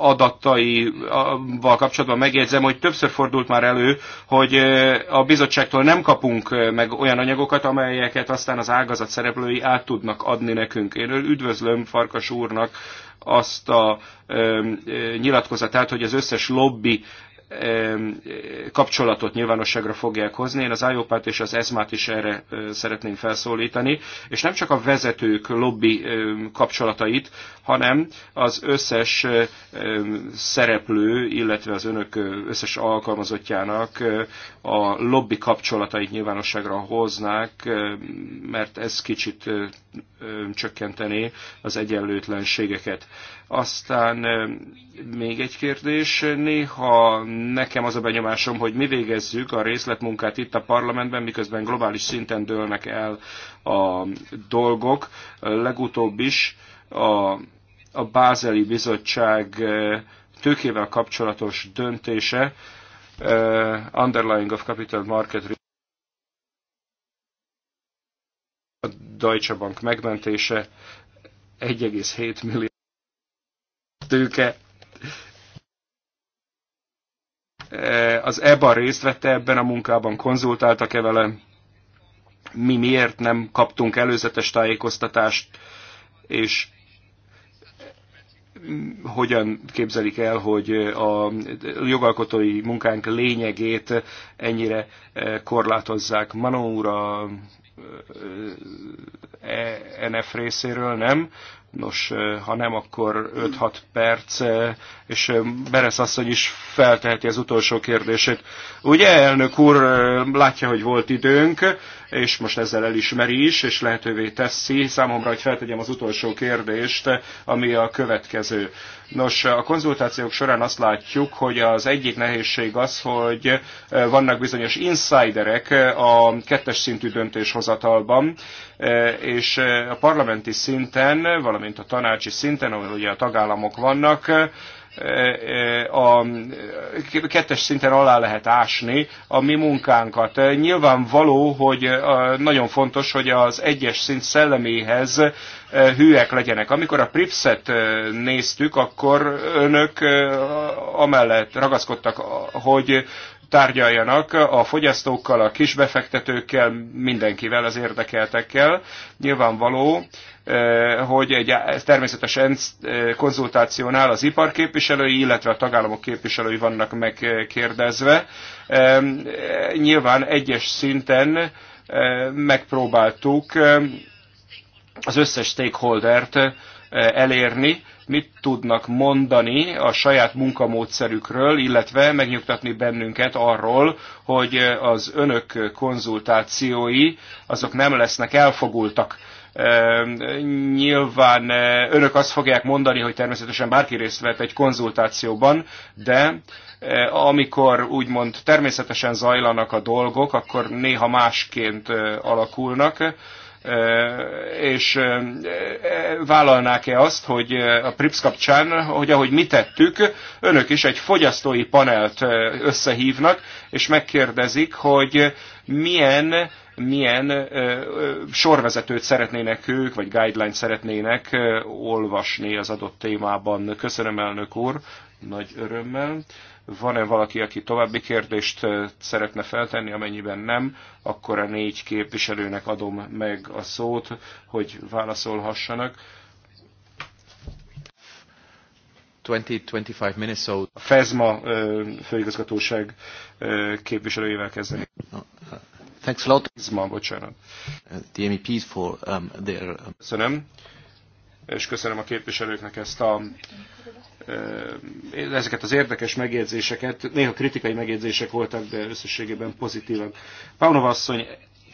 adataival kapcsolatban megjegyzem, hogy többször fordult már elő, hogy a bizottságtól nem kapunk meg olyan anyagokat, amelyeket aztán az ágazat szereplői át tudnak adni nekünk. Én üdvözlöm Farkas úrnak azt a ö, ö, nyilatkozatát, hogy az összes lobby kapcsolatot nyilvánosságra fogják hozni. Én az IOPÁT és az ESMÁT is erre szeretném felszólítani, és nem csak a vezetők lobby kapcsolatait, hanem az összes szereplő, illetve az önök összes alkalmazottjának a lobby kapcsolatait nyilvánosságra hoznák, mert ez kicsit csökkenteni az egyenlőtlenségeket. Aztán még egy kérdés, néha nekem az a benyomásom, hogy mi végezzük a részletmunkát itt a parlamentben, miközben globális szinten dőlnek el a dolgok. Legutóbb is a, a Bázeli Bizottság e, tőkével kapcsolatos döntése, e, Underlying of Capital Market a Deutsche Bank megmentése 1,7 millió tőke Eh, az EBA részt vette ebben a munkában, konzultáltak-e vele, mi miért nem kaptunk előzetes tájékoztatást, és mm, hogyan képzelik el, hogy eh, a jogalkotói munkánk lényegét ennyire eh, korlátozzák. Manó úr a e NF részéről nem, Nos, ha nem, akkor 5-6 perc, és Beresz asszony is felteheti az utolsó kérdését. Ugye, elnök úr látja, hogy volt időnk, és most ezzel elismeri is, és lehetővé teszi számomra, hogy feltegyem az utolsó kérdést, ami a következő. Nos, a konzultációk során azt látjuk, hogy az egyik nehézség az, hogy vannak bizonyos insiderek a kettes szintű döntéshozatalban, E, és e, a parlamenti szinten, valamint a tanácsi szinten, ahol ugye a tagállamok vannak, e, a kettes szinten alá lehet ásni a mi munkánkat. Nyilvánvaló, hogy nagyon fontos, hogy az egyes szint szelleméhez hűek legyenek. Amikor a Pripset néztük, akkor önök amellett ragaszkodtak, hogy tárgyaljanak a fogyasztókkal, a kisbefektetőkkel, mindenkivel, az érdekeltekkel. Nyilvánvaló, eh, hogy egy természetesen eh, konzultációnál az iparképviselői, illetve a tagállamok képviselői vannak megkérdezve. Eh, nyilván egyes szinten megpróbáltuk az összes stakeholdert elérni, mit tudnak mondani a saját munkamódszerükről, illetve megnyugtatni bennünket arról, hogy az önök konzultációi azok nem lesznek elfogultak. Nyilván önök azt fogják mondani, hogy természetesen bárki részt vett egy konzultációban, de amikor úgymond természetesen zajlanak a dolgok, akkor néha másként alakulnak és vállalnák-e azt, hogy a PRIPS kapcsán, hogy ahogy mi tettük, önök is egy fogyasztói panelt összehívnak, és megkérdezik, hogy milyen milyen sorvezetőt szeretnének ők, vagy guideline szeretnének olvasni az adott témában. Köszönöm, elnök úr, nagy örömmel. Van-e valaki, aki további kérdést szeretne feltenni, amennyiben nem, akkor a négy képviselőnek adom meg a szót, hogy válaszolhassanak. 20-25 minutes, so... A FESMA főigazgatóság képviselőjével kezdeni. Thanks a lot. FESMA, bocsánat. Uh, the MEPs for um, their... Um- köszönöm, és köszönöm a képviselőknek ezt a ezeket az érdekes megjegyzéseket, néha kritikai megjegyzések voltak, de összességében pozitívak. Paunov asszony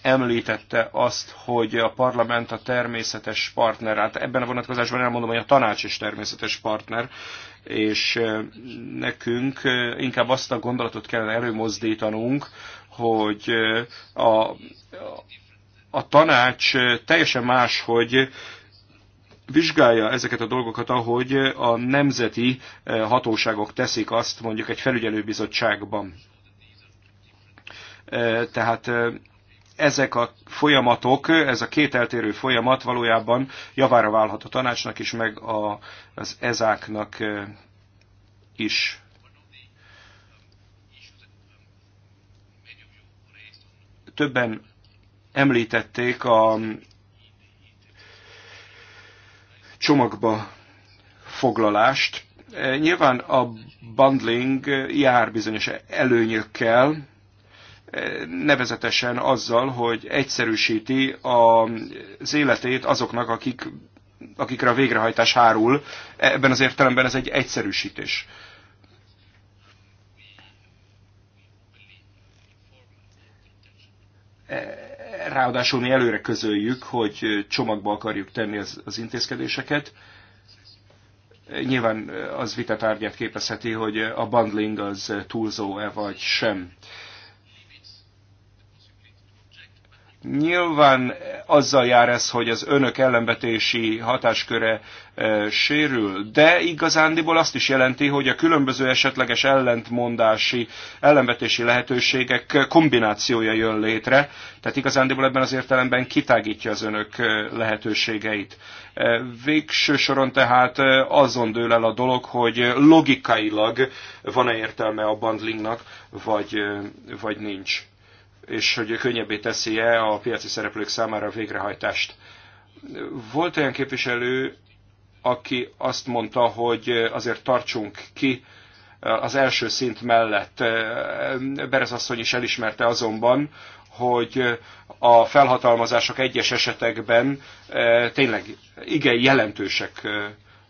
említette azt, hogy a parlament a természetes partner. Hát ebben a vonatkozásban elmondom, hogy a tanács is természetes partner, és nekünk inkább azt a gondolatot kellene előmozdítanunk, hogy a, a tanács teljesen más, hogy vizsgálja ezeket a dolgokat, ahogy a nemzeti eh, hatóságok teszik azt mondjuk egy felügyelőbizottságban. Eh, tehát eh, ezek a folyamatok, ez a két eltérő folyamat valójában javára válhat a tanácsnak is, meg a, az ezáknak is. Többen említették a csomagba foglalást. E, nyilván a bundling jár bizonyos előnyökkel, e, nevezetesen azzal, hogy egyszerűsíti az életét azoknak, akik, akikre a végrehajtás hárul. E, ebben az értelemben ez egy egyszerűsítés. Ráadásul mi előre közöljük, hogy csomagba akarjuk tenni az, az intézkedéseket. Nyilván az vitatárgyát képezheti, hogy a bundling az túlzó-e vagy sem. Nyilván azzal jár ez, hogy az önök ellenbetési hatásköre e, sérül, de igazándiból azt is jelenti, hogy a különböző esetleges ellentmondási, ellenbetési lehetőségek kombinációja jön létre, tehát igazándiból ebben az értelemben kitágítja az önök e, lehetőségeit. E, végső soron tehát e, azon dől el a dolog, hogy logikailag van-e értelme a bundlingnak, vagy, vagy nincs és hogy könnyebbé teszi-e a piaci szereplők számára a végrehajtást. Volt olyan képviselő, aki azt mondta, hogy azért tartsunk ki az első szint mellett. Berez asszony is elismerte azonban, hogy a felhatalmazások egyes esetekben tényleg igen jelentősek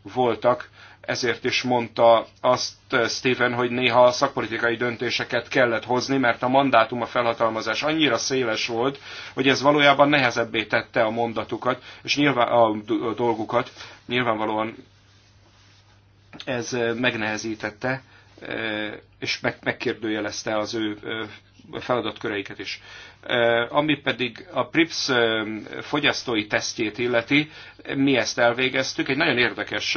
voltak, ezért is mondta azt eh, Stephen, hogy néha szakpolitikai döntéseket kellett hozni, mert a mandátum, a felhatalmazás annyira széles volt, hogy ez valójában nehezebbé tette a mondatukat, és nyilván, a dolgukat. Nyilvánvalóan ez eh, megnehezítette, eh, és meg, megkérdőjelezte az ő feladatköreiket is. Ami pedig a PRIPS fogyasztói tesztjét illeti, mi ezt elvégeztük, egy nagyon érdekes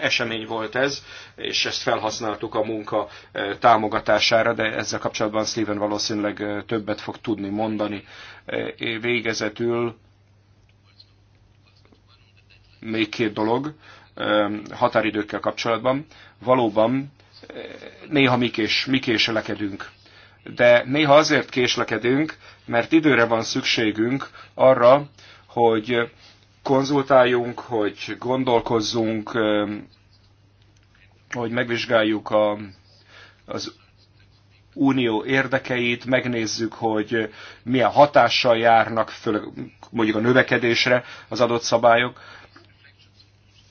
esemény volt ez, és ezt felhasználtuk a munka támogatására, de ezzel kapcsolatban Steven valószínűleg többet fog tudni mondani. Végezetül még két dolog határidőkkel kapcsolatban. Valóban néha mi, kés, mi késelekedünk de néha azért késlekedünk, mert időre van szükségünk arra, hogy konzultáljunk, hogy gondolkozzunk, hogy megvizsgáljuk a, az unió érdekeit, megnézzük, hogy milyen hatással járnak, főleg mondjuk a növekedésre az adott szabályok.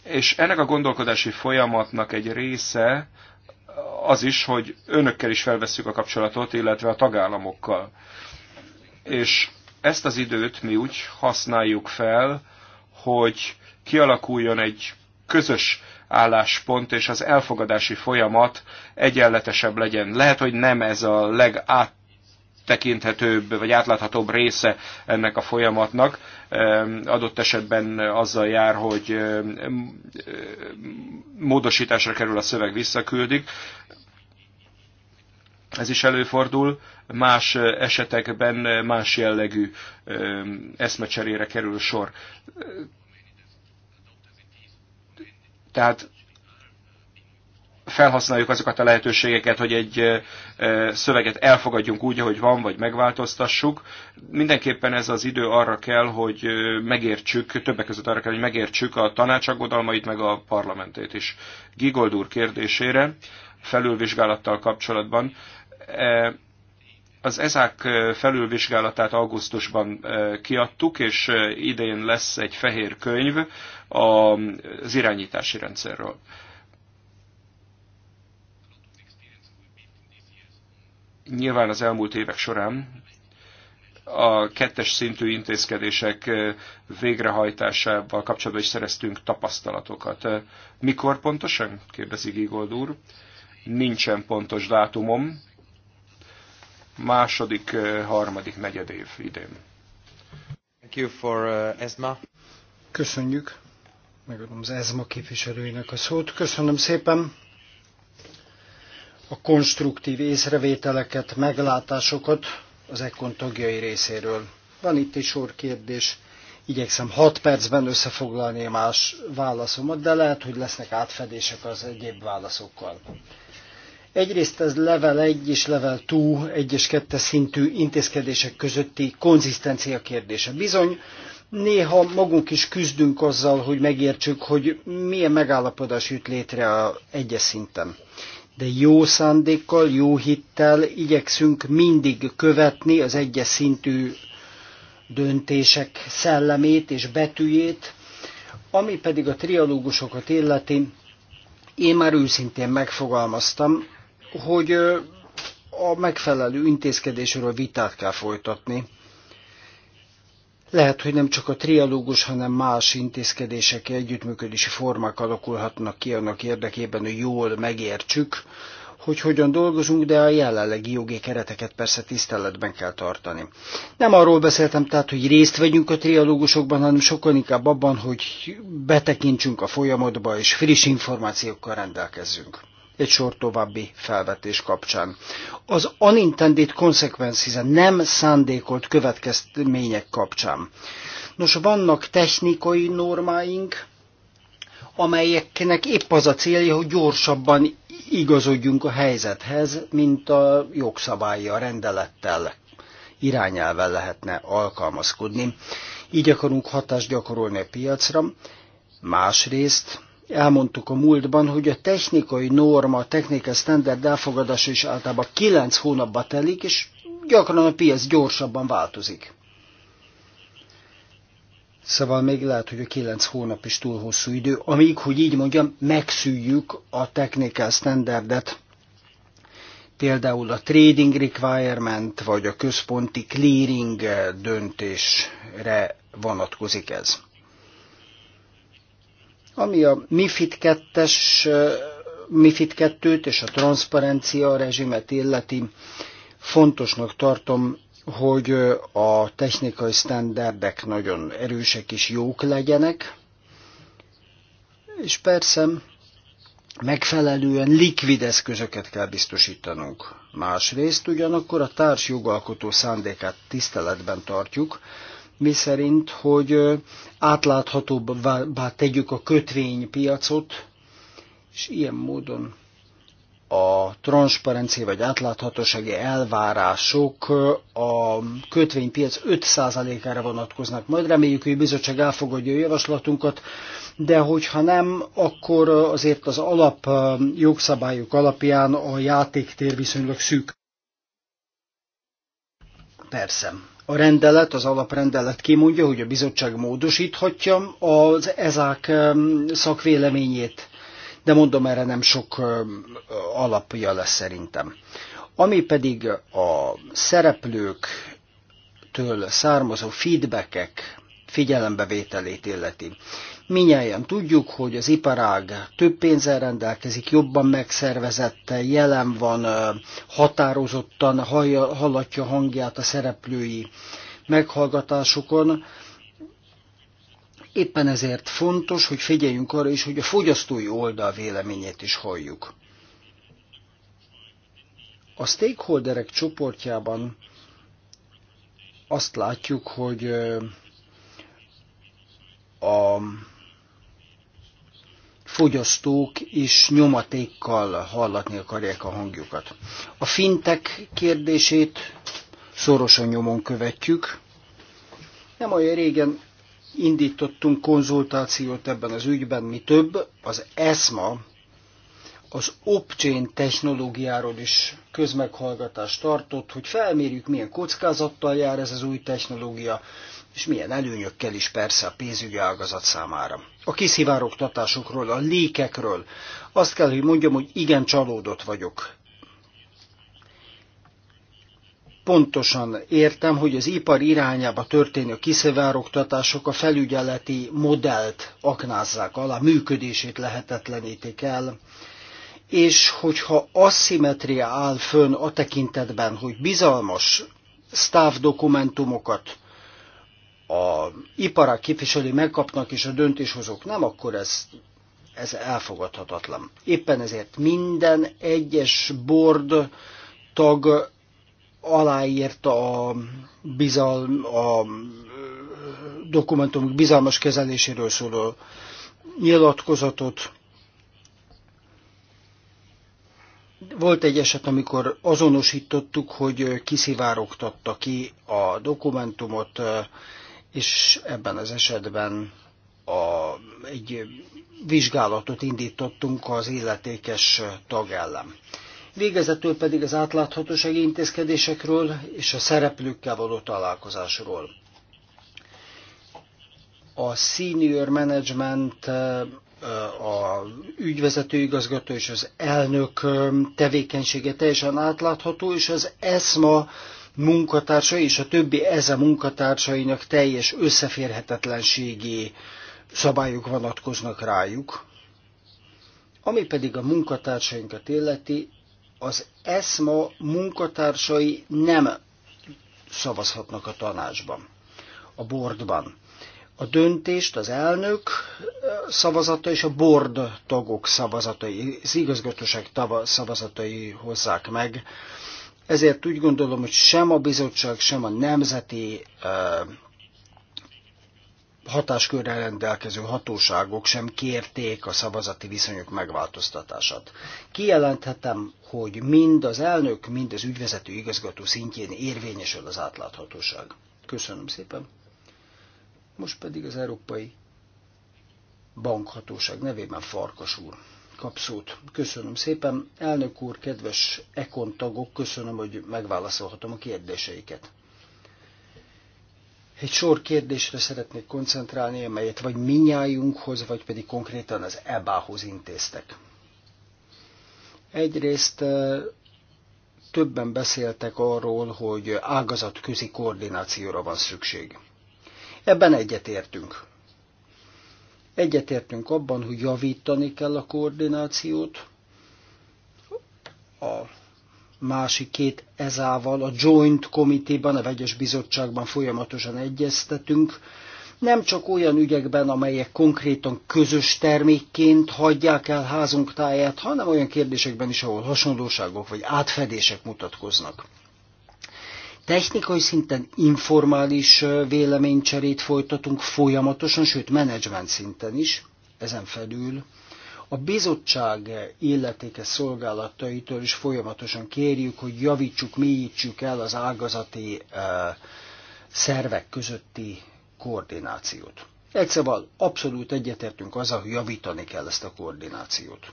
És ennek a gondolkodási folyamatnak egy része az is, hogy önökkel is felvesszük a kapcsolatot, illetve a tagállamokkal. És ezt az időt mi úgy használjuk fel, hogy kialakuljon egy közös álláspont és az elfogadási folyamat egyenletesebb legyen. Lehet, hogy nem ez a legát tekinthetőbb vagy átláthatóbb része ennek a folyamatnak. Adott esetben azzal jár, hogy módosításra kerül a szöveg, visszaküldik ez is előfordul, más esetekben más jellegű eszmecserére kerül sor. Tehát felhasználjuk azokat a lehetőségeket, hogy egy szöveget elfogadjunk úgy, ahogy van, vagy megváltoztassuk. Mindenképpen ez az idő arra kell, hogy megértsük, többek között arra kell, hogy megértsük a tanács meg a parlamentét is. Gigold úr kérdésére felülvizsgálattal kapcsolatban. E, az ezák felülvizsgálatát augusztusban e, kiadtuk, és e, idén lesz egy fehér könyv az irányítási rendszerről. Nyilván az elmúlt évek során a kettes szintű intézkedések végrehajtásával kapcsolatban is szereztünk tapasztalatokat. Mikor pontosan? kérdezi Gigold úr nincsen pontos dátumom. Második, eh, harmadik, negyed év idén. Thank you for uh, ESMA. Köszönjük. Megadom az ESMA képviselőinek a szót. Köszönöm szépen a konstruktív észrevételeket, meglátásokat az EKON tagjai részéről. Van itt egy sor kérdés, igyekszem 6 percben összefoglalni a más válaszomat, de lehet, hogy lesznek átfedések az egyéb válaszokkal. Egyrészt ez level 1 és level 2, 1 és 2 szintű intézkedések közötti konzisztencia kérdése. Bizony, néha magunk is küzdünk azzal, hogy megértsük, hogy milyen megállapodás jut létre a egyes szinten. De jó szándékkal, jó hittel igyekszünk mindig követni az egyes szintű döntések szellemét és betűjét, ami pedig a trialógusokat illeti, én már őszintén megfogalmaztam, hogy a megfelelő intézkedésről vitát kell folytatni. Lehet, hogy nem csak a trialógus, hanem más intézkedések, együttműködési formák alakulhatnak ki annak érdekében, hogy jól megértsük, hogy hogyan dolgozunk, de a jelenlegi jogi kereteket persze tiszteletben kell tartani. Nem arról beszéltem tehát, hogy részt vegyünk a trialógusokban, hanem sokkal inkább abban, hogy betekintsünk a folyamatba és friss információkkal rendelkezzünk egy sor további felvetés kapcsán. Az unintended consequences, a nem szándékolt következmények kapcsán. Nos, vannak technikai normáink, amelyeknek épp az a célja, hogy gyorsabban igazodjunk a helyzethez, mint a jogszabálya, a rendelettel, irányelvel lehetne alkalmazkodni. Így akarunk hatást gyakorolni a piacra. Másrészt elmondtuk a múltban, hogy a technikai norma, a technikai standard elfogadása is általában kilenc hónapba telik, és gyakran a piac gyorsabban változik. Szóval még lehet, hogy a kilenc hónap is túl hosszú idő, amíg, hogy így mondjam, megszűjjük a technical standardet. Például a trading requirement vagy a központi clearing döntésre vonatkozik ez. Ami a MIFID 2-es, MIFID 2-t és a transzparencia rezsimet illeti, fontosnak tartom, hogy a technikai standardek nagyon erősek és jók legyenek, és persze megfelelően likvid eszközöket kell biztosítanunk. Másrészt ugyanakkor a társ jogalkotó szándékát tiszteletben tartjuk, mi szerint, hogy átláthatóbbá tegyük a kötvénypiacot, és ilyen módon a transzparencia vagy átláthatósági elvárások a kötvénypiac 5%-ára vonatkoznak. Majd reméljük, hogy a bizottság elfogadja a javaslatunkat, de hogyha nem, akkor azért az alap jogszabályok alapján a játéktér viszonylag szűk. Persze, a rendelet, az alaprendelet kimondja, hogy a bizottság módosíthatja az ezák szakvéleményét, de mondom, erre nem sok alapja lesz szerintem. Ami pedig a szereplőktől származó feedbackek figyelembevételét illeti. Minnyáján tudjuk, hogy az iparág több pénzzel rendelkezik, jobban megszervezett, jelen van, határozottan hallatja hangját a szereplői meghallgatásokon. Éppen ezért fontos, hogy figyeljünk arra is, hogy a fogyasztói oldal véleményét is halljuk. A stakeholderek csoportjában azt látjuk, hogy a fogyasztók is nyomatékkal hallatni akarják a hangjukat. A fintek kérdését szorosan nyomon követjük. Nem olyan régen indítottunk konzultációt ebben az ügyben, mi több, az ESMA, az blockchain technológiáról is közmeghallgatást tartott, hogy felmérjük, milyen kockázattal jár ez az új technológia, és milyen előnyökkel is persze a pénzügyi ágazat számára. A kiszivárogtatásokról, a lékekről azt kell, hogy mondjam, hogy igen csalódott vagyok. Pontosan értem, hogy az ipar irányába történő kiszivárogtatások a felügyeleti modellt aknázzák alá, működését lehetetlenítik el, és hogyha asszimetria áll fönn a tekintetben, hogy bizalmas dokumentumokat a iparak képviselői megkapnak, és a döntéshozók nem, akkor ez, ez elfogadhatatlan. Éppen ezért minden egyes board tag aláírta a, bizal, a dokumentumok bizalmas kezeléséről szóló nyilatkozatot. Volt egy eset, amikor azonosítottuk, hogy kiszivárogtatta ki a dokumentumot, és ebben az esetben a, egy vizsgálatot indítottunk az illetékes tag ellen. Végezetül pedig az átláthatósági intézkedésekről és a szereplőkkel való találkozásról. A senior management, a ügyvezető igazgató és az elnök tevékenysége teljesen átlátható, és az ESMA munkatársa és a többi eze munkatársainak teljes összeférhetetlenségi szabályok vonatkoznak rájuk. Ami pedig a munkatársainkat illeti, az ESMA munkatársai nem szavazhatnak a tanácsban, a boardban. A döntést az elnök szavazata és a board tagok szavazatai, az igazgatóság szavazatai hozzák meg. Ezért úgy gondolom, hogy sem a bizottság, sem a nemzeti hatáskörrel rendelkező hatóságok sem kérték a szavazati viszonyok megváltoztatását. Kijelenthetem, hogy mind az elnök, mind az ügyvezető igazgató szintjén érvényesül az átláthatóság. Köszönöm szépen. Most pedig az Európai Bankhatóság nevében Farkas úr kapszót. Köszönöm szépen. Elnök úr, kedves ekon tagok, köszönöm, hogy megválaszolhatom a kérdéseiket. Egy sor kérdésre szeretnék koncentrálni, amelyet vagy minnyájunkhoz, vagy pedig konkrétan az EBA-hoz intéztek. Egyrészt többen beszéltek arról, hogy ágazatközi koordinációra van szükség. Ebben egyetértünk. Egyetértünk abban, hogy javítani kell a koordinációt, a másik két ezával, a Joint Committee-ban, a vegyes bizottságban folyamatosan egyeztetünk, nem csak olyan ügyekben, amelyek konkrétan közös termékként hagyják el házunk táját, hanem olyan kérdésekben is, ahol hasonlóságok vagy átfedések mutatkoznak. Technikai szinten informális véleménycserét folytatunk folyamatosan, sőt menedzsment szinten is, ezen felül a bizottság illetékes szolgálataitól is folyamatosan kérjük, hogy javítsuk, mélyítsük el az ágazati szervek közötti koordinációt. Egyszerűen szóval abszolút egyetértünk azzal, hogy javítani kell ezt a koordinációt.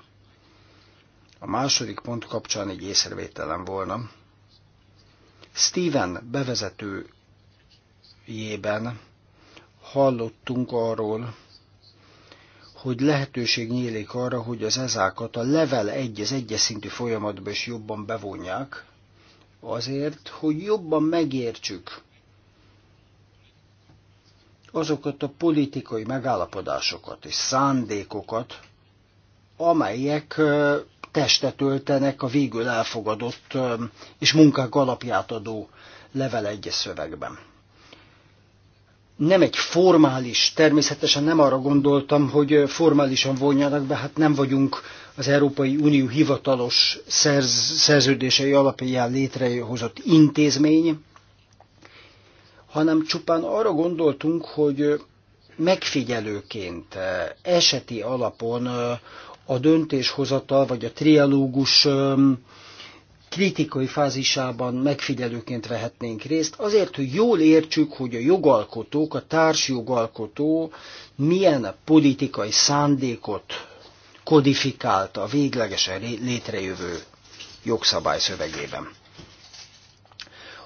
A második pont kapcsán egy észrevételem volna. Steven bevezetőjében hallottunk arról, hogy lehetőség nyílik arra, hogy az ezákat a level 1, az egyes szintű folyamatba is jobban bevonják, azért, hogy jobban megértsük azokat a politikai megállapodásokat és szándékokat, amelyek testet öltenek a végül elfogadott és munkák alapját adó level egyes szövegben. Nem egy formális, természetesen nem arra gondoltam, hogy formálisan vonjanak be, hát nem vagyunk az Európai Unió hivatalos szerz, szerződései alapján létrehozott intézmény, hanem csupán arra gondoltunk, hogy megfigyelőként, eseti alapon a döntéshozatal vagy a trialógus kritikai fázisában megfigyelőként vehetnénk részt, azért, hogy jól értsük, hogy a jogalkotók, a társjogalkotó milyen politikai szándékot kodifikált a véglegesen létrejövő jogszabály szövegében.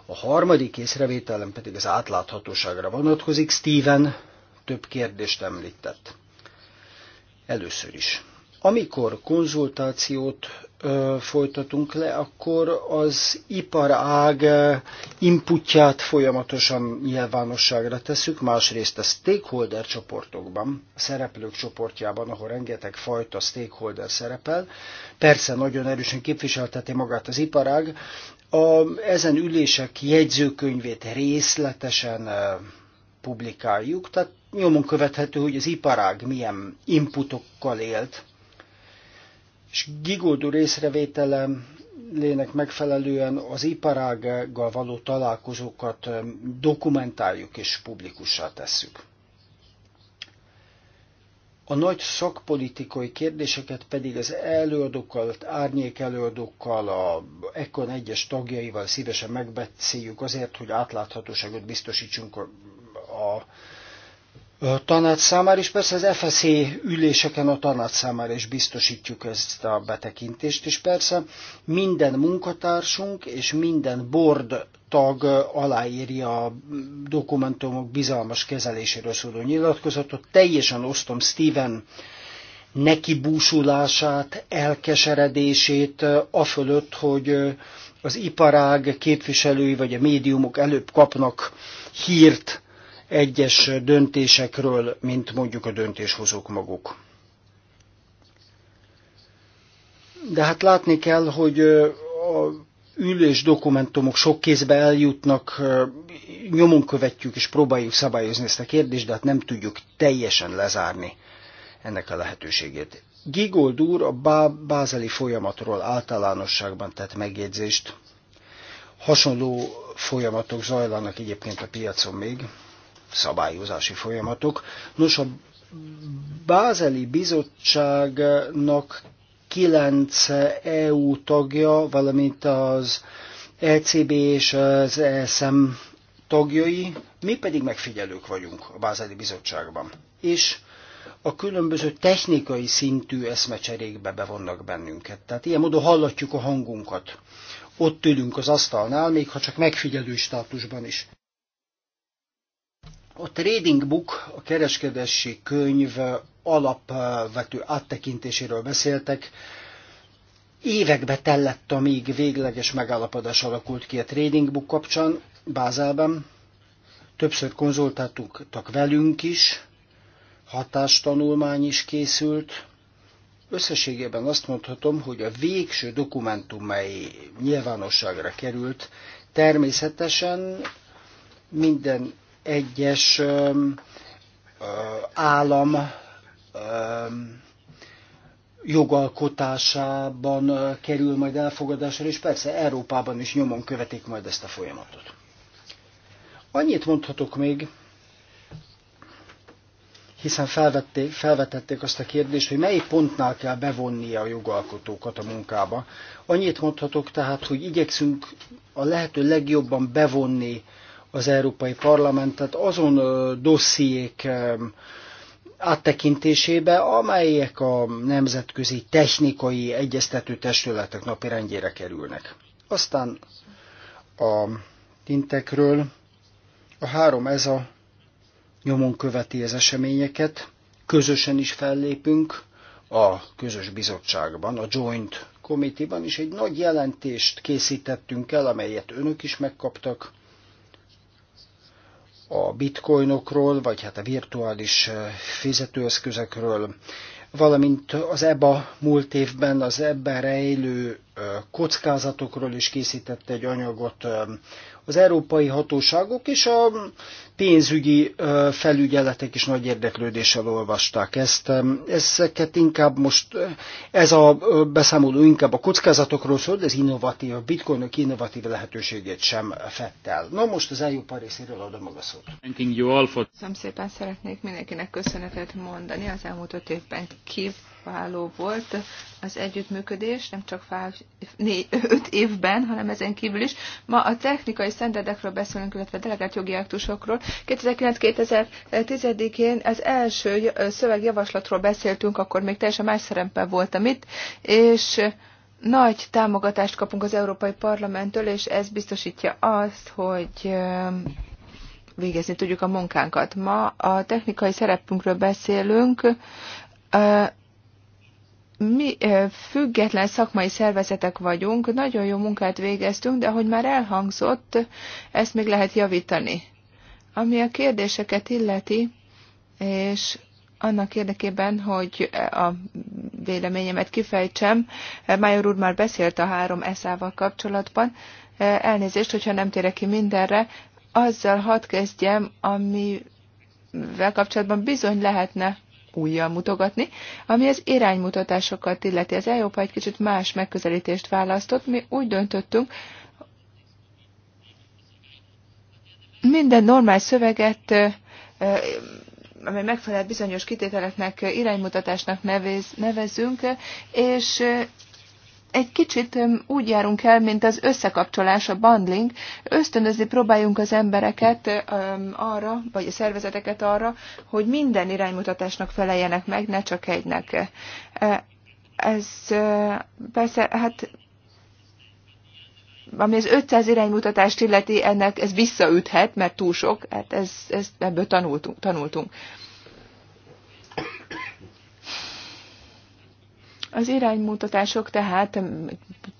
A harmadik észrevételem pedig az átláthatóságra vonatkozik. Steven több kérdést említett. Először is. Amikor konzultációt ö, folytatunk le, akkor az iparág inputját folyamatosan nyilvánosságra tesszük, másrészt a stakeholder csoportokban, a szereplők csoportjában, ahol rengeteg fajta stakeholder szerepel, persze nagyon erősen képviselteti magát az iparág, a, ezen ülések jegyzőkönyvét részletesen ö, publikáljuk, tehát nyomon követhető, hogy az iparág milyen inputokkal élt és gigoldó részrevételem lének megfelelően az iparággal való találkozókat um, dokumentáljuk és publikussá tesszük. A nagy szakpolitikai kérdéseket pedig az előadókkal, árnyék előadókkal, a Ekon egyes tagjaival szívesen megbeszéljük azért, hogy átláthatóságot biztosítsunk a, a tanács számára, és persze az FSZ üléseken a tanács számára is biztosítjuk ezt a betekintést, és persze minden munkatársunk és minden board tag aláírja a dokumentumok bizalmas kezeléséről szóló nyilatkozatot. Teljesen osztom Steven neki búsulását, elkeseredését, afölött, hogy az iparág képviselői vagy a médiumok előbb kapnak hírt egyes döntésekről, mint mondjuk a döntéshozók maguk. De hát látni kell, hogy a ülés dokumentumok sok kézbe eljutnak, nyomon követjük és próbáljuk szabályozni ezt a kérdést, de hát nem tudjuk teljesen lezárni ennek a lehetőségét. Gigold úr a bázeli folyamatról általánosságban tett megjegyzést. Hasonló folyamatok zajlanak egyébként a piacon még szabályozási folyamatok. Nos, a Bázeli Bizottságnak kilenc EU tagja, valamint az ECB és az ESM tagjai, mi pedig megfigyelők vagyunk a Bázeli Bizottságban. És a különböző technikai szintű eszmecserékbe bevonnak bennünket. Tehát ilyen módon hallatjuk a hangunkat. Ott ülünk az asztalnál, még ha csak megfigyelő státusban is. A Trading Book, a kereskedési könyv alapvető áttekintéséről beszéltek. Évekbe tellett, amíg végleges megállapodás alakult ki a Trading Book kapcsán Bázelben. Többször konzultáltuk velünk is, hatástanulmány is készült. Összességében azt mondhatom, hogy a végső dokumentum, mely nyilvánosságra került, természetesen minden egyes állam jogalkotásában kerül majd elfogadásra, és persze Európában is nyomon követik majd ezt a folyamatot. Annyit mondhatok még, hiszen felvették, felvetették azt a kérdést, hogy mely pontnál kell bevonnia a jogalkotókat a munkába. Annyit mondhatok tehát, hogy igyekszünk a lehető legjobban bevonni az Európai Parlamentet azon dossziék áttekintésébe, amelyek a nemzetközi technikai egyeztető testületek rendjére kerülnek. Aztán a tintekről a három ez a nyomon követi az eseményeket, közösen is fellépünk a közös bizottságban, a Joint Committee-ban is egy nagy jelentést készítettünk el, amelyet önök is megkaptak, a bitcoinokról, vagy hát a virtuális fizetőeszközökről, valamint az EBA múlt évben az ebben rejlő kockázatokról is készített egy anyagot, az európai hatóságok és a pénzügyi felügyeletek is nagy érdeklődéssel olvasták ezt. Ezeket inkább most, ez a beszámoló inkább a kockázatokról szól, de az innovatív, a bitcoinok innovatív lehetőségét sem fett el. Na most az EU részéről adom a szót. Köszönöm szépen, szeretnék mindenkinek köszönetet mondani az elmúlt öt évben kívül kiváló volt az együttműködés, nem csak öt évben, hanem ezen kívül is. Ma a technikai szendedekről beszélünk, illetve delegált jogi aktusokról. 2009-2010-én az első szövegjavaslatról beszéltünk, akkor még teljesen más szerepben voltam itt, és nagy támogatást kapunk az Európai Parlamenttől, és ez biztosítja azt, hogy végezni tudjuk a munkánkat. Ma a technikai szerepünkről beszélünk, mi független szakmai szervezetek vagyunk, nagyon jó munkát végeztünk, de ahogy már elhangzott, ezt még lehet javítani. Ami a kérdéseket illeti, és annak érdekében, hogy a véleményemet kifejtsem, Major úr már beszélt a három eszával kapcsolatban, elnézést, hogyha nem térek ki mindenre, azzal hadd kezdjem, amivel kapcsolatban bizony lehetne újjal mutogatni. Ami az iránymutatásokat illeti, az Európa egy kicsit más megközelítést választott. Mi úgy döntöttünk, minden normál szöveget, amely megfelel bizonyos kitételeknek, iránymutatásnak nevez, nevezünk, és egy kicsit úgy járunk el, mint az összekapcsolás, a bundling. Ösztönözni próbáljunk az embereket arra, vagy a szervezeteket arra, hogy minden iránymutatásnak feleljenek meg, ne csak egynek. E, ez persze, hát ami az 500 iránymutatást illeti, ennek ez visszaüthet, mert túl sok, hát ez, ez, ebből tanultunk. tanultunk. Az iránymutatások tehát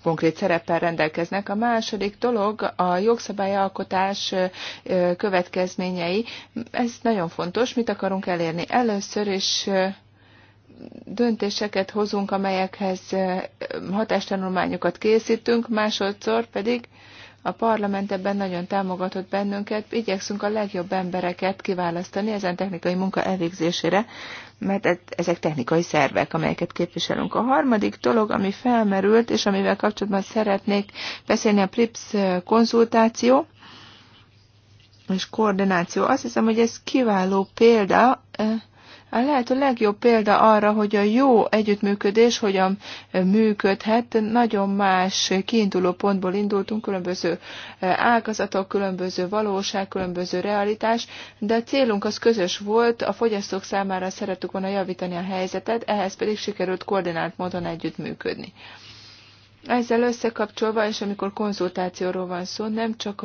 konkrét szereppel rendelkeznek. A második dolog a jogszabályalkotás következményei. Ez nagyon fontos, mit akarunk elérni. Először is döntéseket hozunk, amelyekhez hatástanulmányokat készítünk, másodszor pedig a parlament ebben nagyon támogatott bennünket, igyekszünk a legjobb embereket kiválasztani ezen technikai munka elvégzésére mert ezek technikai szervek, amelyeket képviselünk. A harmadik dolog, ami felmerült, és amivel kapcsolatban szeretnék beszélni, a PRIPS konzultáció és koordináció. Azt hiszem, hogy ez kiváló példa, eh, a lehető legjobb példa arra, hogy a jó együttműködés hogyan eh, működhet. Nagyon más kiinduló pontból indultunk, különböző eh, ágazatok, különböző valóság, különböző realitás, de a célunk az közös volt, a fogyasztók számára szerettük volna javítani a helyzetet, ehhez pedig sikerült koordinált módon együttműködni. Ezzel összekapcsolva, és amikor konzultációról van szó, nem csak,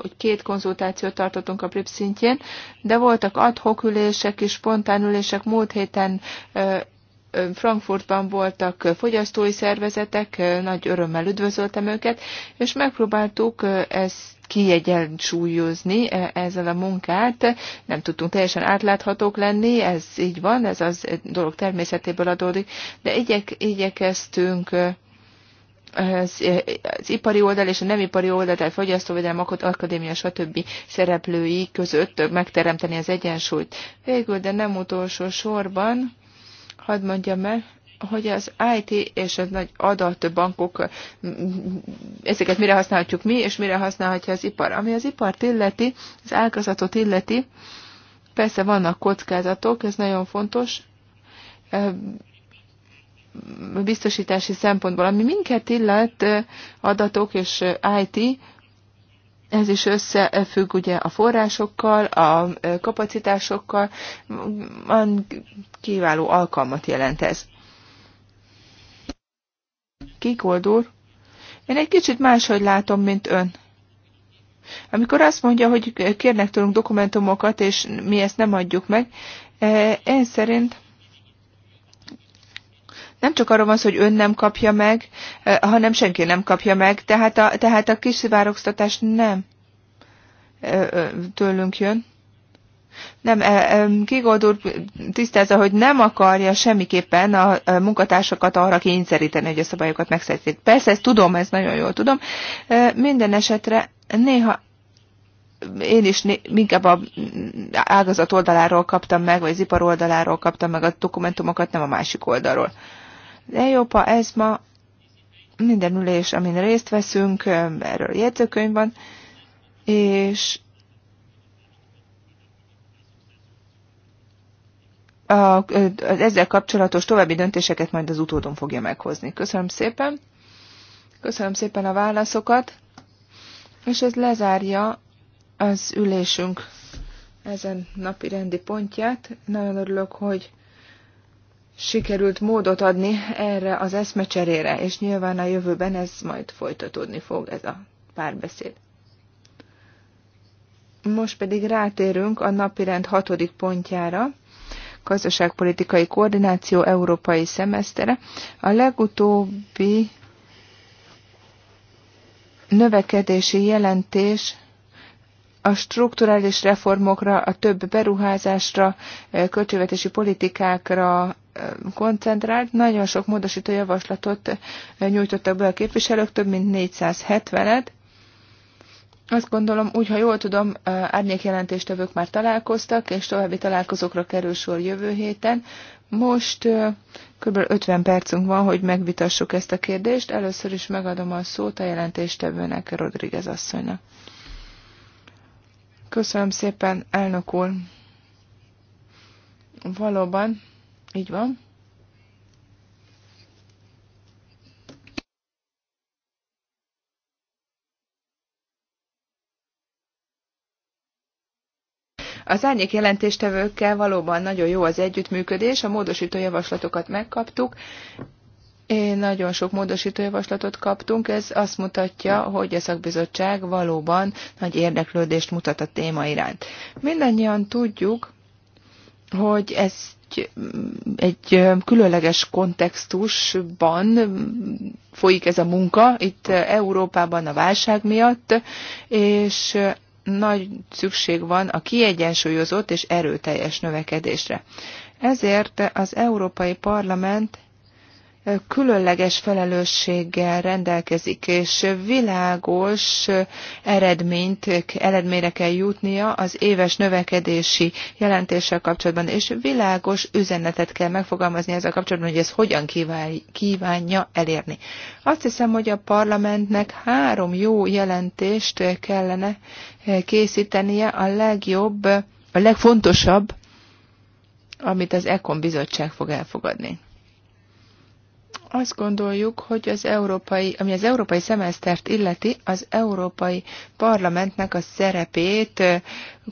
hogy két konzultációt tartottunk a PRIP szintjén, de voltak adhok ülések és spontán ülések. Múlt héten Frankfurtban voltak fogyasztói szervezetek, nagy örömmel üdvözöltem őket, és megpróbáltuk ezt kiegyensúlyozni e, ezzel a munkát. Nem tudtunk teljesen átláthatók lenni, ez így van, ez az dolog természetéből adódik, de igyek, igyekeztünk az, eh, az ipari oldal és a nem ipari oldal, tehát fogyasztóvédelem, akadémia, stb. szereplői között megteremteni az egyensúlyt. Végül, de nem utolsó sorban, hadd mondjam el, hogy az IT és a nagy adatbankok, ezeket mire használhatjuk mi, és mire használhatja az ipar. Ami az ipart illeti, az ágazatot illeti, persze vannak kockázatok, ez nagyon fontos, ehm, biztosítási szempontból. Ami minket illet, adatok és IT, ez is összefügg ugye a forrásokkal, a kapacitásokkal, kiváló alkalmat jelent ez. Kikoldul? Én egy kicsit máshogy látom, mint ön. Amikor azt mondja, hogy kérnek tőlünk dokumentumokat, és mi ezt nem adjuk meg, én szerint nem csak arról van szó, hogy ön nem kapja meg, eh, hanem senki nem kapja meg, tehát a, tehát a kiszivárogtatás nem eh, tőlünk jön. Nem, eh, Gigold úr tisztázza, hogy nem akarja semmiképpen a munkatársakat arra kényszeríteni, hogy a szabályokat megszerzik. Persze, ezt tudom, ezt nagyon jól tudom. Minden esetre néha én is inkább a ágazat oldaláról kaptam meg, vagy az ipar oldaláról kaptam meg a dokumentumokat, nem a másik oldalról de Európa, ez ma minden ülés, amin részt veszünk, erről jegyzőkönyv van, és a, az ezzel kapcsolatos további döntéseket majd az utódon fogja meghozni. Köszönöm szépen. Köszönöm szépen a válaszokat, és ez lezárja az ülésünk ezen napi rendi pontját. Nagyon örülök, hogy sikerült módot adni erre az eszmecserére, és nyilván a jövőben ez majd folytatódni fog, ez a párbeszéd. Most pedig rátérünk a napirend hatodik pontjára, gazdaságpolitikai koordináció európai szemesztere. A legutóbbi növekedési jelentés a strukturális reformokra, a több beruházásra, költségvetési politikákra koncentrált, nagyon sok módosító javaslatot eh, nyújtottak be a képviselők, több mint 470-et. Azt gondolom, úgy, ha jól tudom, eh, árnyékjelentéstevők már találkoztak, és további találkozókra kerül sor jövő héten. Most eh, kb. 50 percünk van, hogy megvitassuk ezt a kérdést. Először is megadom a szót a jelentéstevőnek, Rodriguez asszonynak. Köszönöm szépen, elnök úr. Valóban így van. Az árnyék jelentéstevőkkel valóban nagyon jó az együttműködés, a módosító javaslatokat megkaptuk, én nagyon sok módosító javaslatot kaptunk, ez azt mutatja, hogy a szakbizottság valóban nagy érdeklődést mutat a téma iránt. Mindannyian tudjuk, hogy ezt egy, egy különleges kontextusban folyik ez a munka, itt Európában a válság miatt, és nagy szükség van a kiegyensúlyozott és erőteljes növekedésre. Ezért az Európai Parlament különleges felelősséggel rendelkezik, és világos eredményt, eredményre kell jutnia az éves növekedési jelentéssel kapcsolatban, és világos üzenetet kell megfogalmazni ezzel kapcsolatban, hogy ez hogyan kívánja elérni. Azt hiszem, hogy a parlamentnek három jó jelentést kellene készítenie a legjobb, a legfontosabb, amit az EKON bizottság fog elfogadni. Azt gondoljuk, hogy az európai, ami az európai szemesztert illeti, az európai parlamentnek a szerepét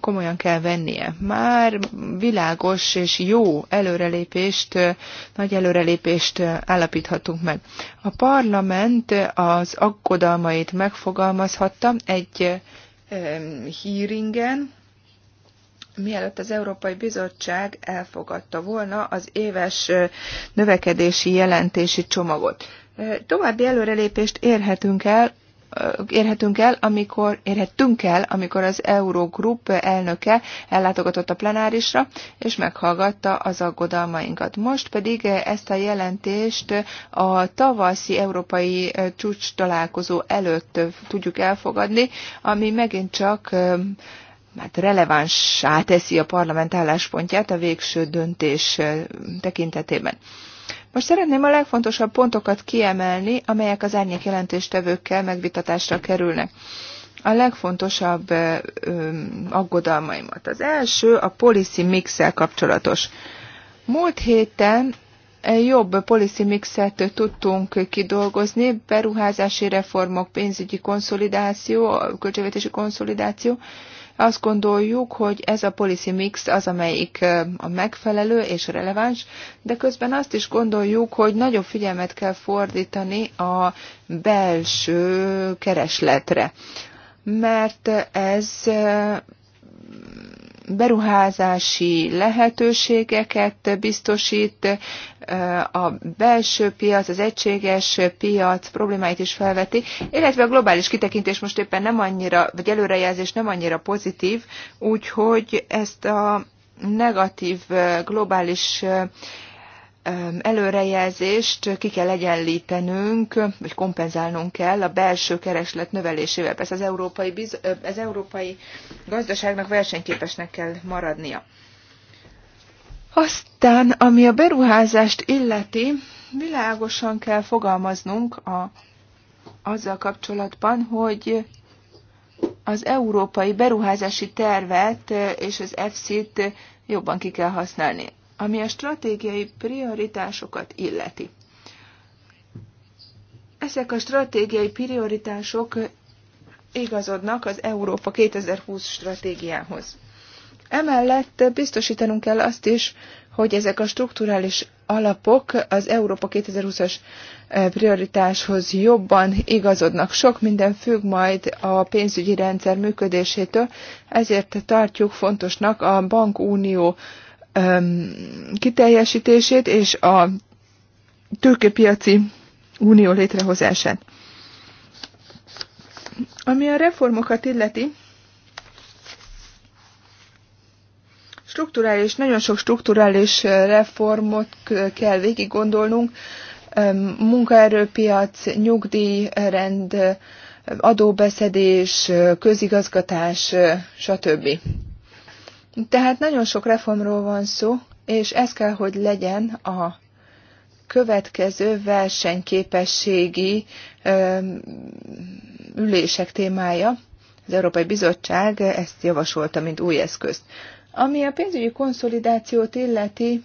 komolyan kell vennie. Már világos és jó előrelépést, nagy előrelépést állapíthatunk meg. A parlament az aggodalmait megfogalmazhatta egy hearingen, mielőtt az Európai Bizottság elfogadta volna az éves növekedési jelentési csomagot. További előrelépést érhetünk el, érhetünk el, amikor, érhetünk el, amikor az Eurogrup elnöke ellátogatott a plenárisra, és meghallgatta az aggodalmainkat. Most pedig ezt a jelentést a tavaszi európai csúcs találkozó előtt tudjuk elfogadni, ami megint csak hát relevánssá teszi a parlament álláspontját a végső döntés tekintetében. Most szeretném a legfontosabb pontokat kiemelni, amelyek az árnyék jelentéstevőkkel megvitatásra kerülnek. A legfontosabb ö, ö, aggodalmaimat. Az első a policy mix kapcsolatos. Múlt héten jobb policy mixet tudtunk kidolgozni, beruházási reformok, pénzügyi konszolidáció, költségvetési konszolidáció, azt gondoljuk, hogy ez a policy mix az, amelyik a megfelelő és releváns, de közben azt is gondoljuk, hogy nagyobb figyelmet kell fordítani a belső keresletre, mert ez beruházási lehetőségeket biztosít, a belső piac, az egységes piac problémáit is felveti, illetve a globális kitekintés most éppen nem annyira, vagy előrejelzés nem annyira pozitív, úgyhogy ezt a negatív globális előrejelzést ki kell egyenlítenünk, vagy kompenzálnunk kell a belső kereslet növelésével. Persze az európai, biz, az európai gazdaságnak versenyképesnek kell maradnia. Aztán, ami a beruházást illeti, világosan kell fogalmaznunk a, azzal kapcsolatban, hogy az európai beruházási tervet és az EFSZ-t jobban ki kell használni ami a stratégiai prioritásokat illeti. Ezek a stratégiai prioritások igazodnak az Európa 2020 stratégiához. Emellett biztosítanunk kell azt is, hogy ezek a strukturális alapok az Európa 2020-as eh, prioritáshoz jobban igazodnak. Sok minden függ majd a pénzügyi rendszer működésétől, ezért tartjuk fontosnak a bankunió kiteljesítését és a tőkepiaci unió létrehozását. Ami a reformokat illeti, strukturális, nagyon sok strukturális reformot kell végig gondolnunk, munkaerőpiac, nyugdíjrend, adóbeszedés, közigazgatás, stb. Tehát nagyon sok reformról van szó, és ez kell, hogy legyen a következő versenyképességi ülések témája. Az Európai Bizottság ezt javasolta, mint új eszközt. Ami a pénzügyi konszolidációt illeti,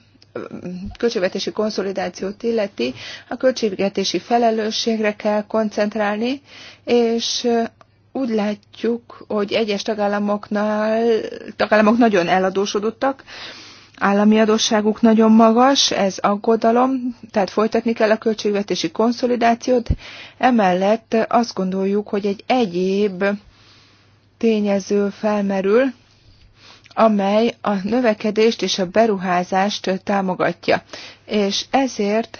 költségvetési konszolidációt illeti, a költségvetési felelősségre kell koncentrálni, és úgy látjuk, hogy egyes tagállamoknál, tagállamok nagyon eladósodottak, állami adósságuk nagyon magas, ez aggodalom, tehát folytatni kell a költségvetési konszolidációt. Emellett azt gondoljuk, hogy egy egyéb tényező felmerül, amely a növekedést és a beruházást támogatja. És ezért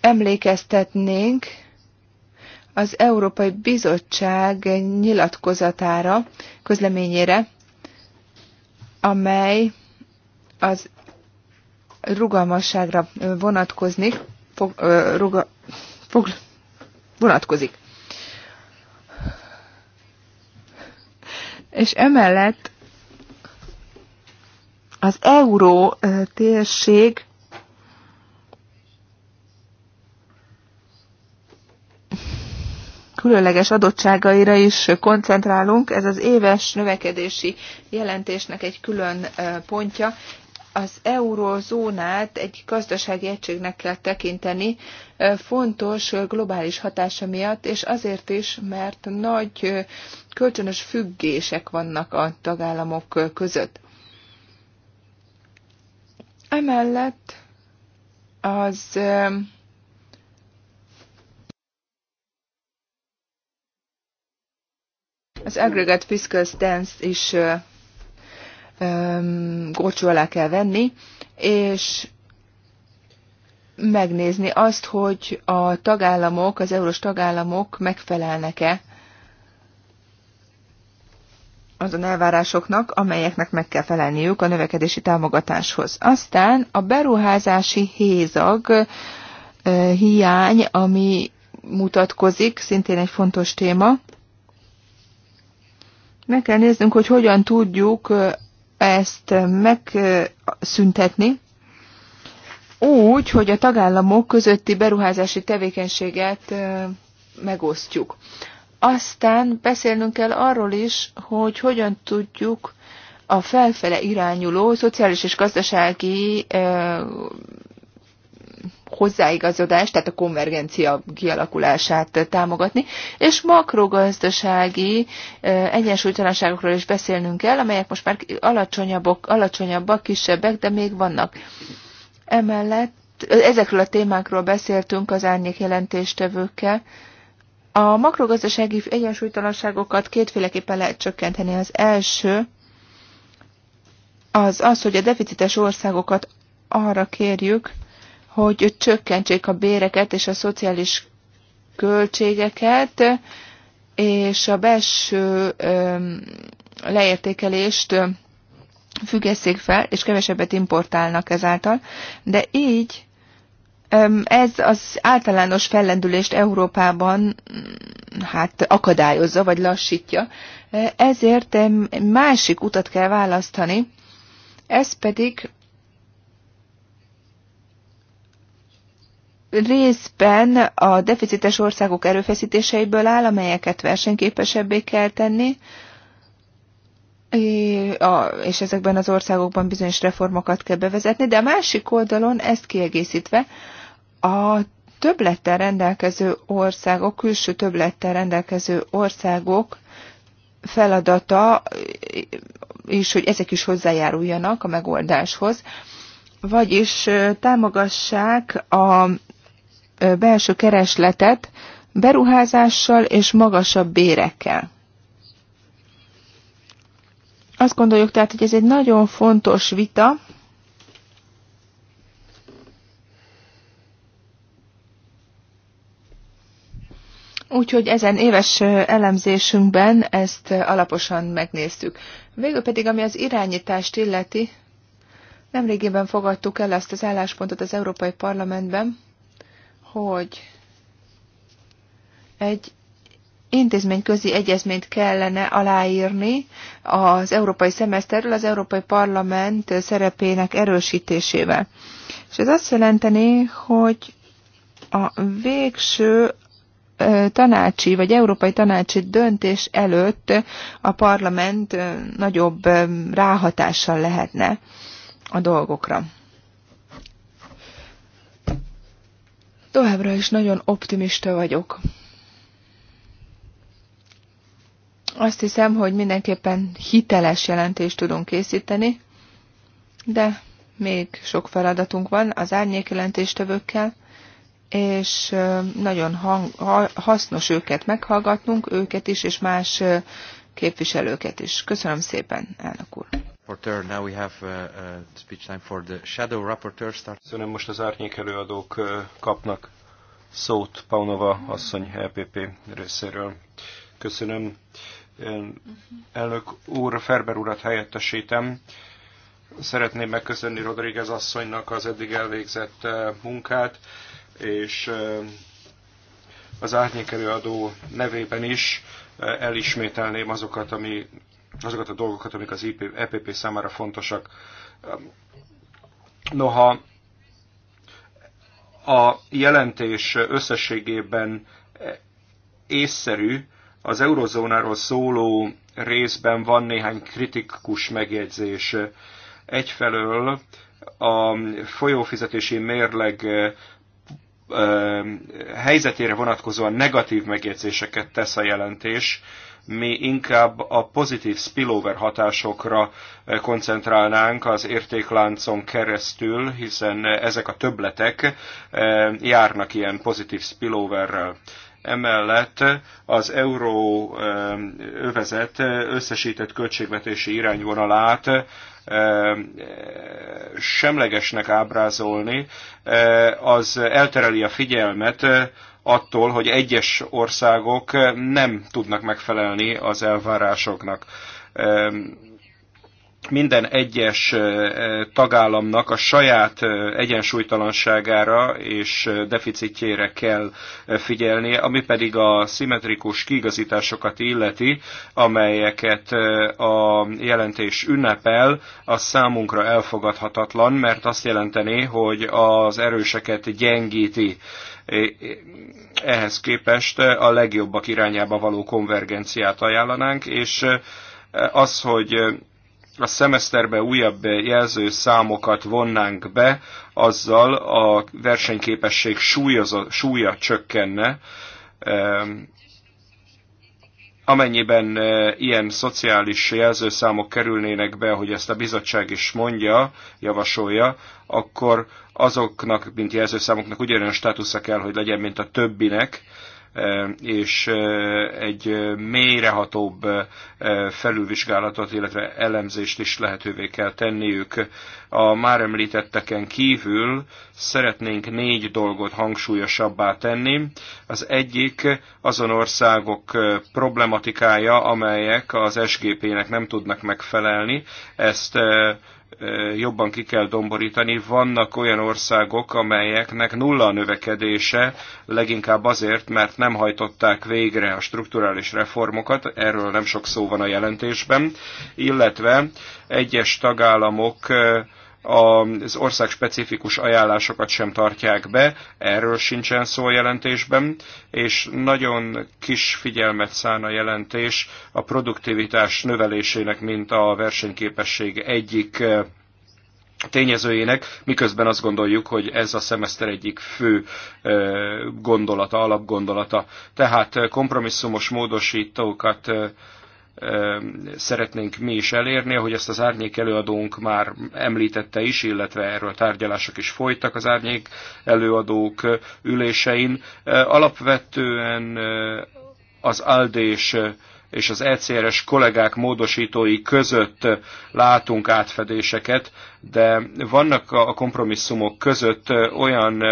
emlékeztetnénk az Európai Bizottság nyilatkozatára, közleményére, amely az rugalmasságra vonatkoznik, fog, ruga, fog, vonatkozik. És emellett az euró térség különleges adottságaira is koncentrálunk. Ez az éves növekedési jelentésnek egy külön pontja. Az eurozónát egy gazdasági egységnek kell tekinteni, fontos globális hatása miatt, és azért is, mert nagy kölcsönös függések vannak a tagállamok között. Emellett az Az aggregate fiscal stance is gócsú alá kell venni, és megnézni azt, hogy a tagállamok, az eurós tagállamok megfelelnek-e azon elvárásoknak, amelyeknek meg kell felelniük a növekedési támogatáshoz. Aztán a beruházási hézag hiány, ami mutatkozik, szintén egy fontos téma. Meg kell néznünk, hogy hogyan tudjuk ezt megszüntetni, úgy, hogy a tagállamok közötti beruházási tevékenységet megosztjuk. Aztán beszélnünk kell arról is, hogy hogyan tudjuk a felfele irányuló szociális és gazdasági hozzáigazodást, tehát a konvergencia kialakulását támogatni, és makrogazdasági egyensúlytalanságokról is beszélnünk kell, amelyek most már alacsonyabbak, alacsonyabbak, kisebbek, de még vannak. Emellett ezekről a témákról beszéltünk az árnyék jelentéstevőkkel, a makrogazdasági egyensúlytalanságokat kétféleképpen lehet csökkenteni. Az első az az, hogy a deficites országokat arra kérjük, hogy csökkentsék a béreket és a szociális költségeket, és a belső leértékelést függesszék fel, és kevesebbet importálnak ezáltal, de így ez az általános fellendülést Európában mm, hát akadályozza, vagy lassítja. Ezért másik utat kell választani, ez pedig részben a deficites országok erőfeszítéseiből áll, amelyeket versenyképesebbé kell tenni, és ezekben az országokban bizonyos reformokat kell bevezetni, de a másik oldalon ezt kiegészítve a többlettel rendelkező országok, külső többlettel rendelkező országok feladata is, hogy ezek is hozzájáruljanak a megoldáshoz, vagyis támogassák a belső keresletet beruházással és magasabb bérekkel. Azt gondoljuk tehát, hogy ez egy nagyon fontos vita, Úgyhogy ezen éves elemzésünkben ezt alaposan megnéztük. Végül pedig, ami az irányítást illeti, nemrégében fogadtuk el azt az álláspontot az Európai Parlamentben, hogy egy intézményközi egyezményt kellene aláírni az európai szemeszterről, az európai parlament szerepének erősítésével. És ez azt jelenteni, hogy a végső tanácsi vagy európai tanácsi döntés előtt a parlament nagyobb ráhatással lehetne a dolgokra. Továbbra is nagyon optimista vagyok. Azt hiszem, hogy mindenképpen hiteles jelentést tudunk készíteni, de még sok feladatunk van az árnyék jelentéstövőkkel, és nagyon hang, ha, hasznos őket meghallgatnunk, őket is, és más képviselőket is. Köszönöm szépen, elnök úr! Rapporteur, now we have uh, uh, speech time for the shadow rapporteur start. Köszönöm, most az árnyék előadók uh, kapnak szót Paunova asszony EPP részéről. Köszönöm. elnök úr, Ferber urat helyettesítem. Szeretném megköszönni Rodriguez asszonynak az eddig elvégzett uh, munkát, és az árnyékelőadó nevében is elismételném azokat, ami azokat a dolgokat, amik az EPP e számára fontosak. Noha a jelentés összességében észszerű, az eurozónáról szóló részben van néhány kritikus megjegyzés. Egyfelől a folyófizetési mérleg helyzetére vonatkozóan negatív megjegyzéseket tesz a jelentés, mi inkább a pozitív spillover hatásokra eh, koncentrálnánk az értékláncon keresztül, hiszen eh, ezek a töbletek eh, járnak ilyen pozitív spilloverrel emellett az euró övezet összesített költségvetési irányvonalát semlegesnek ábrázolni, az eltereli a figyelmet attól, hogy egyes országok nem tudnak megfelelni az elvárásoknak. Ehm, minden egyes eh, tagállamnak a saját eh, egyensúlytalanságára és eh, deficitjére kell figyelni, ami pedig a szimmetrikus kiigazításokat illeti, amelyeket a jelentés ünnepel, az számunkra elfogadhatatlan, mert azt jelenteni, hogy az erőseket gyengíti ehhez képest a legjobbak irányába való konvergenciát ajánlanánk, és e, az, hogy e, a szemeszterbe újabb jelző számokat vonnánk be, azzal a versenyképesség súlyoza, súlya csökkenne, amennyiben ilyen szociális jelzőszámok kerülnének be, hogy ezt a bizottság is mondja, javasolja, akkor azoknak, mint jelzőszámoknak ugyanolyan státusza kell, hogy legyen, mint a többinek, és egy mélyrehatóbb felülvizsgálatot, illetve elemzést is lehetővé kell tenniük. A már említetteken kívül szeretnénk négy dolgot hangsúlyosabbá tenni. Az egyik azon országok problematikája, amelyek az SGP-nek nem tudnak megfelelni. Ezt jobban ki kell domborítani. Vannak olyan országok, amelyeknek nulla a növekedése, leginkább azért, mert nem hajtották végre a strukturális reformokat, erről nem sok szó van a jelentésben, illetve egyes tagállamok az ország specifikus ajánlásokat sem tartják be, erről sincsen szó a jelentésben, és nagyon kis figyelmet szán a jelentés a produktivitás növelésének, mint a versenyképesség egyik eh, tényezőjének, miközben azt gondoljuk, hogy ez a szemeszter egyik fő eh, gondolata, alapgondolata. Tehát eh, kompromisszumos módosítókat szeretnénk mi is elérni, ahogy ezt az árnyék előadónk már említette is, illetve erről tárgyalások is folytak az árnyék előadók ülésein. Alapvetően az és és az ECRS kollégák módosítói között látunk átfedéseket, de vannak a kompromisszumok között olyan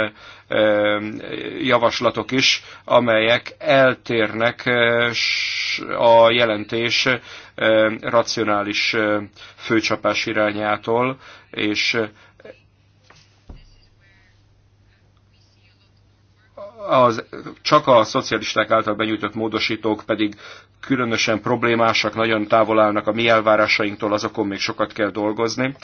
javaslatok is, amelyek eltérnek a jelentés racionális főcsapás irányától, és az, csak a szocialisták által benyújtott módosítók pedig különösen problémásak, nagyon távol állnak a mi elvárásainktól, azokon még sokat kell dolgozni.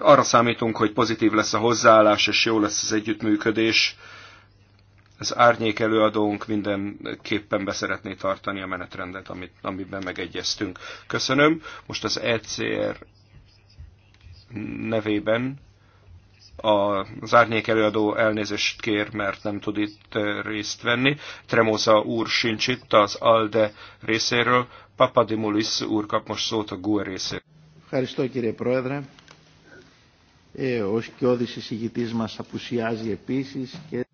Arra számítunk, hogy pozitív lesz a hozzáállás, és jó lesz az együttműködés. Az árnyék előadónk mindenképpen beszeretné tartani a menetrendet, amit, amiben megegyeztünk. Köszönöm. Most az ECR nevében az árnyék előadó elnézést kér, mert nem tud itt eh, részt venni. Tremosa úr sincs itt az ALDE részéről. Papadimulis úr kap most szót a GUE részéről. Köszönöm, κύριε Πρόεδρε. Ε, ως κοιόδης εισηγητής μας απουσιάζει επίσης. Και...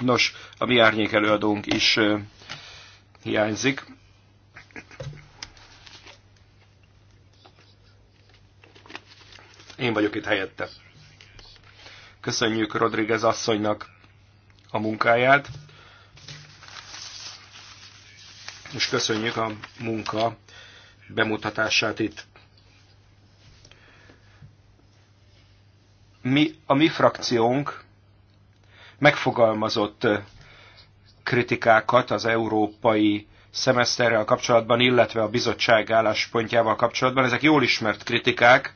Nos, a mi árnyék előadónk is uh, hiányzik. Én vagyok itt helyette. Köszönjük Rodriguez asszonynak a munkáját, és köszönjük a munka bemutatását itt. Mi, a mi frakciónk megfogalmazott kritikákat az európai szemeszterrel kapcsolatban, illetve a bizottság álláspontjával kapcsolatban. Ezek jól ismert kritikák,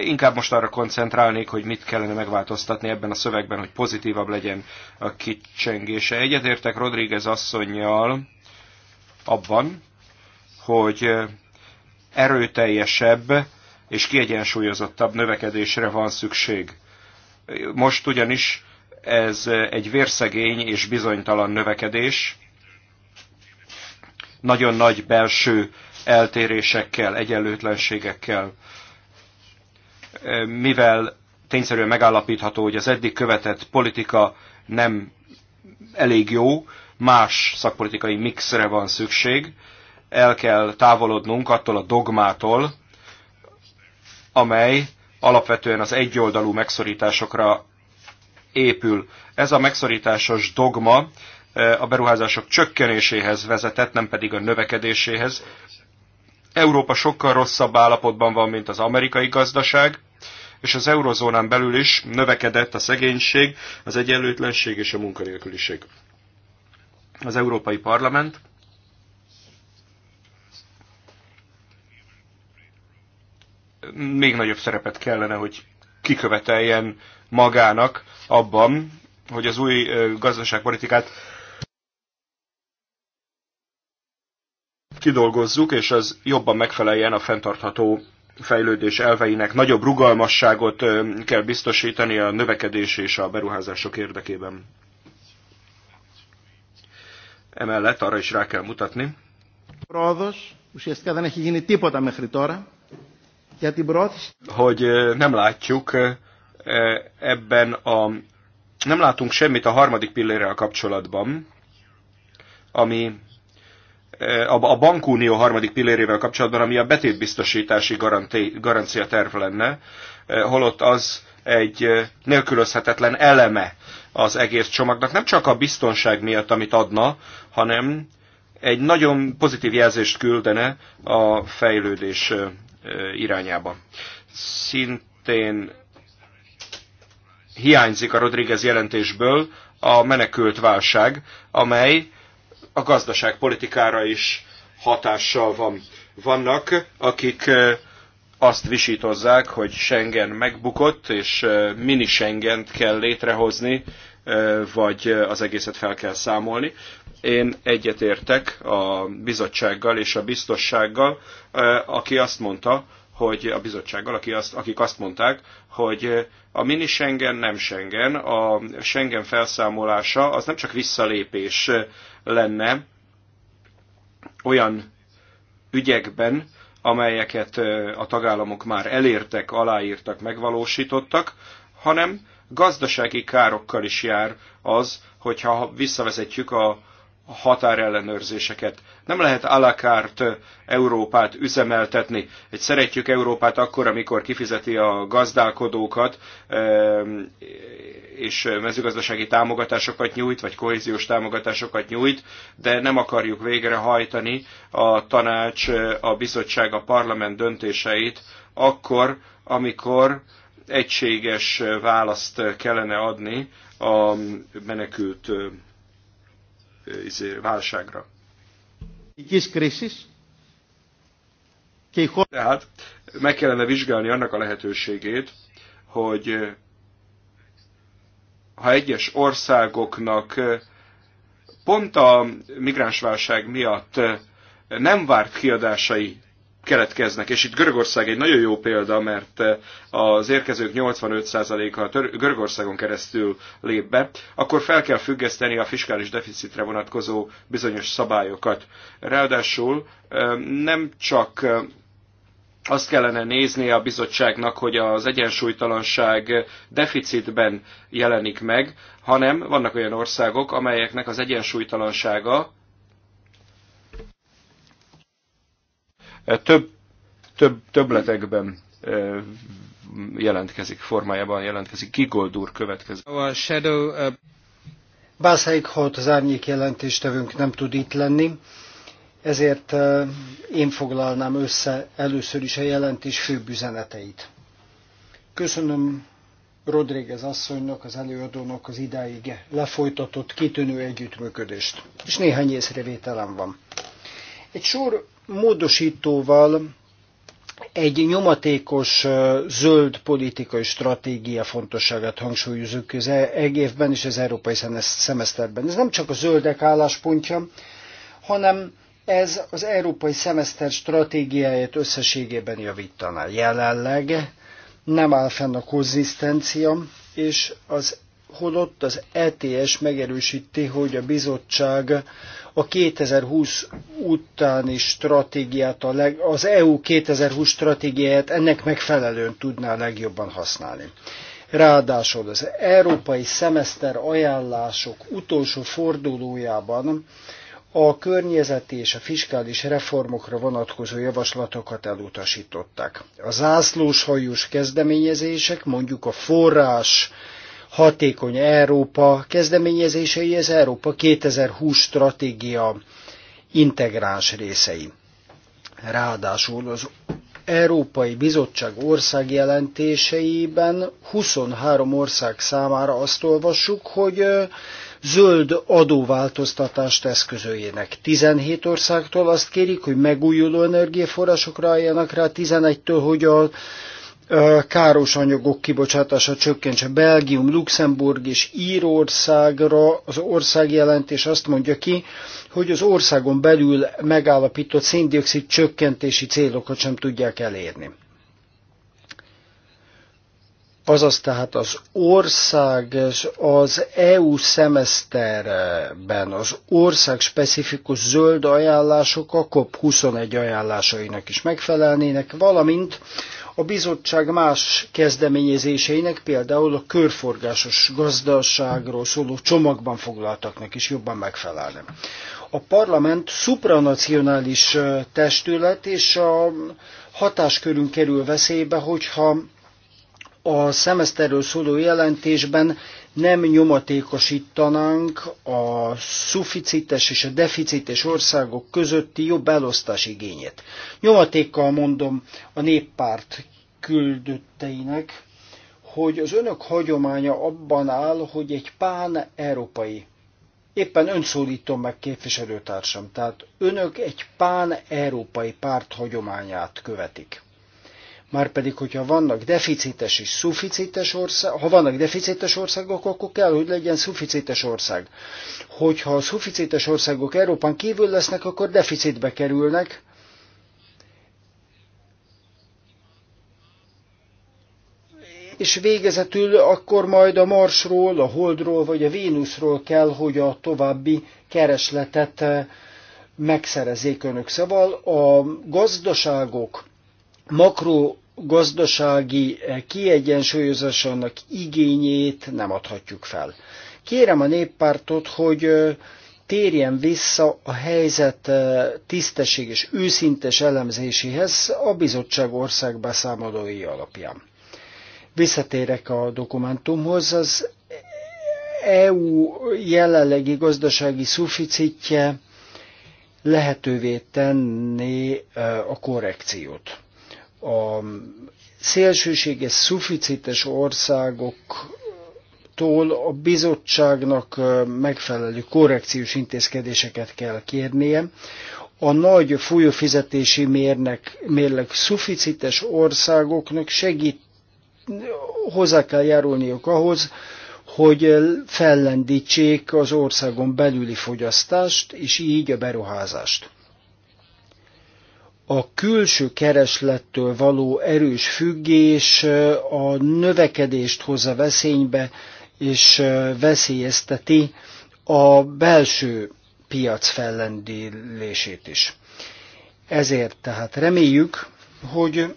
Inkább most arra koncentrálnék, hogy mit kellene megváltoztatni ebben a szövegben, hogy pozitívabb legyen a kicsengése. Egyetértek Rodríguez asszonyjal abban, hogy erőteljesebb és kiegyensúlyozottabb növekedésre van szükség. Most ugyanis ez egy vérszegény és bizonytalan növekedés, nagyon nagy belső eltérésekkel, egyenlőtlenségekkel mivel tényszerűen megállapítható, hogy az eddig követett politika nem elég jó, más szakpolitikai mixre van szükség, el kell távolodnunk attól a dogmától, amely alapvetően az egyoldalú megszorításokra épül. Ez a megszorításos dogma eh, a beruházások csökkenéséhez vezetett, nem pedig a növekedéséhez. Európa sokkal rosszabb állapotban van, mint az amerikai gazdaság, és az eurozónán belül is növekedett a szegénység, az egyenlőtlenség és a munkanélküliség. Az Európai Parlament még nagyobb szerepet kellene, hogy kiköveteljen magának abban, hogy az új gazdaságpolitikát kidolgozzuk, és az jobban megfeleljen a fenntartható fejlődés elveinek. Nagyobb rugalmasságot kell biztosítani a növekedés és a beruházások érdekében. Emellett arra is rá kell mutatni. Hogy nem látjuk ebben a nem látunk semmit a harmadik pillérrel kapcsolatban, ami a bankunió harmadik pillérével kapcsolatban, ami a betétbiztosítási garancia terv lenne, e, holott az egy e, nélkülözhetetlen eleme az egész csomagnak, nem csak a biztonság miatt, amit adna, hanem egy nagyon pozitív jelzést küldene a fejlődés e, irányába. Szintén hiányzik a Rodriguez jelentésből a menekült válság, amely a gazdaságpolitikára is hatással van. Vannak, akik azt visítozzák, hogy Schengen megbukott, és mini Schengent kell létrehozni, vagy az egészet fel kell számolni. Én egyetértek a bizottsággal és a biztossággal, aki azt mondta, hogy a bizottsággal, aki azt, akik azt mondták, hogy a mini Schengen nem Schengen, a Schengen felszámolása az nem csak visszalépés lenne olyan ügyekben, amelyeket a tagállamok már elértek, aláírtak, megvalósítottak, hanem gazdasági károkkal is jár az, hogyha visszavezetjük a határellenőrzéseket. Nem lehet alakárt Európát üzemeltetni. Egy szeretjük Európát akkor, amikor kifizeti a gazdálkodókat, ehm, és mezőgazdasági támogatásokat nyújt, vagy kohéziós támogatásokat nyújt, de nem akarjuk végrehajtani a tanács, a bizottság, a parlament döntéseit akkor, amikor egységes választ kellene adni a menekült Izé válságra. Tehát meg kellene vizsgálni annak a lehetőségét, hogy eh, ha egyes országoknak eh, pont a migránsválság miatt eh, nem várt kiadásai keletkeznek. És itt Görögország egy nagyon jó példa, mert eh, az érkezők 85%-a Görögországon keresztül lép be, akkor fel kell függeszteni a fiskális deficitre vonatkozó bizonyos szabályokat. Ráadásul eh, nem csak eh, azt kellene nézni a bizottságnak, hogy az egyensúlytalanság deficitben jelenik meg, hanem vannak olyan országok, amelyeknek az egyensúlytalansága E, több, több, többletekben e, jelentkezik, formájában jelentkezik. Kigoldúr következik. A shadow, uh, Bászáig Holt az árnyék jelentéstevünk nem tud itt lenni, ezért e, én foglalnám össze először is a jelentés főbb üzeneteit. Köszönöm Rodríguez asszonynak, az előadónak az idáig lefolytatott kitűnő együttműködést. És néhány észrevételem van. Egy sor módosítóval egy nyomatékos zöld politikai stratégia fontosságát hangsúlyozunk az e- egészben és az európai szemeszterben. Ez nem csak a zöldek álláspontja, hanem ez az európai szemeszter stratégiáját összességében javítaná. Jelenleg nem áll fenn a konzisztencia, és az holott az ETS megerősíti, hogy a bizottság a 2020 utáni stratégiát, a leg, az EU 2020 stratégiáját ennek megfelelően tudná legjobban használni. Ráadásul az európai szemeszter ajánlások utolsó fordulójában a környezeti és a fiskális reformokra vonatkozó javaslatokat elutasították. A zászlós hajós kezdeményezések, mondjuk a forrás Hatékony Európa kezdeményezései az Európa 2020 stratégia integráns részei. Ráadásul az Európai Bizottság országjelentéseiben 23 ország számára azt olvassuk, hogy zöld adóváltoztatást eszközöljének. 17 országtól azt kérik, hogy megújuló energiaforrásokra álljanak rá, 11-től, hogy a káros anyagok kibocsátása csökkentse. Belgium, Luxemburg és Írországra az országjelentés azt mondja ki, hogy az országon belül megállapított széndiokszid csökkentési célokat sem tudják elérni. Azaz tehát az ország, az EU szemeszterben az ország specifikus zöld ajánlások a COP21 ajánlásainak is megfelelnének, valamint a bizottság más kezdeményezéseinek, például a körforgásos gazdaságról szóló csomagban foglaltaknak is jobban megfelelne. A parlament supranacionális testület és a hatáskörünk kerül veszélybe, hogyha a szemeszterről szóló jelentésben nem nyomatékosítanánk a szuficites és a deficites országok közötti jobb elosztás igényét. Nyomatékkal mondom a néppárt küldötteinek, hogy az önök hagyománya abban áll, hogy egy pán-európai, éppen önszólítom meg képviselőtársam, tehát önök egy pán-európai párt hagyományát követik. Márpedig, hogyha vannak deficites és szuficites ország, ha vannak deficites országok, akkor kell, hogy legyen szuficites ország. Hogyha a szuficites országok Európán kívül lesznek, akkor deficitbe kerülnek, és végezetül akkor majd a Marsról, a Holdról vagy a Vénuszról kell, hogy a további keresletet eh, megszerezzék önök. Szóval a gazdaságok makrogazdasági kiegyensúlyozásának igényét nem adhatjuk fel. Kérem a néppártot, hogy térjen vissza a helyzet tisztességes, őszintes elemzéséhez a bizottság ország beszámolói alapján. Visszatérek a dokumentumhoz, az EU jelenlegi gazdasági szuficitje lehetővé tenné a korrekciót a szélsőséges, szuficites országoktól a bizottságnak megfelelő korrekciós intézkedéseket kell kérnie. A nagy folyófizetési mérnek, mérleg szuficites országoknak segít, hozzá kell járulniuk ahhoz, hogy fellendítsék az országon belüli fogyasztást, és így a beruházást a külső kereslettől való erős függés a növekedést hozza veszélybe, és veszélyezteti a belső piac fellendülését is. Ezért tehát reméljük, hogy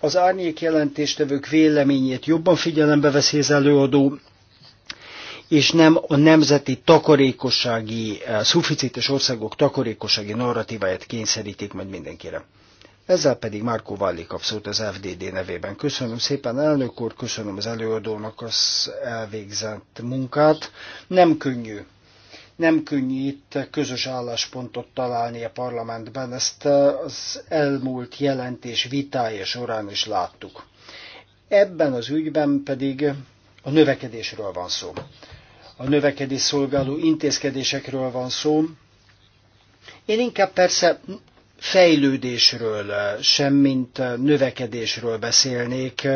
az árnyék jelentéstevők véleményét jobban figyelembe veszi az előadó, és nem a nemzeti takarékossági, eh, szuficites országok takarékossági narratíváját kényszerítik majd mindenkire. Ezzel pedig Márkó Valli kapszót az FDD nevében. Köszönöm szépen, elnök úr, köszönöm az előadónak az elvégzett munkát. Nem könnyű. Nem könnyű itt közös álláspontot találni a parlamentben, ezt eh, az elmúlt jelentés vitája során is láttuk. Ebben az ügyben pedig a növekedésről van szó a növekedés szolgáló intézkedésekről van szó. Én inkább persze fejlődésről, semmint növekedésről beszélnék.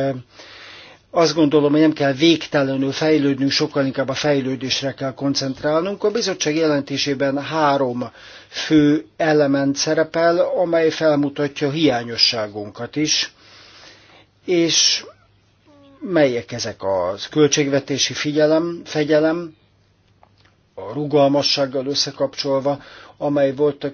Azt gondolom, hogy nem kell végtelenül fejlődnünk, sokkal inkább a fejlődésre kell koncentrálnunk. A bizottság jelentésében három fő element szerepel, amely felmutatja hiányosságunkat is, és melyek ezek a költségvetési figyelem, fegyelem, a rugalmassággal összekapcsolva, amely a,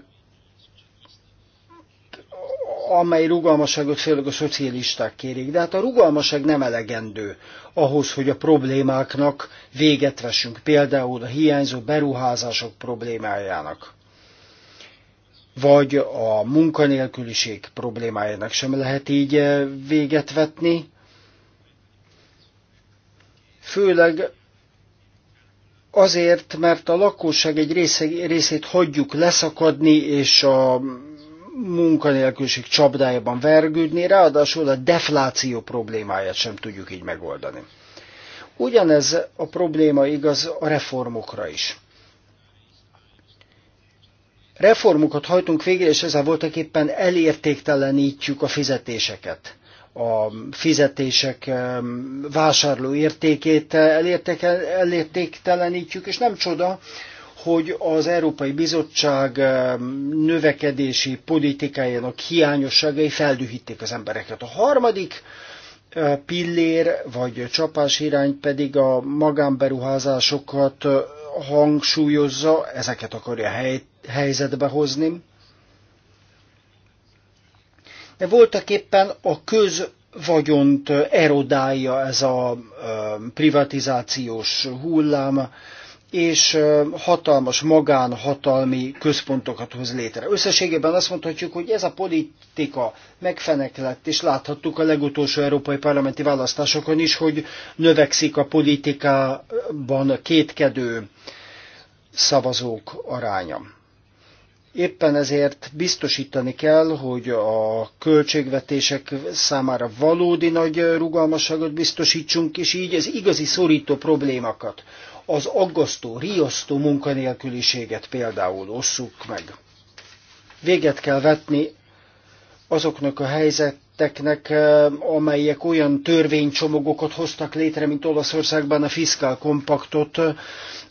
amely rugalmasságot főleg a szocialisták kérik. De hát a rugalmasság nem elegendő ahhoz, hogy a problémáknak véget vessünk, például a hiányzó beruházások problémájának vagy a munkanélküliség problémájának sem lehet így eh, véget vetni, főleg azért, mert a lakosság egy része, részét hagyjuk leszakadni, és a munkanélküliség csapdájában vergődni, ráadásul a defláció problémáját sem tudjuk így megoldani. Ugyanez a probléma igaz a reformokra is. Reformokat hajtunk végre, és ezzel voltak éppen elértéktelenítjük a fizetéseket a fizetések vásárló értékét elértéktelenítjük, és nem csoda, hogy az Európai Bizottság növekedési politikájának hiányosságai feldühítik az embereket. A harmadik e, pillér vagy csapás irány pedig a magánberuházásokat hangsúlyozza, ezeket akarja hely, helyzetbe hozni, voltak éppen a közvagyont erodálja ez a privatizációs hullám, és hatalmas magánhatalmi központokat hoz létre. Összességében azt mondhatjuk, hogy ez a politika megfeneklett, és láthattuk a legutolsó európai parlamenti választásokon is, hogy növekszik a politikában kétkedő szavazók aránya. Éppen ezért biztosítani kell, hogy a költségvetések számára valódi nagy rugalmasságot biztosítsunk, és így az igazi szorító problémákat, az aggasztó, riasztó munkanélküliséget például osszuk meg. Véget kell vetni azoknak a helyzet, érintetteknek, amelyek olyan törvénycsomagokat hoztak létre, mint Olaszországban a fiskál kompaktot,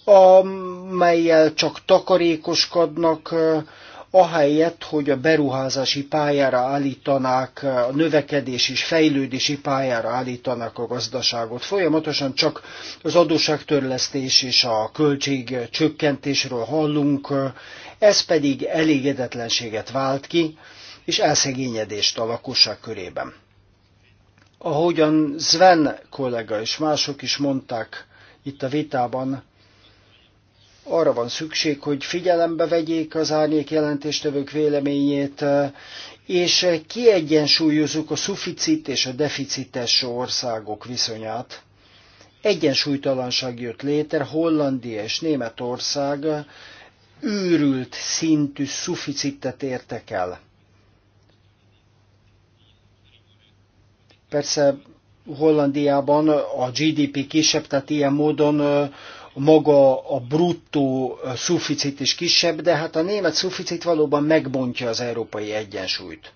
amelyel csak takarékoskodnak, ahelyett, hogy a beruházási pályára állítanák, a növekedés és fejlődési pályára állítanák a gazdaságot. Folyamatosan csak az adósságtörlesztés és a költség csökkentésről hallunk, ez pedig elégedetlenséget vált ki, és elszegényedést a lakosság körében. Ahogyan Sven kollega és mások is mondták itt a vitában, arra van szükség, hogy figyelembe vegyék az árnyék jelentéstevők véleményét, és kiegyensúlyozzuk a szuficit és a deficites országok viszonyát. Egyensúlytalanság jött létre, Hollandia és Németország őrült szintű szuficitet értek el. Persze Hollandiában a GDP kisebb, tehát ilyen módon maga a bruttó szuficit is kisebb, de hát a német szuficit valóban megbontja az európai egyensúlyt.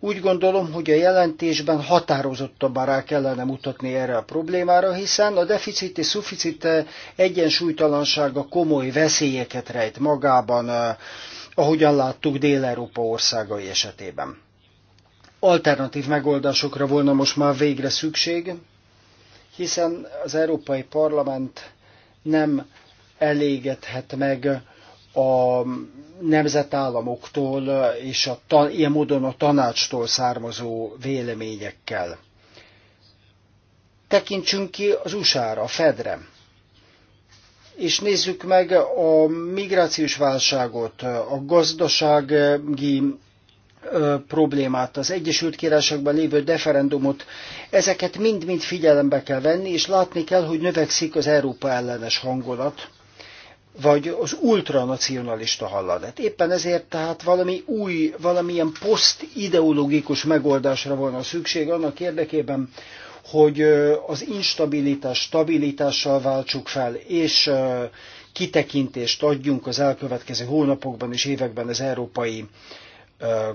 Úgy gondolom, hogy a jelentésben határozottabban rá kellene mutatni erre a problémára, hiszen a deficit és szuficit egyensúlytalansága komoly veszélyeket rejt magában, ahogyan láttuk Dél-Európa országai esetében alternatív megoldásokra volna most már végre szükség, hiszen az Európai Parlament nem elégedhet meg a nemzetállamoktól és a, ilyen módon a tanácstól származó véleményekkel. Tekintsünk ki az USA-ra, a Fedre, és nézzük meg a migrációs válságot, a gazdasági problémát, az Egyesült Királyságban lévő deferendumot, ezeket mind-mind figyelembe kell venni, és látni kell, hogy növekszik az Európa ellenes hangulat, vagy az ultranacionalista halladat. Éppen ezért tehát valami új, valamilyen posztideológikus megoldásra volna szükség annak érdekében, hogy az instabilitás stabilitással váltsuk fel, és kitekintést adjunk az elkövetkező hónapokban és években az európai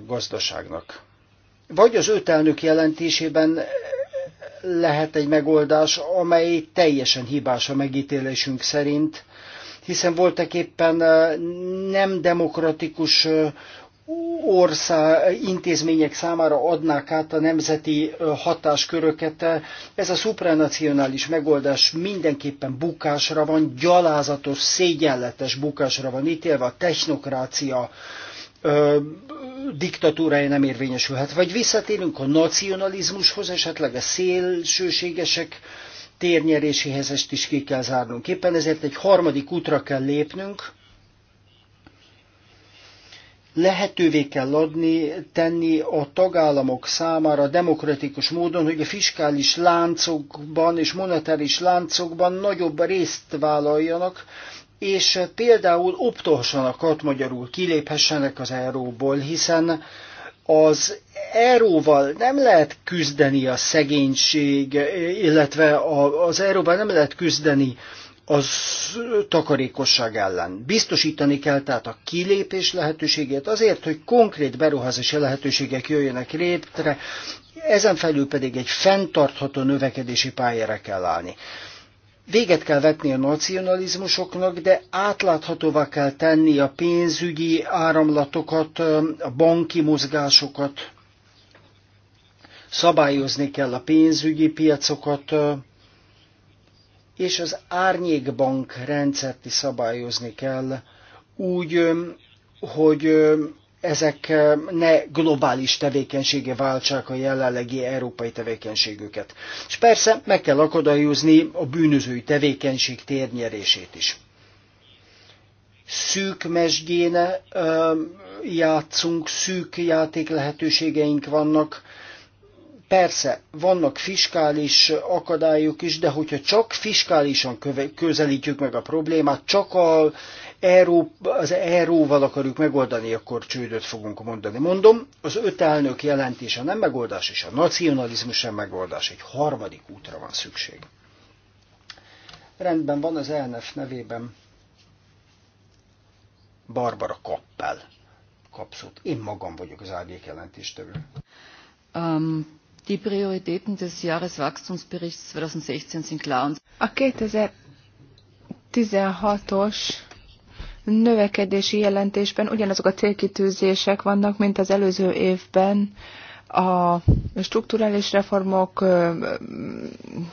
gazdaságnak. Vagy az öt elnök jelentésében lehet egy megoldás, amely teljesen hibás a megítélésünk szerint, hiszen voltak éppen nem demokratikus ország, intézmények számára adnák át a nemzeti hatásköröket. Ez a szupranacionális megoldás mindenképpen bukásra van, gyalázatos, szégyenletes bukásra van ítélve a technokrácia ö, diktatúrája nem érvényesülhet. Vagy visszatérünk a nacionalizmushoz, esetleg a szélsőségesek térnyeréséhez ezt is ki kell zárnunk. Éppen ezért egy harmadik útra kell lépnünk, lehetővé kell adni, tenni a tagállamok számára demokratikus módon, hogy a fiskális láncokban és monetáris láncokban nagyobb részt vállaljanak, és például optolhassanak magyarul, kiléphessenek az euróból, hiszen az euróval nem lehet küzdeni a szegénység, illetve az euróval nem lehet küzdeni az takarékosság ellen. Biztosítani kell tehát a kilépés lehetőségét azért, hogy konkrét beruházási lehetőségek jöjjenek létre, ezen felül pedig egy fenntartható növekedési pályára kell állni. Véget kell vetni a nacionalizmusoknak, de átláthatóvá kell tenni a pénzügyi áramlatokat, a banki mozgásokat, szabályozni kell a pénzügyi piacokat, és az árnyékbank rendszert is szabályozni kell, úgy, hogy ezek ne globális tevékenysége váltsák a jelenlegi európai tevékenységüket. És persze meg kell akadályozni a bűnözői tevékenység térnyerését is. Szűk mesdjén játszunk, szűk játék lehetőségeink vannak, Persze, vannak fiskális akadályok is, de hogyha csak fiskálisan közelítjük meg a problémát, csak a Euró, az euróval akarjuk megoldani, akkor csődöt fogunk mondani. Mondom, az öt elnök jelentése nem megoldás, és a nacionalizmus sem megoldás. Egy harmadik útra van szükség. Rendben van az ELNF nevében Barbara Kappel kapszót. Én magam vagyok az árnyék jelentéstől. Um, die Prioritäten des Jahreswachstumsberichts 2016 sind klar. A 2016-os növekedési jelentésben ugyanazok a célkitűzések vannak, mint az előző évben a strukturális reformok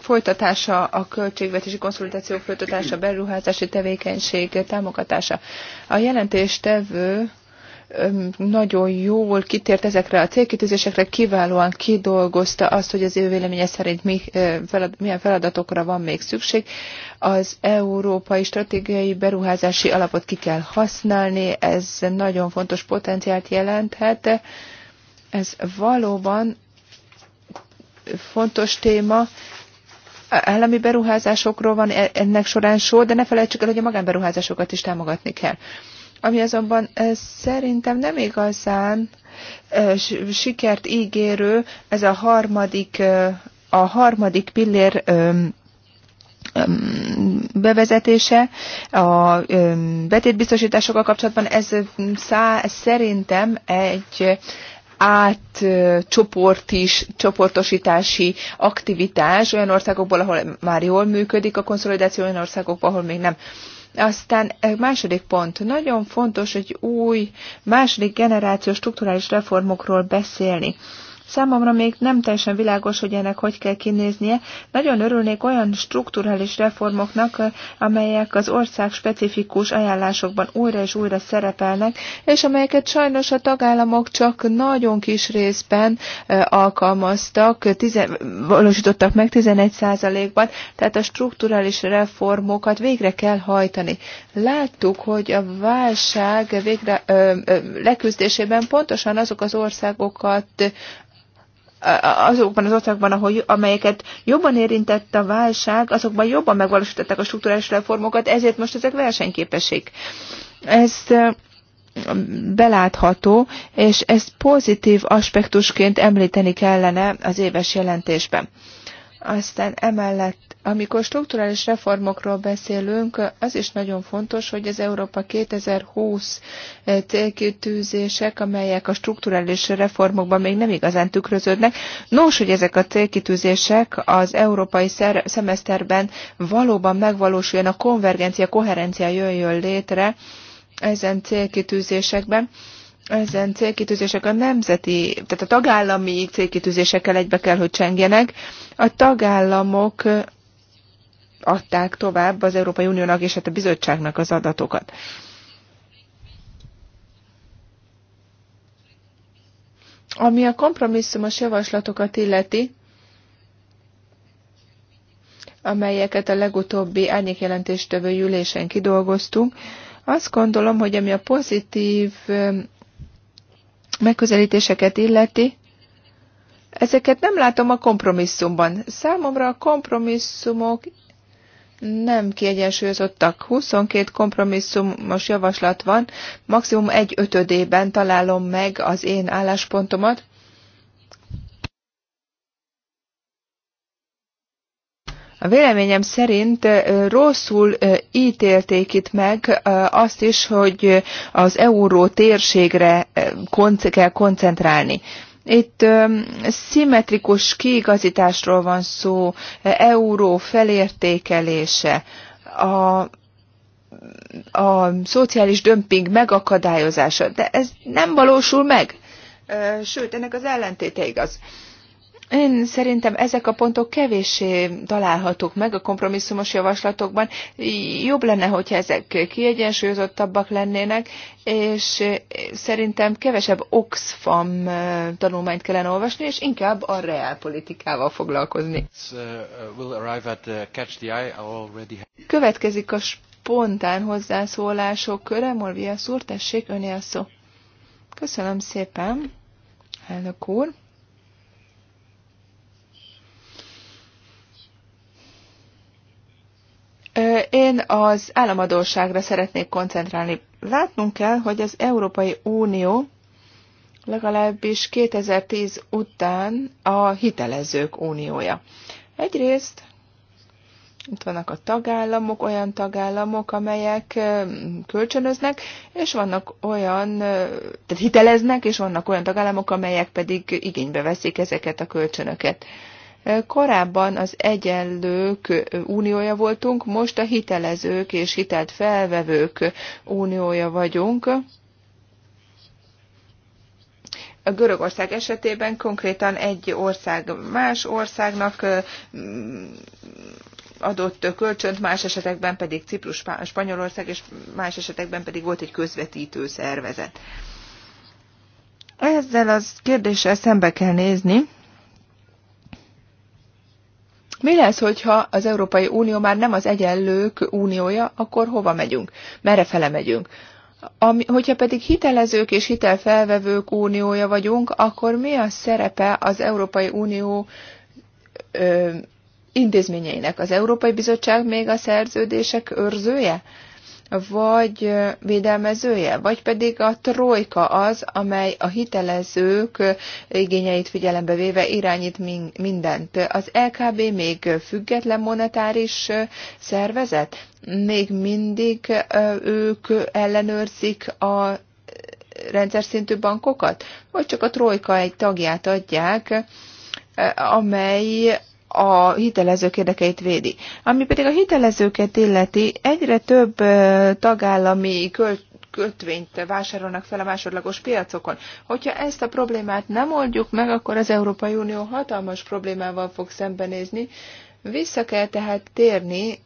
folytatása, a költségvetési konszolidáció folytatása, beruházási tevékenység támogatása. A jelentéstevő nagyon jól kitért ezekre a célkitűzésekre, kiválóan kidolgozta azt, hogy az ő véleménye szerint mi, felad, milyen feladatokra van még szükség. Az Európai Stratégiai Beruházási Alapot ki kell használni, ez nagyon fontos potenciált jelenthet. Ez valóban fontos téma, állami beruházásokról van e-, ennek során szó, de ne felejtsük el, hogy a magánberuházásokat is támogatni kell ami azonban szerintem nem igazán sikert ígérő, ez a harmadik, a harmadik pillér bevezetése a betétbiztosításokkal kapcsolatban, ez szá, szerintem egy átcsoportis, csoportosítási aktivitás olyan országokból, ahol már jól működik a konszolidáció, olyan országokból, ahol még nem. Aztán második pont. Nagyon fontos egy új, második generációs strukturális reformokról beszélni. Számomra még nem teljesen világos, hogy ennek hogy kell kinéznie. Nagyon örülnék olyan strukturális reformoknak, amelyek az ország specifikus ajánlásokban újra és újra szerepelnek, és amelyeket sajnos a tagállamok csak nagyon kis részben alkalmaztak, tizen, valósítottak meg 11%-ban, tehát a strukturális reformokat végre kell hajtani. Láttuk, hogy a válság végre, ö, ö, leküzdésében pontosan azok az országokat azokban az országban, ahol, amelyeket jobban érintett a válság, azokban jobban megvalósították a strukturális reformokat, ezért most ezek versenyképesek. Ez belátható, és ezt pozitív aspektusként említeni kellene az éves jelentésben. Aztán emellett, amikor strukturális reformokról beszélünk, az is nagyon fontos, hogy az Európa 2020 eh, célkitűzések, amelyek a strukturális reformokban még nem igazán tükröződnek, nos, hogy ezek a célkitűzések az európai szemeszterben valóban megvalósuljon, a konvergencia, koherencia jöjjön létre ezen célkitűzésekben ezen célkitűzések a nemzeti, tehát a tagállami célkitűzésekkel egybe kell, hogy csengjenek. A tagállamok adták tovább az Európai Uniónak és hát a bizottságnak az adatokat. Ami a kompromisszumos javaslatokat illeti, amelyeket a legutóbbi árnyékjelentéstövő ülésen kidolgoztunk, azt gondolom, hogy ami a pozitív megközelítéseket illeti, ezeket nem látom a kompromisszumban. Számomra a kompromisszumok nem kiegyensúlyozottak. 22 kompromisszumos javaslat van, maximum egy ötödében találom meg az én álláspontomat. A véleményem szerint rosszul ítélték itt meg azt is, hogy az euró térségre kell koncentrálni. Itt szimmetrikus kiigazításról van szó, euró felértékelése, a a szociális dömping megakadályozása, de ez nem valósul meg. Sőt, ennek az ellentéte igaz. Én szerintem ezek a pontok kevéssé találhatók meg a kompromisszumos javaslatokban. Jobb lenne, hogyha ezek kiegyensúlyozottabbak lennének, és szerintem kevesebb Oxfam eh, tanulmányt kellene olvasni, és inkább a reálpolitikával foglalkozni. Eh, eh, Következik a spontán hozzászólások köre. Morvia szúr, tessék, öné a szó. Köszönöm szépen, elnök úr. Én az államadóságra szeretnék koncentrálni. Látnunk kell, hogy az Európai Unió legalábbis 2010 után a hitelezők uniója. Egyrészt itt vannak a tagállamok, olyan tagállamok, amelyek kölcsönöznek, és vannak olyan, tehát hiteleznek, és vannak olyan tagállamok, amelyek pedig igénybe veszik ezeket a kölcsönöket. Korábban az egyenlők uniója voltunk, most a hitelezők és hitelt felvevők uniója vagyunk. A Görögország esetében konkrétan egy ország más országnak mm, adott kölcsönt, más esetekben pedig Ciprus, Spanyolország, és más esetekben pedig volt egy közvetítő szervezet. Ezzel az kérdéssel szembe kell nézni, mi lesz, hogyha az Európai Unió már nem az egyenlők uniója, akkor hova megyünk? Merre fele megyünk? Ami, hogyha pedig hitelezők és hitelfelvevők uniója vagyunk, akkor mi a szerepe az Európai Unió ö, intézményeinek? Az Európai Bizottság még a szerződések őrzője? vagy védelmezője, vagy pedig a trojka az, amely a hitelezők igényeit figyelembe véve irányít mindent. Az LKB még független monetáris szervezet, még mindig ők ellenőrzik a rendszer szintű bankokat, vagy csak a trojka egy tagját adják, amely a hitelezők érdekeit védi. Ami pedig a hitelezőket illeti, egyre több tagállami költ kötvényt vásárolnak fel a másodlagos piacokon. Hogyha ezt a problémát nem oldjuk meg, akkor az Európai Unió hatalmas problémával fog szembenézni. Vissza kell tehát térni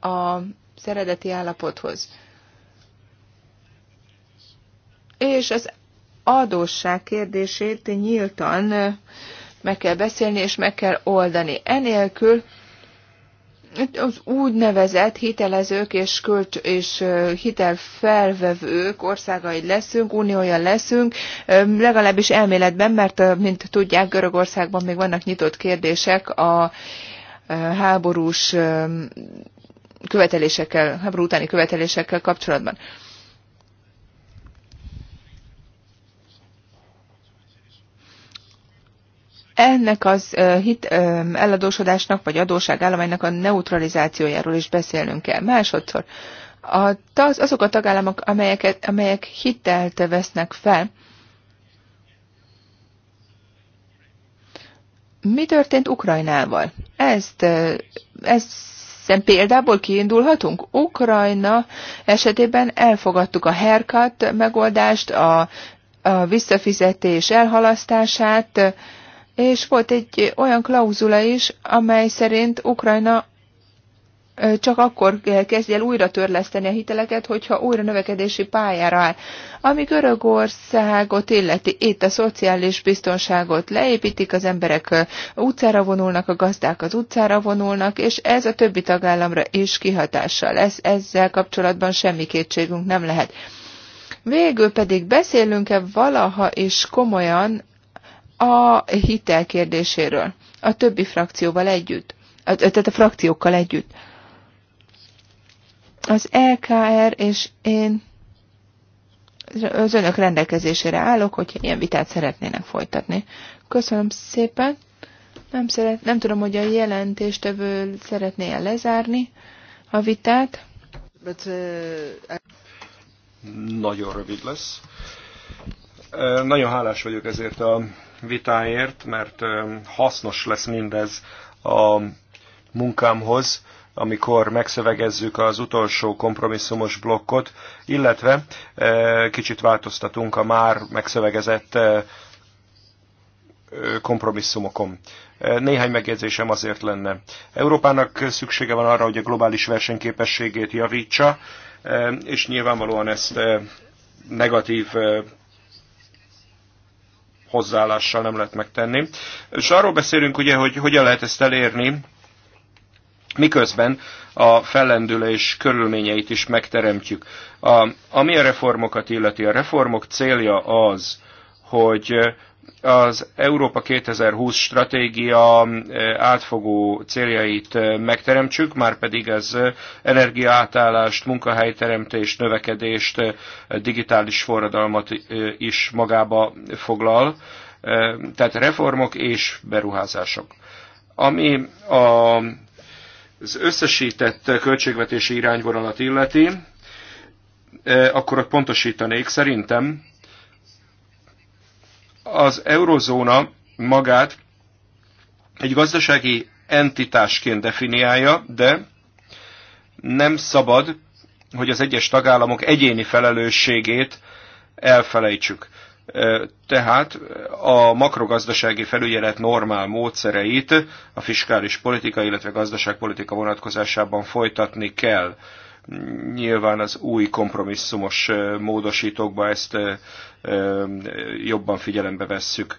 a szeredeti állapothoz. És az adósság kérdését nyíltan meg kell beszélni és meg kell oldani. Enélkül az úgynevezett hitelezők és, költ és hitelfelvevők országai leszünk, uniója leszünk, legalábbis elméletben, mert mint tudják, Görögországban még vannak nyitott kérdések a háborús követelésekkel, háború utáni követelésekkel kapcsolatban. ennek az hit eladósodásnak vagy adóságállománynak a neutralizációjáról is beszélnünk kell. Másodszor, a, az, azok a tagállamok, amelyeket, amelyek hitelt vesznek fel, mi történt Ukrajnával? Ezt, ezt hiszen példából kiindulhatunk. Ukrajna esetében elfogadtuk a haircut megoldást, a, a visszafizetés elhalasztását, és volt egy olyan klauzula is, amely szerint Ukrajna csak akkor kezdje el újra törleszteni a hiteleket, hogyha újra növekedési pályára áll. Ami Görögországot illeti, itt a szociális biztonságot leépítik, az emberek utcára vonulnak, a gazdák az utcára vonulnak, és ez a többi tagállamra is kihatással lesz. Ezzel kapcsolatban semmi kétségünk nem lehet. Végül pedig beszélünk-e valaha is komolyan a hitel kérdéséről, a többi frakcióval együtt, tehát a frakciókkal együtt. Az LKR és én az önök rendelkezésére állok, hogyha ilyen vitát szeretnének folytatni. Köszönöm szépen. Nem, szeret, nem tudom, hogy a jelentéstevő szeretné -e lezárni a vitát. But, uh, I... Nagyon rövid lesz. Nagyon hálás vagyok ezért a vitáért, mert hasznos lesz mindez a munkámhoz, amikor megszövegezzük az utolsó kompromisszumos blokkot, illetve kicsit változtatunk a már megszövegezett kompromisszumokon. Néhány megjegyzésem azért lenne. Európának szüksége van arra, hogy a globális versenyképességét javítsa, és nyilvánvalóan ezt negatív hozzáállással nem lehet megtenni. És arról beszélünk ugye, hogy hogyan lehet ezt elérni, miközben a fellendülés körülményeit is megteremtjük. A, ami a reformokat illeti, a reformok célja az, hogy az Európa 2020 stratégia eh, átfogó céljait eh, megteremtsük, már pedig az eh, energiaátállást, munkahelyteremtést, növekedést, digitális forradalmat is magába foglal, tehát reformok és beruházások. Ami a, az összesített költségvetési irányvonalat illeti, akkor ott pontosítanék szerintem, az eurozóna magát egy gazdasági entitásként definiálja, de nem szabad, hogy az egyes tagállamok egyéni felelősségét elfelejtsük. Tehát a makrogazdasági felügyelet normál módszereit a fiskális politika, illetve gazdaságpolitika vonatkozásában folytatni kell. Nyilván az új kompromisszumos módosítókba ezt jobban figyelembe vesszük.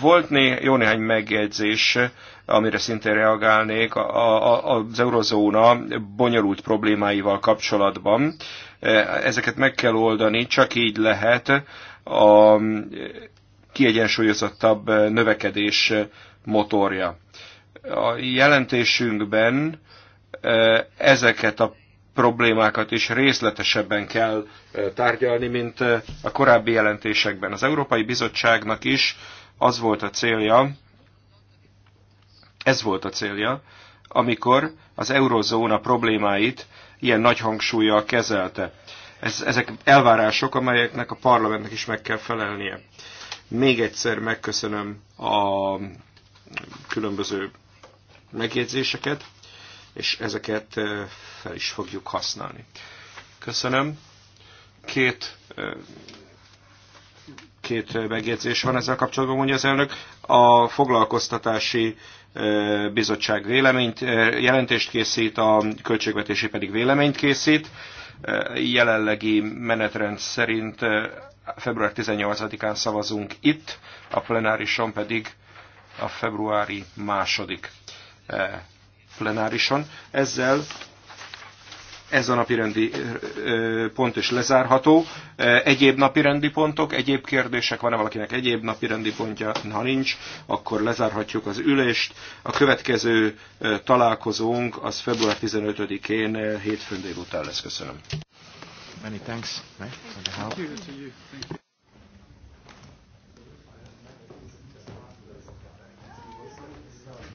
Volt né, jó néhány megjegyzés, amire szintén reagálnék az eurozóna bonyolult problémáival kapcsolatban. Ezeket meg kell oldani, csak így lehet a kiegyensúlyozottabb növekedés motorja. A jelentésünkben ezeket a problémákat is részletesebben kell tárgyalni, mint a korábbi jelentésekben. Az Európai Bizottságnak is az volt a célja, ez volt a célja, amikor az eurozóna problémáit ilyen nagy hangsúlyjal kezelte. Ez, ezek elvárások, amelyeknek a parlamentnek is meg kell felelnie. Még egyszer megköszönöm a különböző megjegyzéseket és ezeket fel is fogjuk használni. Köszönöm. Két két megjegyzés van ezzel kapcsolatban, mondja az elnök. A foglalkoztatási bizottság véleményt, jelentést készít, a költségvetési pedig véleményt készít. Jelenlegi menetrend szerint február 18-án szavazunk itt, a plenárison pedig a februári második plenárison. Ezzel ez a napirendi pont is lezárható. Egyéb napirendi pontok, egyéb kérdések, van-e valakinek egyéb napirendi pontja? Ha nincs, akkor lezárhatjuk az ülést. A következő találkozónk az február 15-én hétfőn délután lesz. Köszönöm. Many thanks, Meg, for the help.